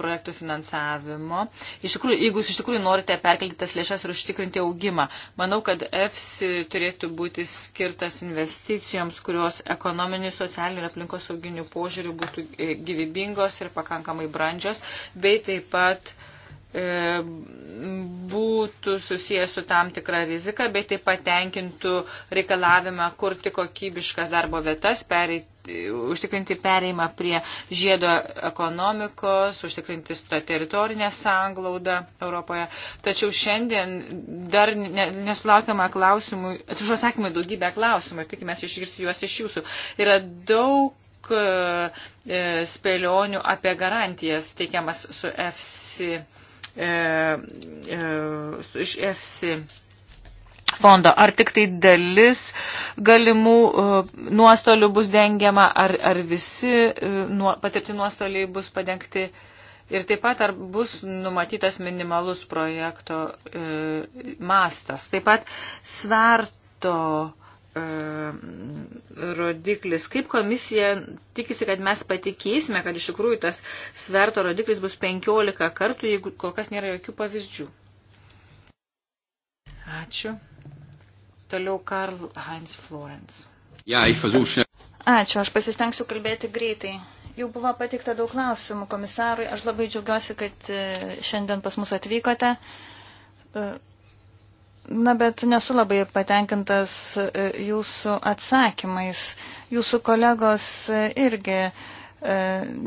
projektų finansavimo. Iš tikrųjų, jeigu jūs iš tikrųjų norite perkelti tas lėšas ir užtikrinti augimą, manau, kad EFSI turėtų būti skirtas investicijoms, kurios ekonominių, socialinių ir aplinkos sauginių požiūrių būtų e, gyvybingos ir pakankamai brandžios, bei taip pat uh, E, būtų susijęs su tam tikra rizika, bet tai patenkintų reikalavimą kurti kokybiškas darbo vietas, pereiti, užtikrinti pereimą prie žiedo ekonomikos, užtikrinti tą teritorinę sanglaudą Europoje. Tačiau šiandien dar nesulaukiama klausimų, atsiprašau, sakymai daugybę klausimų, tikimės išgirsti juos iš jūsų. Yra daug e, e, spėlionių apie garantijas teikiamas su EFSI E, e, iš EFSI fondo. Ar tik tai dalis galimų e, nuostolių bus dengiama, ar, ar visi patirti nuostoliai bus padengti. Ir taip pat ar bus numatytas minimalus projekto e, mastas. Taip pat sverto E, rodiklis. Kaip komisija tikisi, kad mes patikėsime, kad iš tikrųjų tas sverto rodiklis bus 15 kartų, jeigu kol kas nėra jokių pavyzdžių. Ačiū. Toliau Karl Heinz Florence. Ja, ich versuche. Ačiū, aš pasistengsiu kalbėti greitai. Jau buvo patikta daug klausimų komisarui. Aš labai džiaugiuosi, kad e, šiandien pas mus atvykote e, Na, bet nesu labai patenkintas e, jūsų atsakymais. Jūsų kolegos e, irgi e,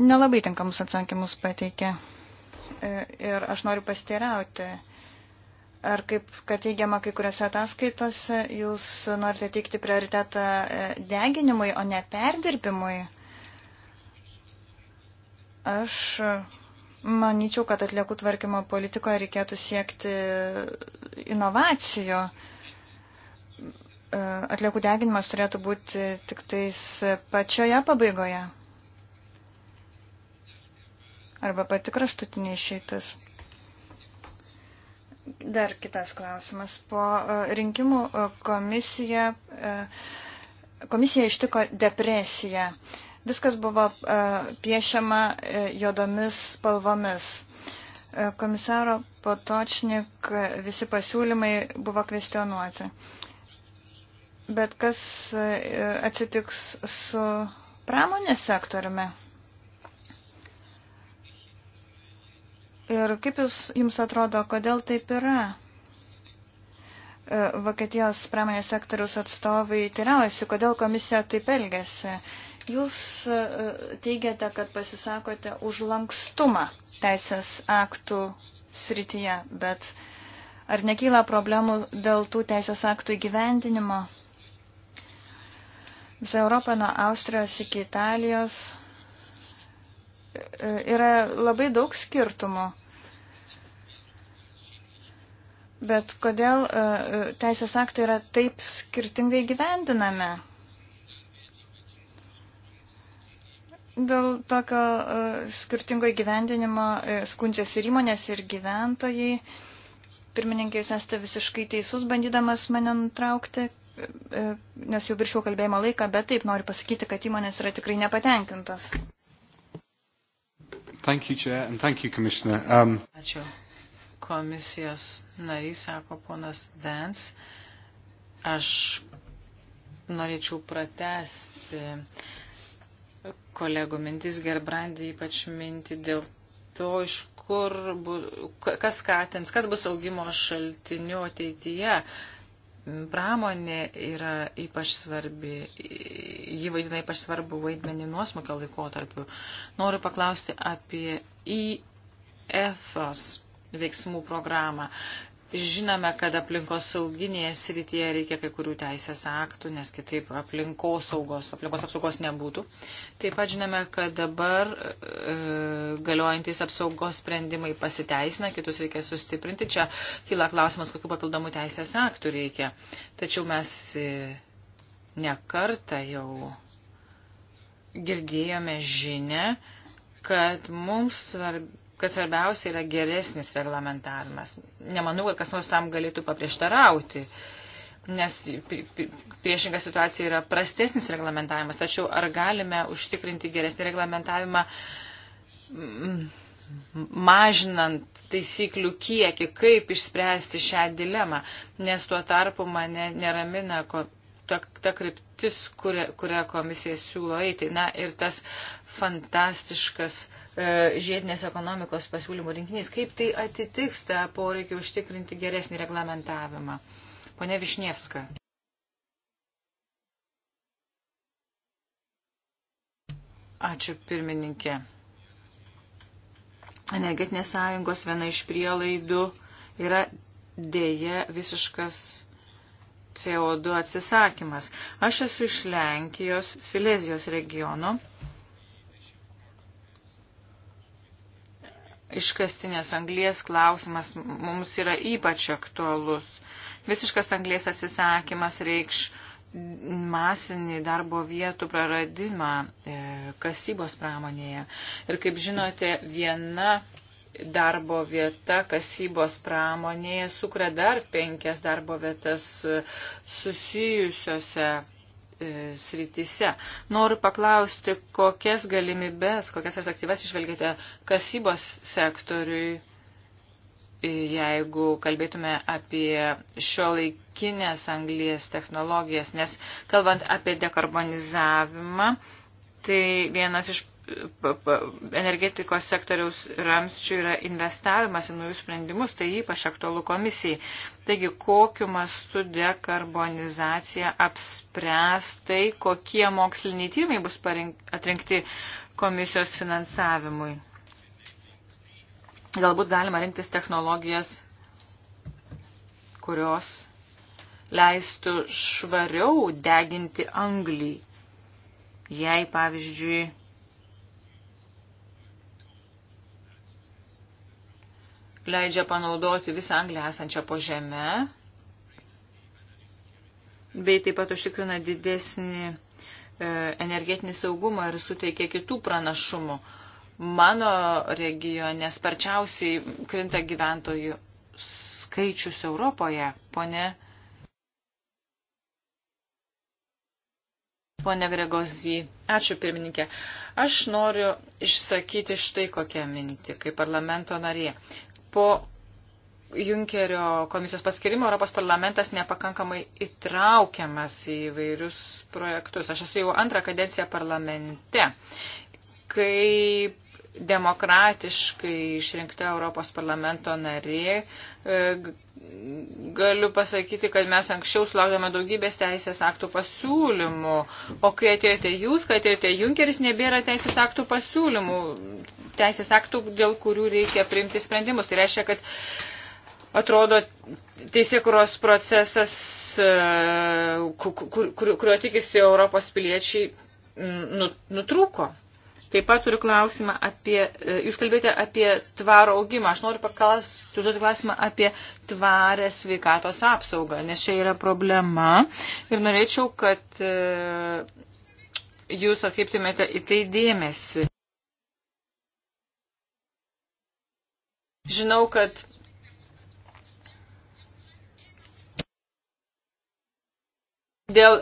nelabai tinkamus atsakymus pateikė. Ir aš noriu pasteirauti, ar kaip, kad teigiama kai kuriuose ataskaitose, jūs norite teikti prioritetą deginimui, o ne perdirbimui. Aš Manyčiau, kad atliekų tvarkymo politikoje reikėtų siekti inovacijų. E, atliekų deginimas turėtų būti tik tais pačioje pabaigoje. Arba pati kraštutinė išeitis. Dar kitas klausimas. Po e, rinkimų e, komisija, komisija ištiko depresija. Viskas buvo e, piešiama e, juodomis spalvomis. E, komisaro Potočnik visi pasiūlymai buvo kvestionuoti. Bet kas atsitiks su pramonės sektoriumi? Ir kaip jūs, jums atrodo, kodėl taip yra? Vokietijos pramonės sektoriaus atstovai teiraujasi, kodėl komisija taip elgėsi. Jūs e, e, teigiate, kad pasisakote už lankstumą teisės aktų srityje, bet ar nekyla problemų dėl tų teisės aktų įgyvendinimo? Visą Europą nuo Austrijos iki Italijos e, yra labai daug skirtumų. Bet kodėl teisės aktai yra taip skirtingai gyvendinami? Dėl tokio uh, skirtingo įgyvendinimo uh, skundžiasi ir įmonės, ir gyventojai. Pirmininkė, jūs esate visiškai teisus, bandydamas mane nutraukti, uh, nes jau viršiau kalbėjimo laiką, bet taip noriu pasakyti, kad įmonės yra tikrai nepatenkintas. Thank you, Chair, and thank you, Commissioner. Um... Ačiū. Komisijos narys, sako ponas Dens. Aš norėčiau pratesti. Uh, kolegų mintis, Gerbrandį ypač mintį dėl to, iš kur, bu, kas skatins, kas bus augimo šaltiniu ateityje. Pramonė yra ypač svarbi, jį vaidina ypač svarbu vaidmenį nuosmokio laikotarpiu. Noriu paklausti apie IEFOS veiksmų programą. Žinome, kad aplinkos sauginėje srityje reikia kai kurių teisės aktų, nes kitaip aplinkos, saugos, aplinkos apsaugos nebūtų. Taip pat žinome, kad dabar e, galiojantis apsaugos sprendimai pasiteisina, kitus reikia sustiprinti. Čia kyla klausimas, kokiu papildomų teisės aktų reikia. Tačiau mes e, nekartą jau girdėjome žinę, kad mums svarbi kad svarbiausia yra geresnis reglamentavimas. Nemanau, kad kas nors tam galėtų paprieštarauti, nes priešinga situacija yra prastesnis reglamentavimas. Tačiau ar galime užtikrinti geresnį reglamentavimą mažinant taisyklių kiekį, kaip išspręsti šią dilemą, nes tuo tarpu mane neramina ta, ta kryptis, kurią, kurią komisija siūlo eiti. Na ir tas fantastiškas e, žiedinės ekonomikos pasiūlymų rinkinys, kaip tai atitiks tą poreikį užtikrinti geresnį reglamentavimą. Pone Višnievska. Ačiū pirmininkė. Energetinės sąjungos viena iš prielaidų yra dėje visiškas CO2 atsisakymas. Aš esu iš Lenkijos, Silezijos regiono. Iškastinės anglės klausimas mums yra ypač aktualus. Visiškas anglės atsisakymas reikš masinį darbo vietų praradimą e, kasybos pramonėje. Ir kaip žinote, viena darbo vieta kasybos pramonėje sukuria dar penkias darbo vietas e, susijusiose e, srityse. Noriu paklausti, kokias galimybės, kokias efektyvas išvelgėte kasybos sektoriui, e, jeigu kalbėtume apie šio laikinės anglijas technologijas, nes kalbant apie dekarbonizavimą, tai vienas iš energetikos sektoriaus ramščių yra investavimas į naujus sprendimus, tai ypač aktualu komisijai. Taigi, kokiu mastu dekarbonizacija apspręs tai, kokie moksliniai tyrimai bus parink, atrinkti komisijos finansavimui. Galbūt galima rinktis technologijas, kurios leistų švariau deginti anglį. Jei, pavyzdžiui, leidžia panaudoti visą anglį esančią po žeme, bei taip pat užtikrina didesnį e, energetinį saugumą ir suteikia kitų pranašumų. Mano regione sparčiausiai krinta gyventojų skaičius Europoje, pone. Pone Gregozy, ačiū pirmininkė. Aš noriu išsakyti štai kokią mintį, kaip parlamento narė po Junkerio komisijos paskirimo Europos parlamentas nepakankamai įtraukiamas į vairius projektus. Aš esu jau antrą kadenciją parlamente. Kaip demokratiškai išrinkta Europos parlamento narė. E, galiu pasakyti, kad mes anksčiau sulaukdame daugybės teisės aktų pasiūlymų, o kai atėjote jūs, kai atėjote Junkeris, nebėra teisės aktų pasiūlymų, teisės aktų, dėl kurių reikia priimti sprendimus. Tai reiškia, kad atrodo teisėkuros procesas, e, kurio tikisi Europos piliečiai, mm, nu, nutrūko. Taip pat turiu klausimą apie, e, jūs kalbėjote apie tvarų augimą. Aš noriu paklausti, užduoti klausimą apie tvarę sveikatos apsaugą, nes čia yra problema ir norėčiau, kad e, jūs atkreiptumėte į tai dėmesį. Žinau, kad Dėl,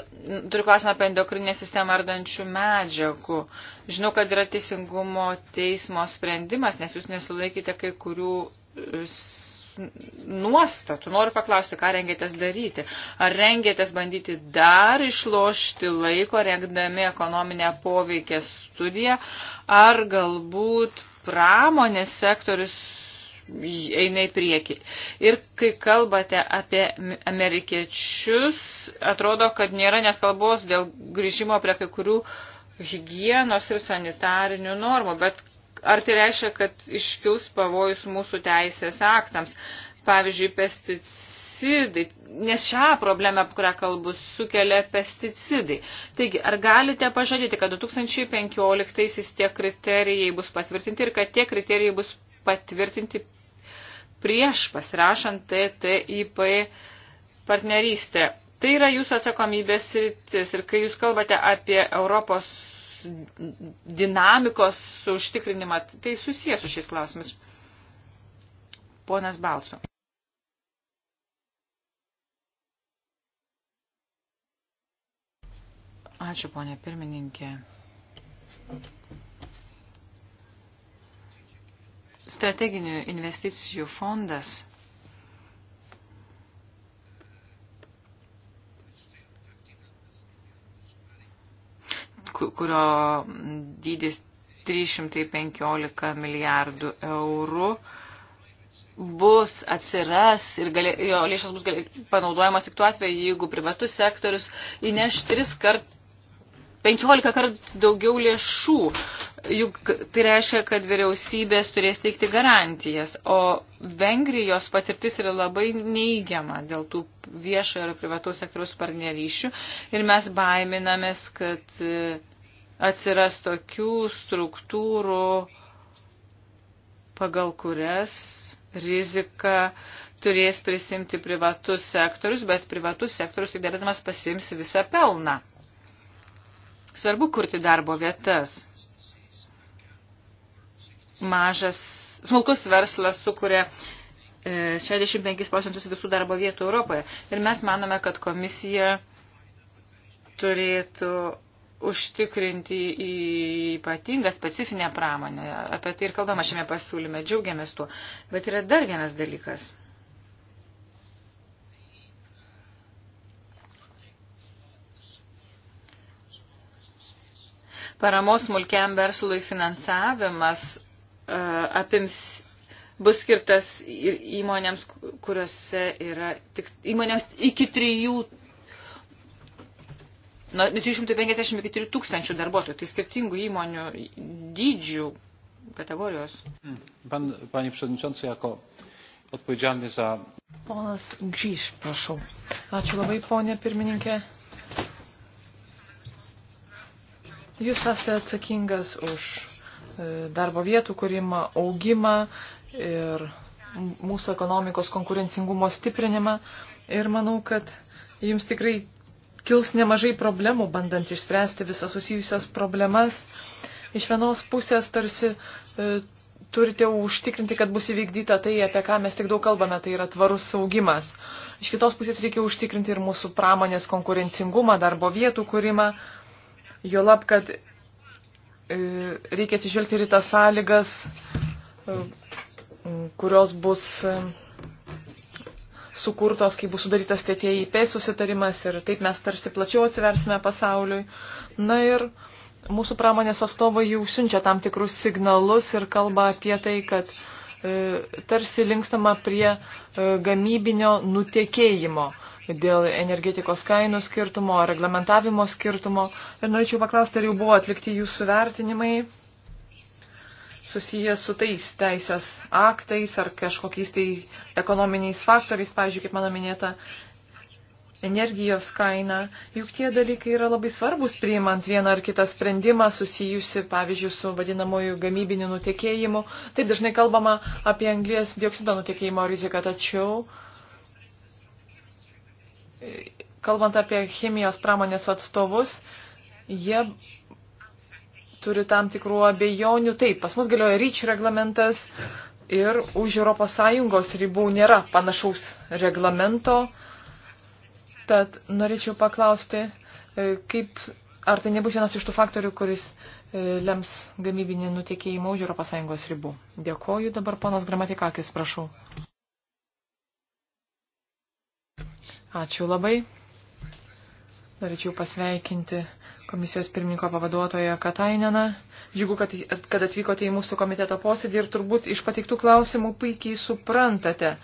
turiu klausimą apie endokrinę sistemą ardančių medžiagų. Žinau, kad yra teisingumo teismo sprendimas, nes jūs nesulaikite kai kurių e, nuostatų. Noriu paklausti, ką rengėtės daryti. Ar rengėtės bandyti dar išlošti laiko, rengdami ekonominę poveikę studiją, ar galbūt pramonės sektorius eina į priekį. Ir kai kalbate apie amerikiečius, atrodo, kad nėra net kalbos dėl grįžimo prie kai kurių hygienos ir sanitarinių normų, bet ar tai reiškia, kad iškils pavojus mūsų teisės aktams? Pavyzdžiui, pesticidai, nes šią problemą, apie kurią kalbu, sukelia pesticidai. Taigi, ar galite pažadėti, kad 2015-aisiais tie kriterijai bus patvirtinti ir kad tie kriterijai bus patvirtinti prieš pasirašant TTIP partnerystę. Tai yra jūsų atsakomybės sritis ir kai jūs kalbate apie Europos dinamikos užtikrinimą, tai susijęs su šiais klausimais. Ponas Balsu. Ačiū, ponė pirmininkė. Thank you. Strateginių investicijų fondas kurio dydis 315 milijardų eurų bus, atsiras ir galė, jo lėšas bus galė, panaudojamas tik tuo atveju, jeigu privatus sektorius įneš 3 kart, 15 kart daugiau lėšų. Juk tai reiškia, kad vyriausybės turės teikti garantijas, o Vengrijos patirtis yra labai neigiama dėl tų viešo ir privataus sektoriaus partnerysčių ir mes baiminamės, kad e, atsiras tokių struktūrų, pagal kurias rizika turės prisimti privatus sektorius, bet privatus sektorius, įdėdamas, pasims visą pelną. Svarbu kurti darbo vietas mažas, smulkus verslas sukuria 65 e, procentus visų darbo vietų Europoje. Ir mes manome, kad komisija turėtų užtikrinti ypatingą specifinę pramonę. Apie tai ir kalbama šiame pasiūlyme, džiaugiamės tuo. Bet yra dar vienas dalykas. Paramos smulkiam verslui finansavimas apims bus skirtas ir įmonėms, kuriuose yra tik įmonės iki 3, nuo 350 iki 3 tūkstančių darbuotojų, tai skirtingų įmonių dydžių kategorijos. Pan, panie Przewodniczący, jako odpowiedzialny za... Ponas Gžyš, prašau. Ačiū labai, ponė pirmininkė. Jūs esate atsakingas už E, darbo vietų kūrimą, augimą ir mūsų ekonomikos konkurencingumo stiprinimą. Ir manau, kad jums tikrai kils nemažai problemų, bandant išspręsti visas susijusias problemas. Iš vienos pusės tarsi e, turite užtikrinti, kad bus įvykdyta tai, apie ką mes tik daug kalbame, tai yra tvarus saugimas. Iš kitos pusės reikia užtikrinti ir mūsų pramonės konkurencingumą, darbo vietų kūrimą. Jolab, kad E, reikia atsižvelgti ir į tas sąlygas, e, kurios bus e, sukurtos, kai bus sudarytas TTIP susitarimas ir taip mes tarsi plačiau atsiversime pasauliui. Na ir mūsų pramonės atstovai jau siunčia tam tikrus signalus ir kalba apie tai, kad uh, E, tarsi linkstama prie e, gamybinio nutiekėjimo dėl energetikos kainų skirtumo, reglamentavimo skirtumo. Ir norėčiau paklausti, ar jau buvo atlikti jūsų vertinimai susijęs su tais teisės aktais ar kažkokiais tai ekonominiais faktoriais, pavyzdžiui, kaip mano minėta, energijos kaina, juk tie dalykai yra labai svarbus priimant vieną ar kitą sprendimą susijusi, pavyzdžiui, su vadinamoju gamybiniu nutekėjimu. Taip dažnai kalbama apie anglės dioksido nutekėjimo riziką, tačiau kalbant apie chemijos pramonės atstovus, jie turi tam tikrų abejonių. Taip, pas mus galioja ryč reglamentas ir už ES ribų nėra panašaus reglamento. Tad norėčiau paklausti, e, kaip, ar tai nebus vienas iš tų faktorių, kuris e, lems gamybinį nutekėjimą už ES ribų. Dėkoju dabar, ponas Gramatikakis, prašau. Ačiū labai. Norėčiau pasveikinti komisijos pirmininko pavaduotoją Kataineną. Džiugu, kad, kad atvykote į mūsų komiteto posėdį ir turbūt iš pateiktų klausimų puikiai suprantate,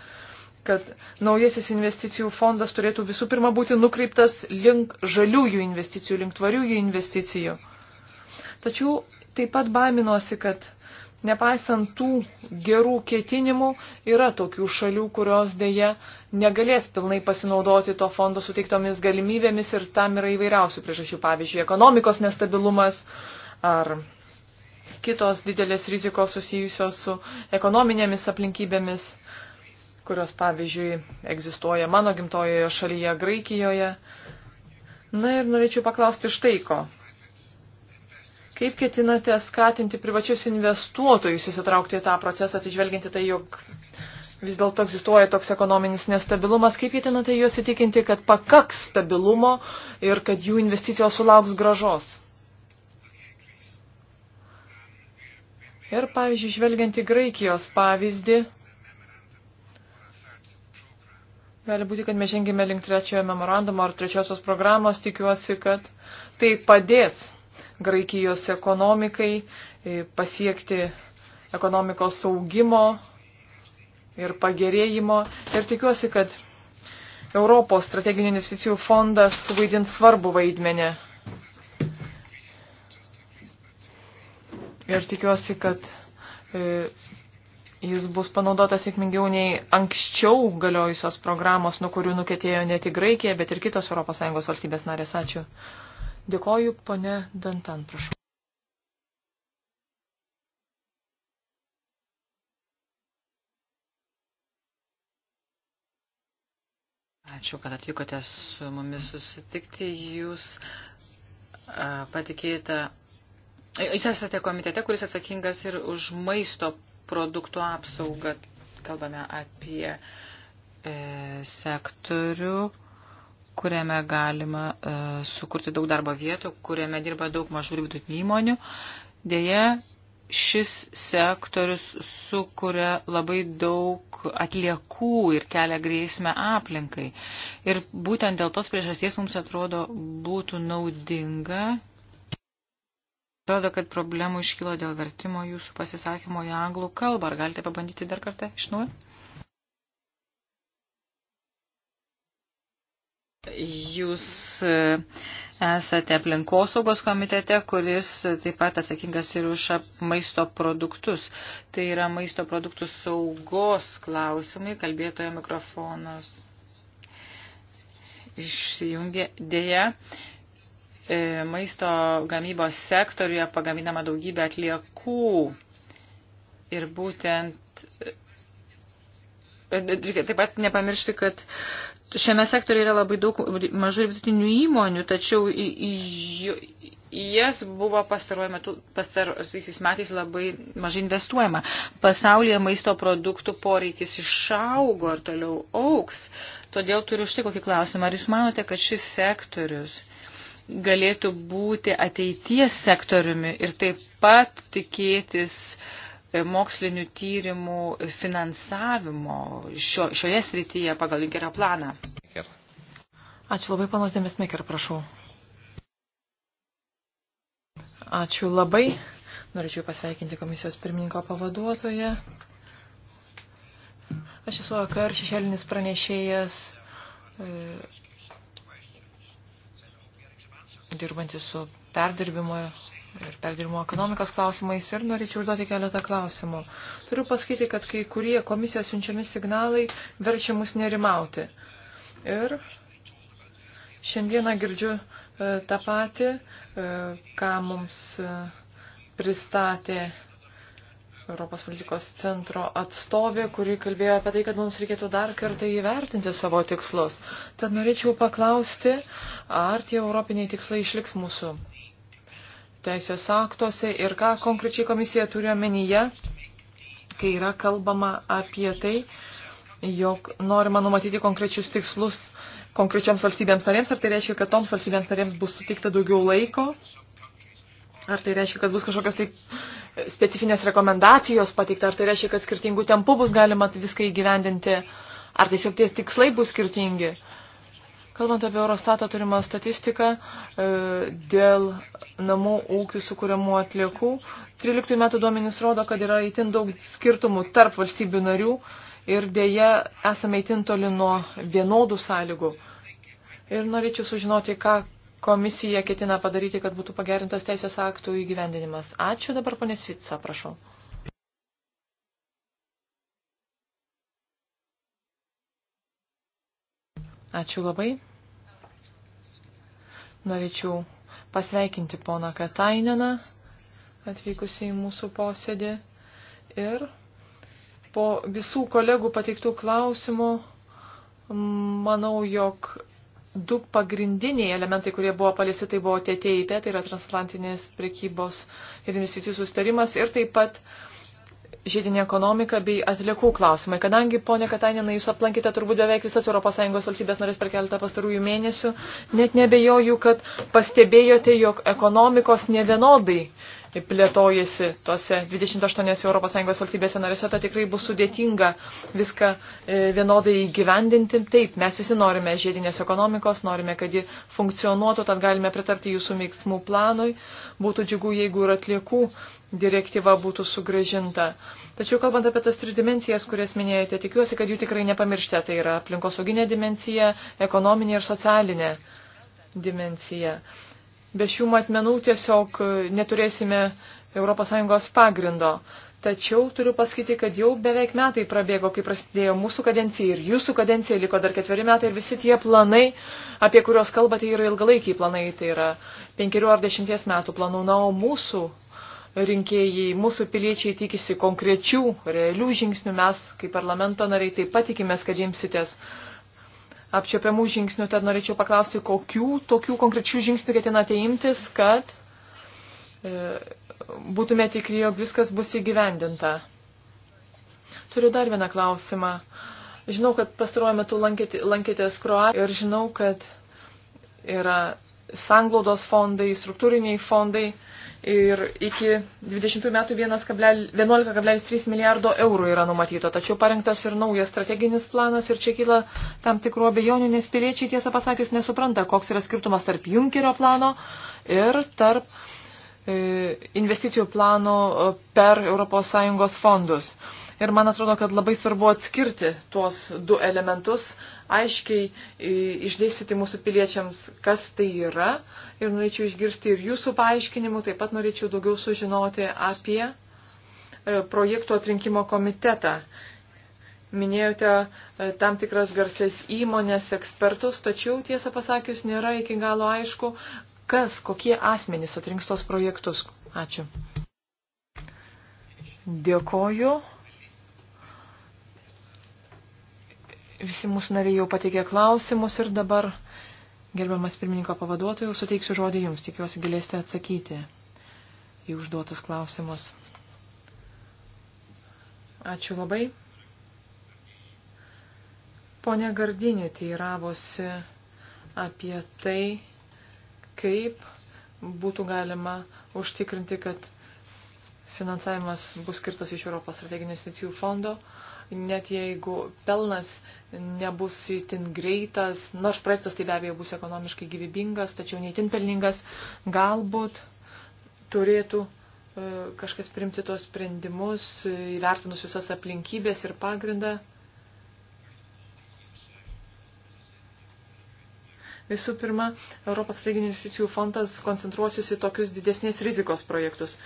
kad naujasis investicijų fondas turėtų visų pirma būti nukreiptas link žaliųjų investicijų, link tvariųjų investicijų. Tačiau taip pat baiminosi, kad nepaisant tų gerų ketinimų yra tokių šalių, kurios dėje negalės pilnai pasinaudoti to fondo suteiktomis galimybėmis ir tam yra įvairiausių priežasčių, pavyzdžiui, ekonomikos nestabilumas ar kitos didelės rizikos susijusios su ekonominėmis aplinkybėmis kurios pavyzdžiui egzistuoja mano gimtojoje šalyje Graikijoje. Na ir norėčiau paklausti štai ko. Kaip ketinate skatinti privačius investuotojus įsitraukti į tą procesą, atižvelginti tai, jog vis dėlto egzistuoja toks ekonominis nestabilumas, kaip ketinate juos įtikinti, kad pakaks stabilumo ir kad jų investicijos sulauks gražos? Ir pavyzdžiui, žvelgiant į Graikijos pavyzdį, Gali būti, kad mes žengėme link trečiojo memorandumo ar trečiosios programos. Tikiuosi, kad tai padės Graikijos ekonomikai e, pasiekti ekonomikos saugimo ir pagerėjimo. Ir tikiuosi, kad Europos strateginių investicijų fondas suvaidins svarbu vaidmenį. Ir tikiuosi, kad e, Jis bus panaudotas sėkmingiau nei anksčiau galiojusios programos, nuo kurių nukėtėjo ne tik Graikija, bet ir kitos ES valstybės narės. Ačiū. Dėkoju, ponė Dantan, prašau. Ačiū, kad atvykote su mumis susitikti. Jūs patikėjote. Jūs esate komitete, kuris atsakingas ir už maisto produktų apsaugą. Kalbame apie e, sektorių, kuriame galima e, sukurti daug darbo vietų, kuriame dirba daug mažų ir vidutinių įmonių. Deja, šis sektorius sukuria labai daug atliekų ir kelia grėsmę aplinkai. Ir būtent dėl tos priežasties mums atrodo būtų naudinga Atrodo, kad problemų iškilo dėl vertimo jūsų pasisakymo į anglų kalbą. Ar galite pabandyti dar kartą iš naujo? Jūs e, esate aplinkosaugos komitete, kuris taip pat atsakingas ir už maisto produktus. Tai yra maisto produktų saugos klausimai, kalbėtojo mikrofonas išjungė dėja. E, maisto gamybos sektoriuje pagaminama daugybė atliekų ir būtent e, reikia taip pat nepamiršti, kad šiame sektoriuje yra labai daug mažų ir vidutinių įmonių, tačiau į, į, į jas buvo pastaruosiais metais labai mažai investuojama. Pasaulyje maisto produktų poreikis išaugo ir toliau auks. Todėl turiu štai kokį klausimą. Ar jūs manote, kad šis sektorius galėtų būti ateities sektoriumi ir taip pat tikėtis e, mokslinių tyrimų finansavimo šio, šioje srityje pagal Junkerio planą. Ačiū labai, panas Demismeker, prašau. Ačiū labai. Norėčiau pasveikinti komisijos pirmininko pavaduotoje. Aš esu AKR šešėlinis pranešėjas e, dirbantį su perdirbimo ir perdirbimo ekonomikos klausimais ir norėčiau užduoti keletą klausimų. Turiu pasakyti, kad kai kurie komisijos siunčiami signalai verčia mus nerimauti. Ir šiandieną girdžiu e, tą patį, e, ką mums e, pristatė Europos politikos centro atstovė, kuri kalbėjo apie tai, kad mums reikėtų dar kartą įvertinti savo tikslus. Tad norėčiau paklausti, ar tie europiniai tikslai išliks mūsų teisės aktuose ir ką konkrečiai komisija turi omenyje, kai yra kalbama apie tai, jog norima numatyti konkrečius tikslus konkrečioms valstybėms narėms, ar tai reiškia, kad toms valstybėms narėms bus sutikta daugiau laiko, ar tai reiškia, kad bus kažkokios tai specifinės rekomendacijos pateikta, ar tai reiškia, kad skirtingų tempų bus galima viską įgyvendinti, ar tiesiog tie tikslai bus skirtingi. Kalbant apie Eurostatą turimą statistiką e, dėl namų ūkių sukūriamų atliekų, 13 metų duomenys rodo, kad yra itin daug skirtumų tarp valstybių narių ir dėja esame itin toli nuo vienodų sąlygų. Ir norėčiau sužinoti, ką komisija ketina padaryti, kad būtų pagerintas teisės aktų įgyvendinimas. Ačiū dabar, ponė Svica, prašau. Ačiū labai. Norėčiau pasveikinti poną Kataineną atvykusi į mūsų posėdį. Ir po visų kolegų pateiktų klausimų manau, jog du pagrindiniai elementai, kurie buvo paliesti, tai buvo TTIP, tai yra transatlantinės prekybos ir investicijų sustarimas ir taip pat žiedinė ekonomika bei atliekų klausimai. Kadangi, ponė Katainina, jūs aplankite turbūt beveik visas ES valstybės narės per keletą pastarųjų mėnesių, net nebejoju, kad pastebėjote, jog ekonomikos nevienodai plėtojasi tose 28 ES valstybėse narėse, tai tikrai bus sudėtinga viską e, vienodai įgyvendinti. Taip, mes visi norime žiedinės ekonomikos, norime, kad ji funkcionuotų, tad galime pritarti jūsų veiksmų planui. Būtų džiugu, jeigu ir atliekų direktyva būtų sugražinta. Tačiau kalbant apie tas tris dimensijas, kurias minėjote, tikiuosi, kad jų tikrai nepamirštė. Tai yra aplinkosauginė dimensija, ekonominė ir socialinė dimensija. Be šių matmenų tiesiog e, neturėsime ES pagrindo. Tačiau turiu pasakyti, kad jau beveik metai prabėgo, kai prasidėjo mūsų kadencija ir jūsų kadencija, liko dar ketveri metai ir visi tie planai, apie kuriuos kalbate, yra ilgalaikiai planai, tai yra penkerių ar dešimties metų planų. Na, o mūsų rinkėjai, mūsų piliečiai tikisi konkrečių, realių žingsnių, mes kaip parlamento nariai taip pat tikimės, kad imsitės uh, apčiopiamų žingsnių, tad norėčiau paklausti, kokių tokių konkrečių žingsnių ketinate imtis, kad e, būtume tikri, jog viskas bus įgyvendinta. Turiu dar vieną klausimą. Žinau, kad pastaruoju metu lankėte, lankėtės Kroatijoje ir žinau, kad yra sanglaudos fondai, struktūriniai fondai ir iki 20 metų 11,3 milijardo eurų yra numatyto. Tačiau parengtas ir naujas strateginis planas ir čia kyla tam tikruo abejonių, nes piliečiai tiesą pasakius nesupranta, koks yra skirtumas tarp Junkerio plano ir tarp e, investicijų plano e, per ES fondus. Ir man atrodo, kad labai svarbu atskirti tuos du elementus, aiškiai išdėstyti mūsų piliečiams, kas tai yra. Ir norėčiau išgirsti ir jūsų paaiškinimų, taip pat norėčiau daugiau sužinoti apie e, projektų atrinkimo komitetą. Minėjote e, tam tikras garsės įmonės, ekspertus, tačiau tiesą pasakius nėra iki galo aišku, kas, kokie asmenys atrinks tos projektus. Ačiū. Dėkoju. Visi mūsų nariai jau pateikė klausimus ir dabar, gerbiamas pirmininko pavaduotojų, suteiksiu žodį jums, tikiuosi galėsite atsakyti į užduotus klausimus. Ačiū labai. Pone Gardinė teiravosi apie tai, kaip būtų galima užtikrinti, kad finansavimas bus skirtas iš Europos strateginės investicijų fondo, net jeigu pelnas nebus itin greitas, nors projektas tai be abejo bus ekonomiškai gyvybingas, tačiau neįtin pelningas, galbūt turėtų e, kažkas primti tos sprendimus, e, įvertinus visas aplinkybės ir pagrindą. Visų pirma, Europos strateginių investicijų fondas koncentruosis į tokius didesnės rizikos projektus.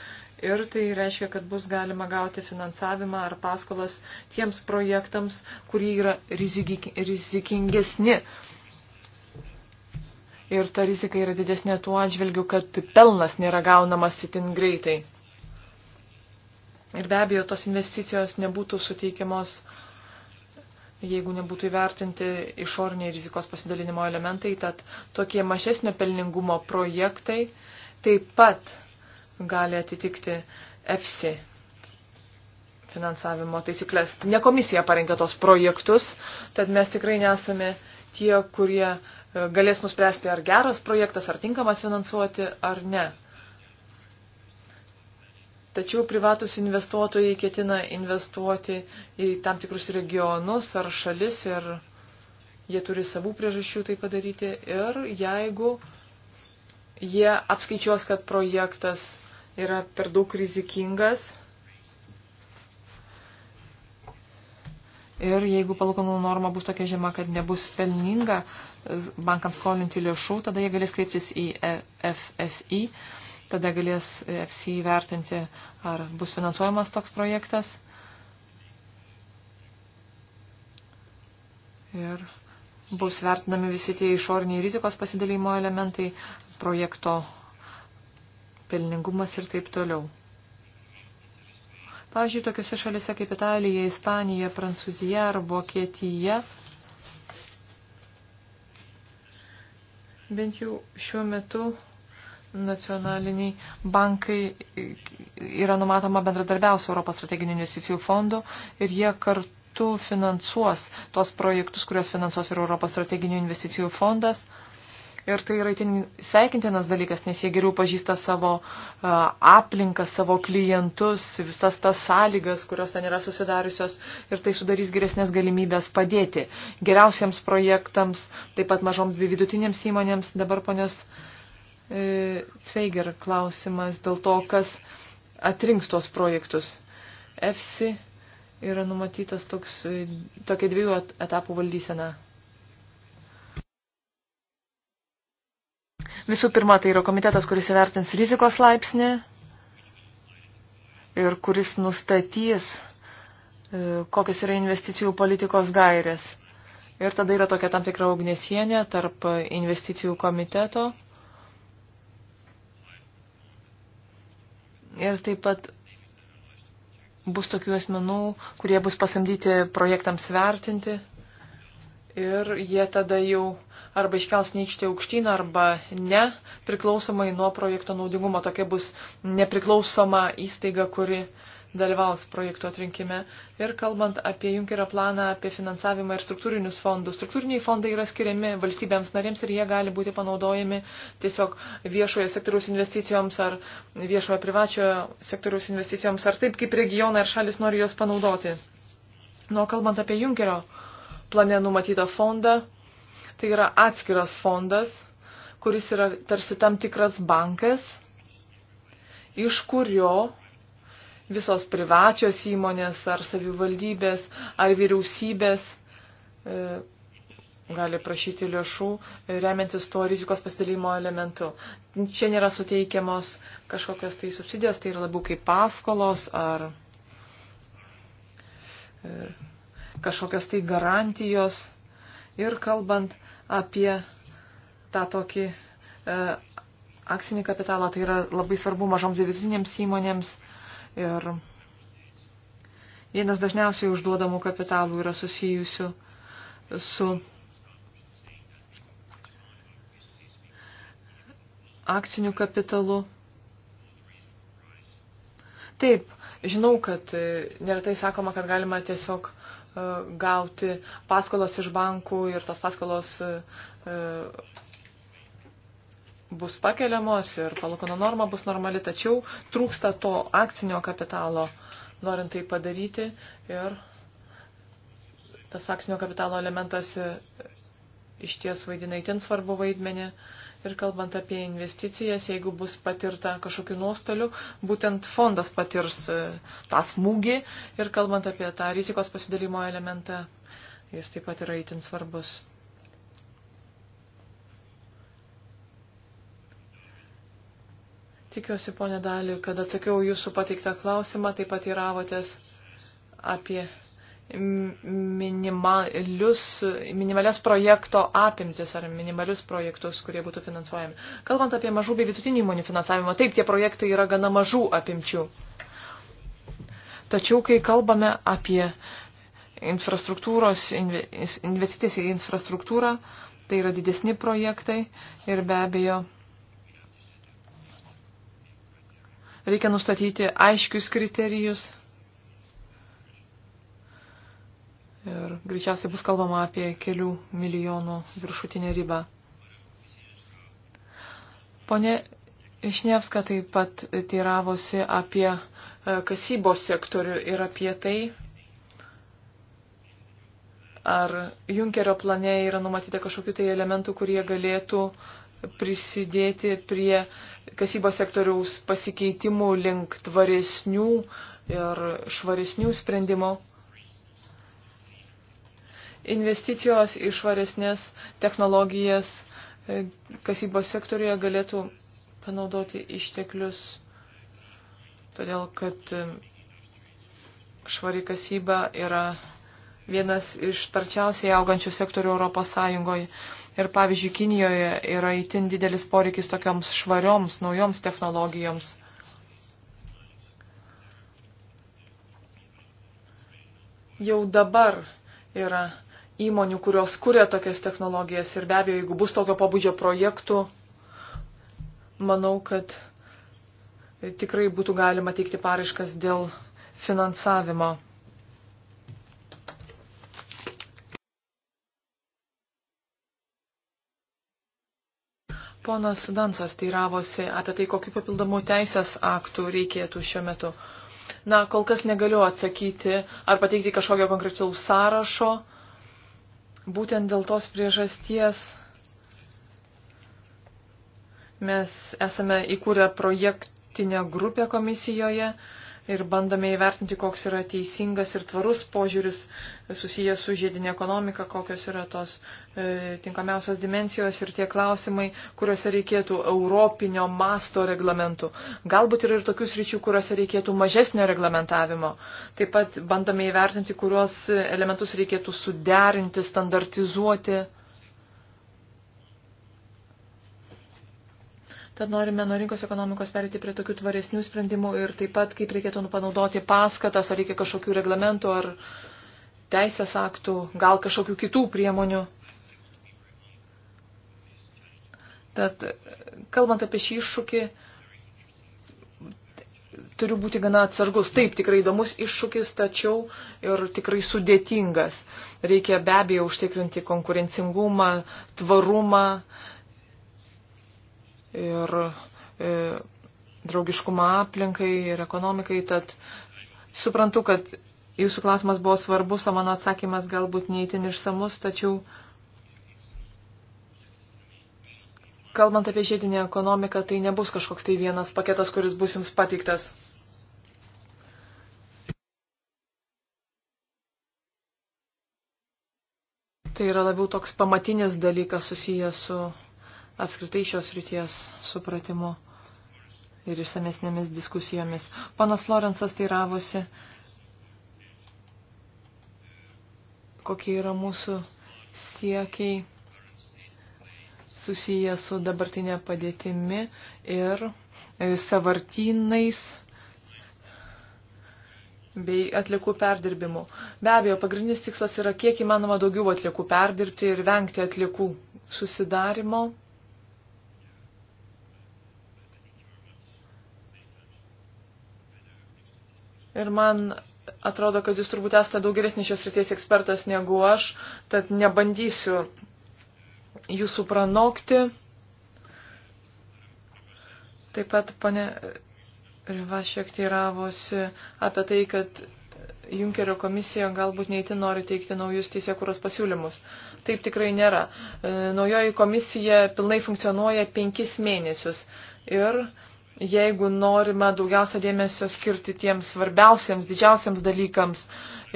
Ir tai reiškia, kad bus galima gauti finansavimą ar paskolas tiems projektams, kurie yra rizikingesni. Ir ta rizika yra didesnė tuo atžvilgiu, kad pelnas nėra gaunamas itin greitai. Ir be abejo, tos investicijos nebūtų suteikiamos uh, jeigu nebūtų įvertinti išoriniai rizikos pasidalinimo elementai, tad tokie mažesnio pelningumo projektai taip pat gali atitikti EFSI finansavimo taisyklės. Ne komisija parengė tos projektus, tad mes tikrai nesame tie, kurie e, galės nuspręsti, ar geras projektas, ar tinkamas finansuoti, ar ne. Tačiau privatus investuotojai ketina investuoti į tam tikrus regionus ar šalis ir jie turi savų priežasčių tai padaryti. Ir jeigu jie apskaičiuos, kad projektas yra per daug rizikingas ir jeigu palūkanų norma bus tokia žema, kad nebus pelninga bankams skolinti lėšų, tada jie galės kreiptis į e FSI tada galės EFSI įvertinti, ar bus finansuojamas toks projektas. Ir bus vertinami visi tie išoriniai rizikos pasidalymo elementai, projekto pelningumas ir taip toliau. Pavyzdžiui, tokiuose šalise kaip Italija, Ispanija, Prancūzija ar Vokietija bent jau šiuo metu nacionaliniai bankai yra numatoma bendradarbiausio Europos strateginių investicijų fondų ir jie kartu finansuos tuos projektus, kuriuos finansuos ir Europos strateginių investicijų fondas. Ir tai yra itin sveikintinas dalykas, nes jie geriau pažįsta savo aplinką, savo klientus, visas tas sąlygas, kurios ten yra susidariusios ir tai sudarys geresnės galimybės padėti geriausiems projektams, taip pat mažoms bei vidutinėms įmonėms. Dabar ponios uh, E, Cveiger klausimas dėl to, kas atrinks tuos projektus. EFSI yra numatytas toks, e, tokia dviejų etapų valdysena. Visų pirma, tai yra komitetas, kuris įvertins rizikos laipsnį ir kuris nustatys, e, kokias yra investicijų politikos gairės. Ir tada yra tokia tam tikra ugnesienė tarp investicijų komiteto Ir taip pat bus tokių asmenų, kurie bus pasamdyti projektams vertinti. Ir jie tada jau arba iškels neikštį aukštyn, arba ne, priklausomai nuo projekto naudingumo. Tokia bus nepriklausoma įstaiga, kuri uh, dalyvaus projektų atrinkime. Ir kalbant apie Junkerio planą, apie finansavimą ir struktūrinius fondus. Struktūriniai fondai yra skiriami valstybėms narėms ir jie gali būti panaudojami tiesiog viešojo sektoriaus investicijoms ar viešojo privačiojo sektoriaus investicijoms ar taip, kaip regionai ar šalis nori juos panaudoti. Nuo kalbant apie Junkerio plane numatytą fondą, tai yra atskiras fondas, kuris yra tarsi tam tikras bankas, iš kurio visos privačios įmonės ar savivaldybės ar vyriausybės e, gali prašyti lėšų, e, remiantis tuo rizikos pasidalymo elementu. Čia nėra suteikiamos kažkokios tai subsidijos, tai yra labiau kaip paskolos ar e, kažkokios tai garantijos. Ir kalbant apie tą tokį akcinį kapitalą, tai yra labai svarbu mažoms ir vidutinėms įmonėms. Ir vienas dažniausiai užduodamų kapitalų yra susijusių su akciniu kapitalu. Taip, žinau, kad neretai sakoma, kad galima tiesiog e, gauti paskolas iš bankų ir tas paskolos e, bus pakeliamos ir palūkanų norma bus normali, tačiau trūksta to akcinio kapitalo, norint tai padaryti. Ir tas akcinio kapitalo elementas e, iš ties vaidina įtin svarbu vaidmenį. Ir kalbant apie investicijas, jeigu bus patirta kažkokiu nuostoliu, būtent fondas patirs e, tą smūgį. Ir kalbant apie tą rizikos pasidalimo elementą, jis taip pat yra įtin svarbus. Tikiuosi, ponė Dali, kad atsakiau jūsų pateiktą klausimą, taip pat įravotės apie minimalias projekto apimtis ar minimalius projektus, kurie būtų finansuojami. Kalbant apie mažų bei vidutinių įmonių finansavimą, taip, tie projektai yra gana mažų apimčių. Tačiau, kai kalbame apie infrastruktūros, investicijas į infrastruktūrą, tai yra didesni projektai ir be abejo Reikia nustatyti aiškius kriterijus. Ir greičiausiai bus kalbama apie kelių milijonų viršutinę ribą. Pone Išnievska taip pat teiravosi apie e, kasybos sektorių ir apie tai, ar Junkerio plane yra numatyta kažkokiu tai elementų, kurie galėtų uh, prisidėti prie kasybos sektoriaus pasikeitimų link tvaresnių ir švaresnių sprendimų. Investicijos į švaresnės technologijas e, kasybos sektoriuje galėtų panaudoti išteklius, todėl kad e, švari kasyba yra vienas iš sparčiausiai augančių sektorių Europos Sąjungoje. Ir pavyzdžiui, Kinijoje yra itin didelis poreikis tokioms švarioms, naujoms technologijoms. Jau dabar yra įmonių, kurios kuria tokias technologijas ir be abejo, jeigu bus tokio pabudžio projektų, manau, kad tikrai būtų galima teikti paraiškas dėl finansavimo. Ponas Dansas teiravosi apie tai, kokiu papildomų teisės aktų reikėtų šiuo metu. Na, kol kas negaliu atsakyti ar pateikti kažkokio konkrečiaus sąrašo. Būtent dėl tos priežasties mes esame įkūrę projektinę grupę komisijoje, ir bandome įvertinti, koks yra teisingas ir tvarus požiūris susijęs su žiedinė ekonomika, kokios yra tos e, tinkamiausios dimensijos ir tie klausimai, kuriuose reikėtų europinio masto reglamentų. Galbūt yra ir tokių sričių, kuriuose reikėtų mažesnio reglamentavimo. Taip pat bandome įvertinti, kuriuos elementus reikėtų suderinti, standartizuoti. Tad norime nuo rinkos ekonomikos perėti prie tokių tvaresnių sprendimų ir taip pat, kaip reikėtų nu panaudoti paskatas, ar reikia kažkokių reglamentų, ar teisės aktų, gal kažkokių kitų priemonių. Tad, kalbant apie šį iššūkį, turiu būti gana atsargus. Taip, tikrai įdomus iššūkis, tačiau ir tikrai sudėtingas. Reikia be abejo užtikrinti konkurencingumą, tvarumą, ir e, draugiškumą aplinkai ir ekonomikai. Tad suprantu, kad jūsų klausimas buvo svarbus, o mano atsakymas galbūt neįtin išsamus, tačiau kalbant apie žiedinę ekonomiką, tai nebus kažkoks tai vienas paketas, kuris bus jums pateiktas. Tai yra labiau toks pamatinis dalykas susijęs su apskritai šios ryties supratimu ir išsamesnėmis diskusijomis. Panas Lorenzas teiravosi, kokie yra mūsų siekiai susiję su dabartinė padėtimi ir e, savartynais bei atlikų perdirbimu. Be abejo, pagrindinis tikslas yra kiek įmanoma daugiau atlikų perdirbti ir vengti atlikų susidarimo. Ir man atrodo, kad jūs turbūt esate daug geresnis šios ryties ekspertas negu aš, tad nebandysiu jūsų pranokti. Taip pat, pane Riva, šiek tiek ravosi apie tai, kad Junkerio komisija galbūt neįti nori teikti naujus teisėkūros pasiūlymus. Taip tikrai nėra. E, naujoji komisija pilnai funkcionuoja penkis mėnesius. Ir jeigu norima daugiausia dėmesio skirti tiems svarbiausiems, didžiausiams dalykams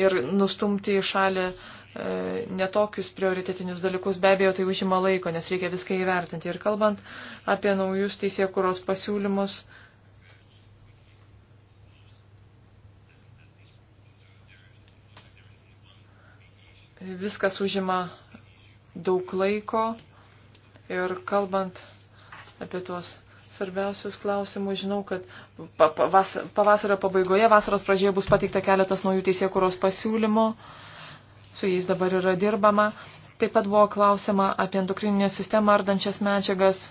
ir nustumti į šalį e, netokius prioritetinius dalykus, be abejo, tai užima laiko, nes reikia viską įvertinti. Ir kalbant apie naujus teisėkuros pasiūlymus, viskas užima daug laiko ir kalbant apie tuos svarbiausius klausimus. Žinau, kad pavasario pabaigoje, vasaros pradžioje bus pateikta keletas naujų teisėkuros pasiūlymų. Su jais dabar yra dirbama. Taip pat buvo klausima apie endokrininę sistemą ardančias medžiagas.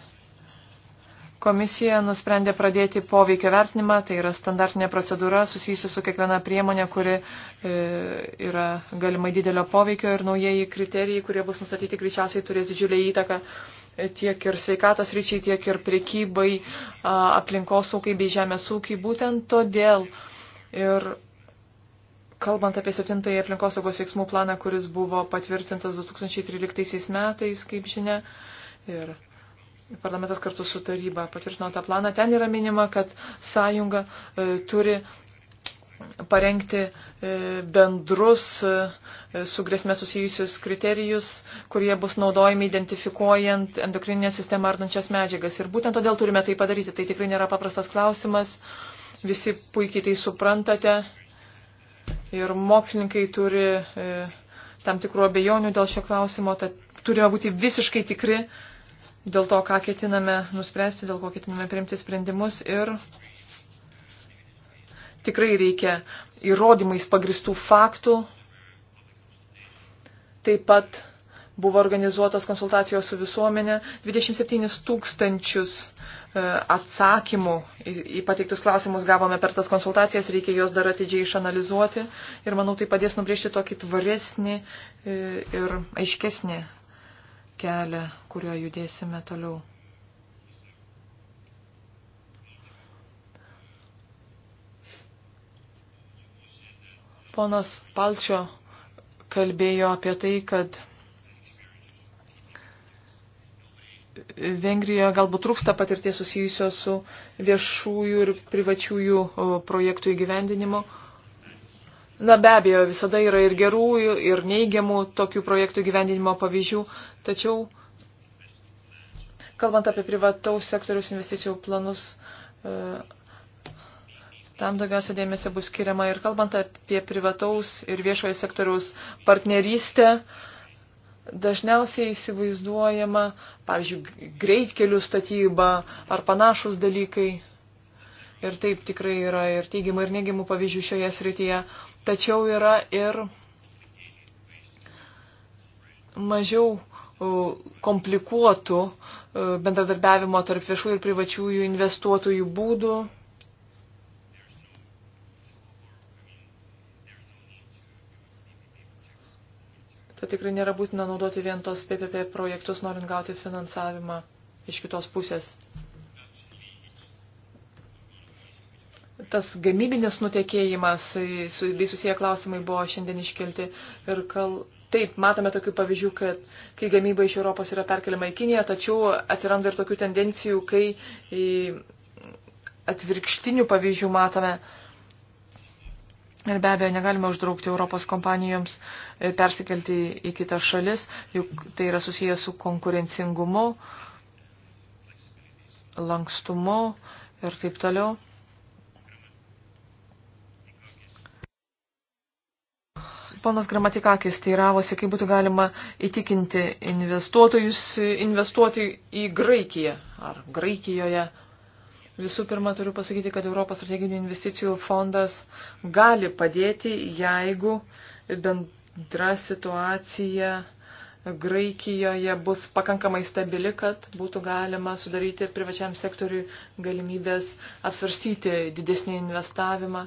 Komisija nusprendė pradėti poveikio vertinimą, tai yra standartinė procedūra susijusi su kiekviena priemonė, kuri e, yra galimai didelio poveikio ir naujieji kriterijai, kurie bus nustatyti, greičiausiai turės didžiulį įtaką tiek ir sveikatos ryčiai, tiek ir priekybai, aplinkosaukai bei žemės ūkiai. Būtent todėl ir kalbant apie septintąjį aplinkosaugos veiksmų planą, kuris buvo patvirtintas 2013 metais, kaip žinia, ir parlamentas kartu su taryba patvirtino tą planą, ten yra minima, kad sąjunga e, turi parengti e, bendrus e, su grėsme susijusius kriterijus, kurie bus naudojami identifikuojant endokrininę sistemą ardančias medžiagas. Ir būtent todėl turime tai padaryti. Tai tikrai nėra paprastas klausimas. Visi puikiai tai suprantate. Ir mokslininkai turi e, tam tikrų abejonių dėl šio klausimo. Tad turime būti visiškai tikri dėl to, ką ketiname nuspręsti, dėl ko ketiname priimti sprendimus. Ir tikrai reikia įrodymais pagristų faktų. Taip pat buvo organizuotas konsultacijos su visuomenė, 27 tūkstančius e, atsakymų į pateiktus klausimus gavome per tas konsultacijas, reikia juos dar atidžiai išanalizuoti ir manau tai padės nubrėžti tokį tvaresnį e, ir aiškesnį kelią, kuriuo judėsime toliau. Ponas Palčio kalbėjo apie tai, kad Vengrijoje galbūt trūksta patirties susijusios su viešųjų ir privačiųjų projektų įgyvendinimu. Na be abejo, visada yra ir gerų, ir neigiamų tokių projektų gyvendinimo pavyzdžių, tačiau kalbant apie privataus sektoriaus investicijų planus, e, Tam daugiausia dėmesio bus skiriama ir kalbant apie privataus ir viešojo sektoriaus partnerystę. Dažniausiai įsivaizduojama, pavyzdžiui, greitkelių statyba ar panašus dalykai. Ir taip tikrai yra ir teigiamų, ir neigiamų pavyzdžių šioje srityje. Tačiau yra ir mažiau komplikuotų bendradarbiavimo tarp viešų ir privačiųjų investuotojų būdų. kad tikrai nėra būtina naudoti vien tos PPP projektus, norint gauti finansavimą iš kitos pusės. Tas gamybinis nutekėjimas, bei susiję klausimai buvo šiandien iškelti ir kal... Taip, matome tokių pavyzdžių, kad kai gamyba iš Europos yra perkeliama į Kiniją, tačiau atsiranda ir tokių tendencijų, kai atvirkštinių pavyzdžių matome, Ir be abejo, negalime uždraukti Europos kompanijoms e, persikelti į kitas šalis, juk tai yra susijęs su konkurencingumu, lankstumu ir taip toliau. Ponas Gramatikakis teiravosi, kaip būtų galima įtikinti investuotojus investuoti į Graikiją ar Graikijoje Visų pirma, turiu pasakyti, kad Europos strateginių investicijų fondas gali padėti, jeigu bendra situacija Graikijoje bus pakankamai stabili, kad būtų galima sudaryti privačiam sektoriui galimybės apsvarstyti didesnį investavimą.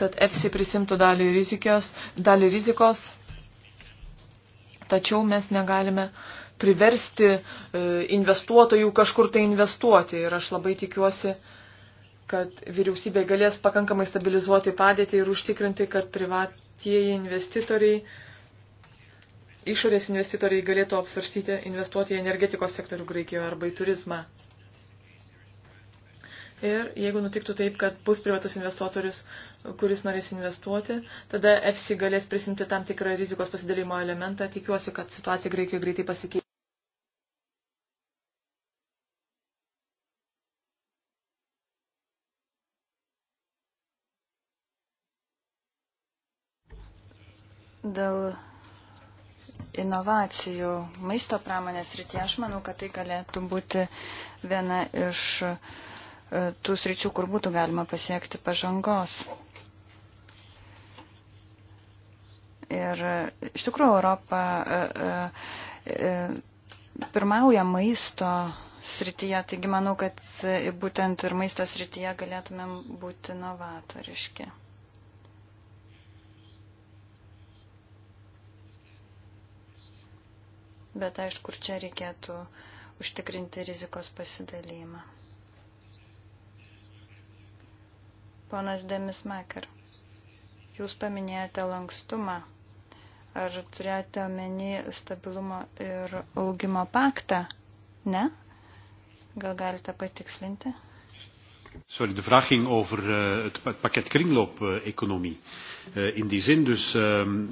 Tad EFSI prisimtų dalį rizikos, dalį rizikos, tačiau mes negalime priversti e, investuotojų kažkur tai investuoti. Ir aš labai tikiuosi, kad vyriausybė galės pakankamai stabilizuoti padėtį ir užtikrinti, kad privatieji investitoriai, išorės investitoriai galėtų apsvarstyti investuoti į energetikos sektorių Graikijoje arba į turizmą. Ir jeigu nutiktų taip, kad bus privatus investuotorius, kuris norės investuoti, tada EFSI galės prisimti tam tikrą rizikos pasidalimo elementą. Tikiuosi, kad situacija Graikijoje greitai pasikeis. Dėl inovacijų maisto pramonės rytyje, aš manau, kad tai galėtų būti viena iš e, tų sričių, kur būtų galima pasiekti pažangos. Ir e, iš tikrųjų Europa e, pirmauja maisto srityje, taigi manau, kad būtent ir maisto srityje galėtumėm būti novatoriški. bet aišku, čia reikėtų užtikrinti rizikos pasidalymą. Ponas Demis Makar, jūs paminėjote lankstumą. Ar turėjote omeny stabilumo ir augimo paktą? Ne? Gal galite patikslinti? Sorry, de vraag ging over uh, het pakket kringloop-economie. Eh, uh, eh, in die zin dus... Um...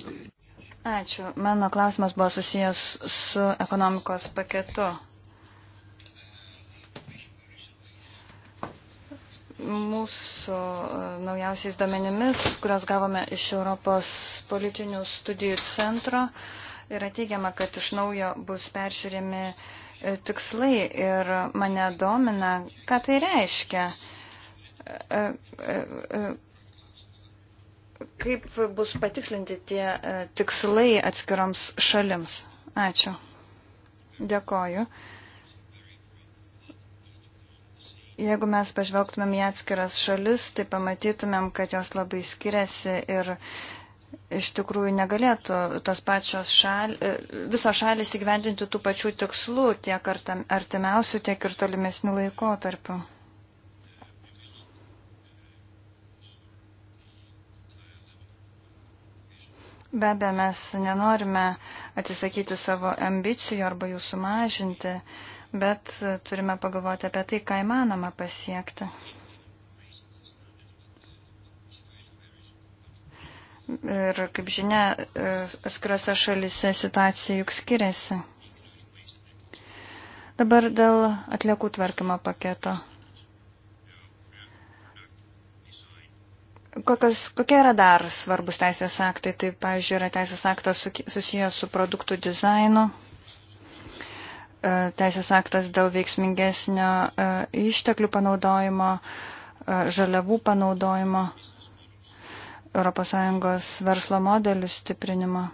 Ačiū. Mano klausimas buvo susijęs su ekonomikos paketu. Mūsų e, naujausiais duomenimis, kurios gavome iš Europos politinių studijų centro, yra teigiama, kad iš naujo bus peržiūrimi e, tikslai ir mane domina, ką tai reiškia e, kaip bus patikslinti tie e, tikslai atskiroms šalims. Ačiū. Dėkoju. Jeigu mes pažvelgtumėm į atskiras šalis, tai pamatytumėm, kad jos labai skiriasi ir iš tikrųjų negalėtų tos pačios šal... E, visos šalis įgyvendinti tų pačių tikslų tiek artimiausių, tiek ir tolimesnių laikotarpių. Be abejo, mes nenorime atsisakyti savo ambicijų arba jų sumažinti, bet turime pagalvoti apie tai, ką įmanoma pasiekti. Ir, kaip žinia, atskirose šalise situacija juk skiriasi. Dabar dėl atliekų tvarkymo paketo. Kokios, kokie yra dar svarbus teisės aktai? Tai, pavyzdžiui, yra teisės aktas susijęs su produktų dizainu, e, teisės aktas dėl veiksmingesnio e, išteklių panaudojimo, e, žaliavų panaudojimo, ES verslo modelių stiprinimo.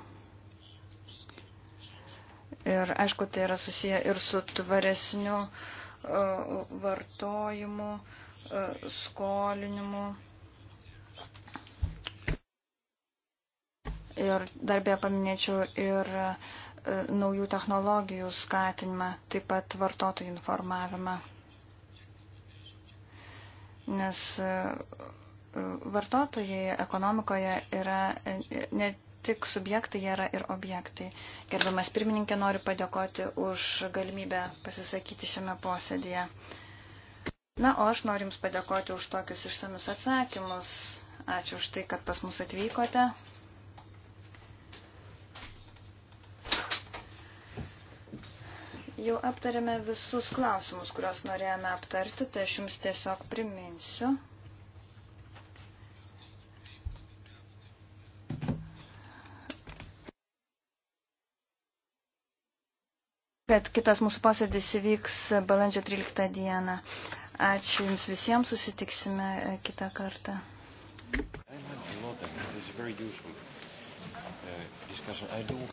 Ir aišku, tai yra susiję ir su tvaresniu vartojimu, skolinimu ir darbė paminėčiau ir e, naujų technologijų skatinimą, taip pat vartotojų informavimą. Nes e, e, vartotojai ekonomikoje yra ne tik subjektai, jie yra ir objektai. Gerbiamas pirmininkė, noriu padėkoti už galimybę pasisakyti šiame posėdėje. Na, o aš noriu Jums padėkoti už tokius išsamius atsakymus. Ačiū už tai, kad pas mus atvykote. Jau aptarėme visus klausimus, kuriuos norėjome aptarti, tai aš jums tiesiog priminsiu. kad kitas mūsų posėdis įvyks balandžio 13 dieną. Ačiū Jums visiems, susitiksime kitą kartą. I uh, do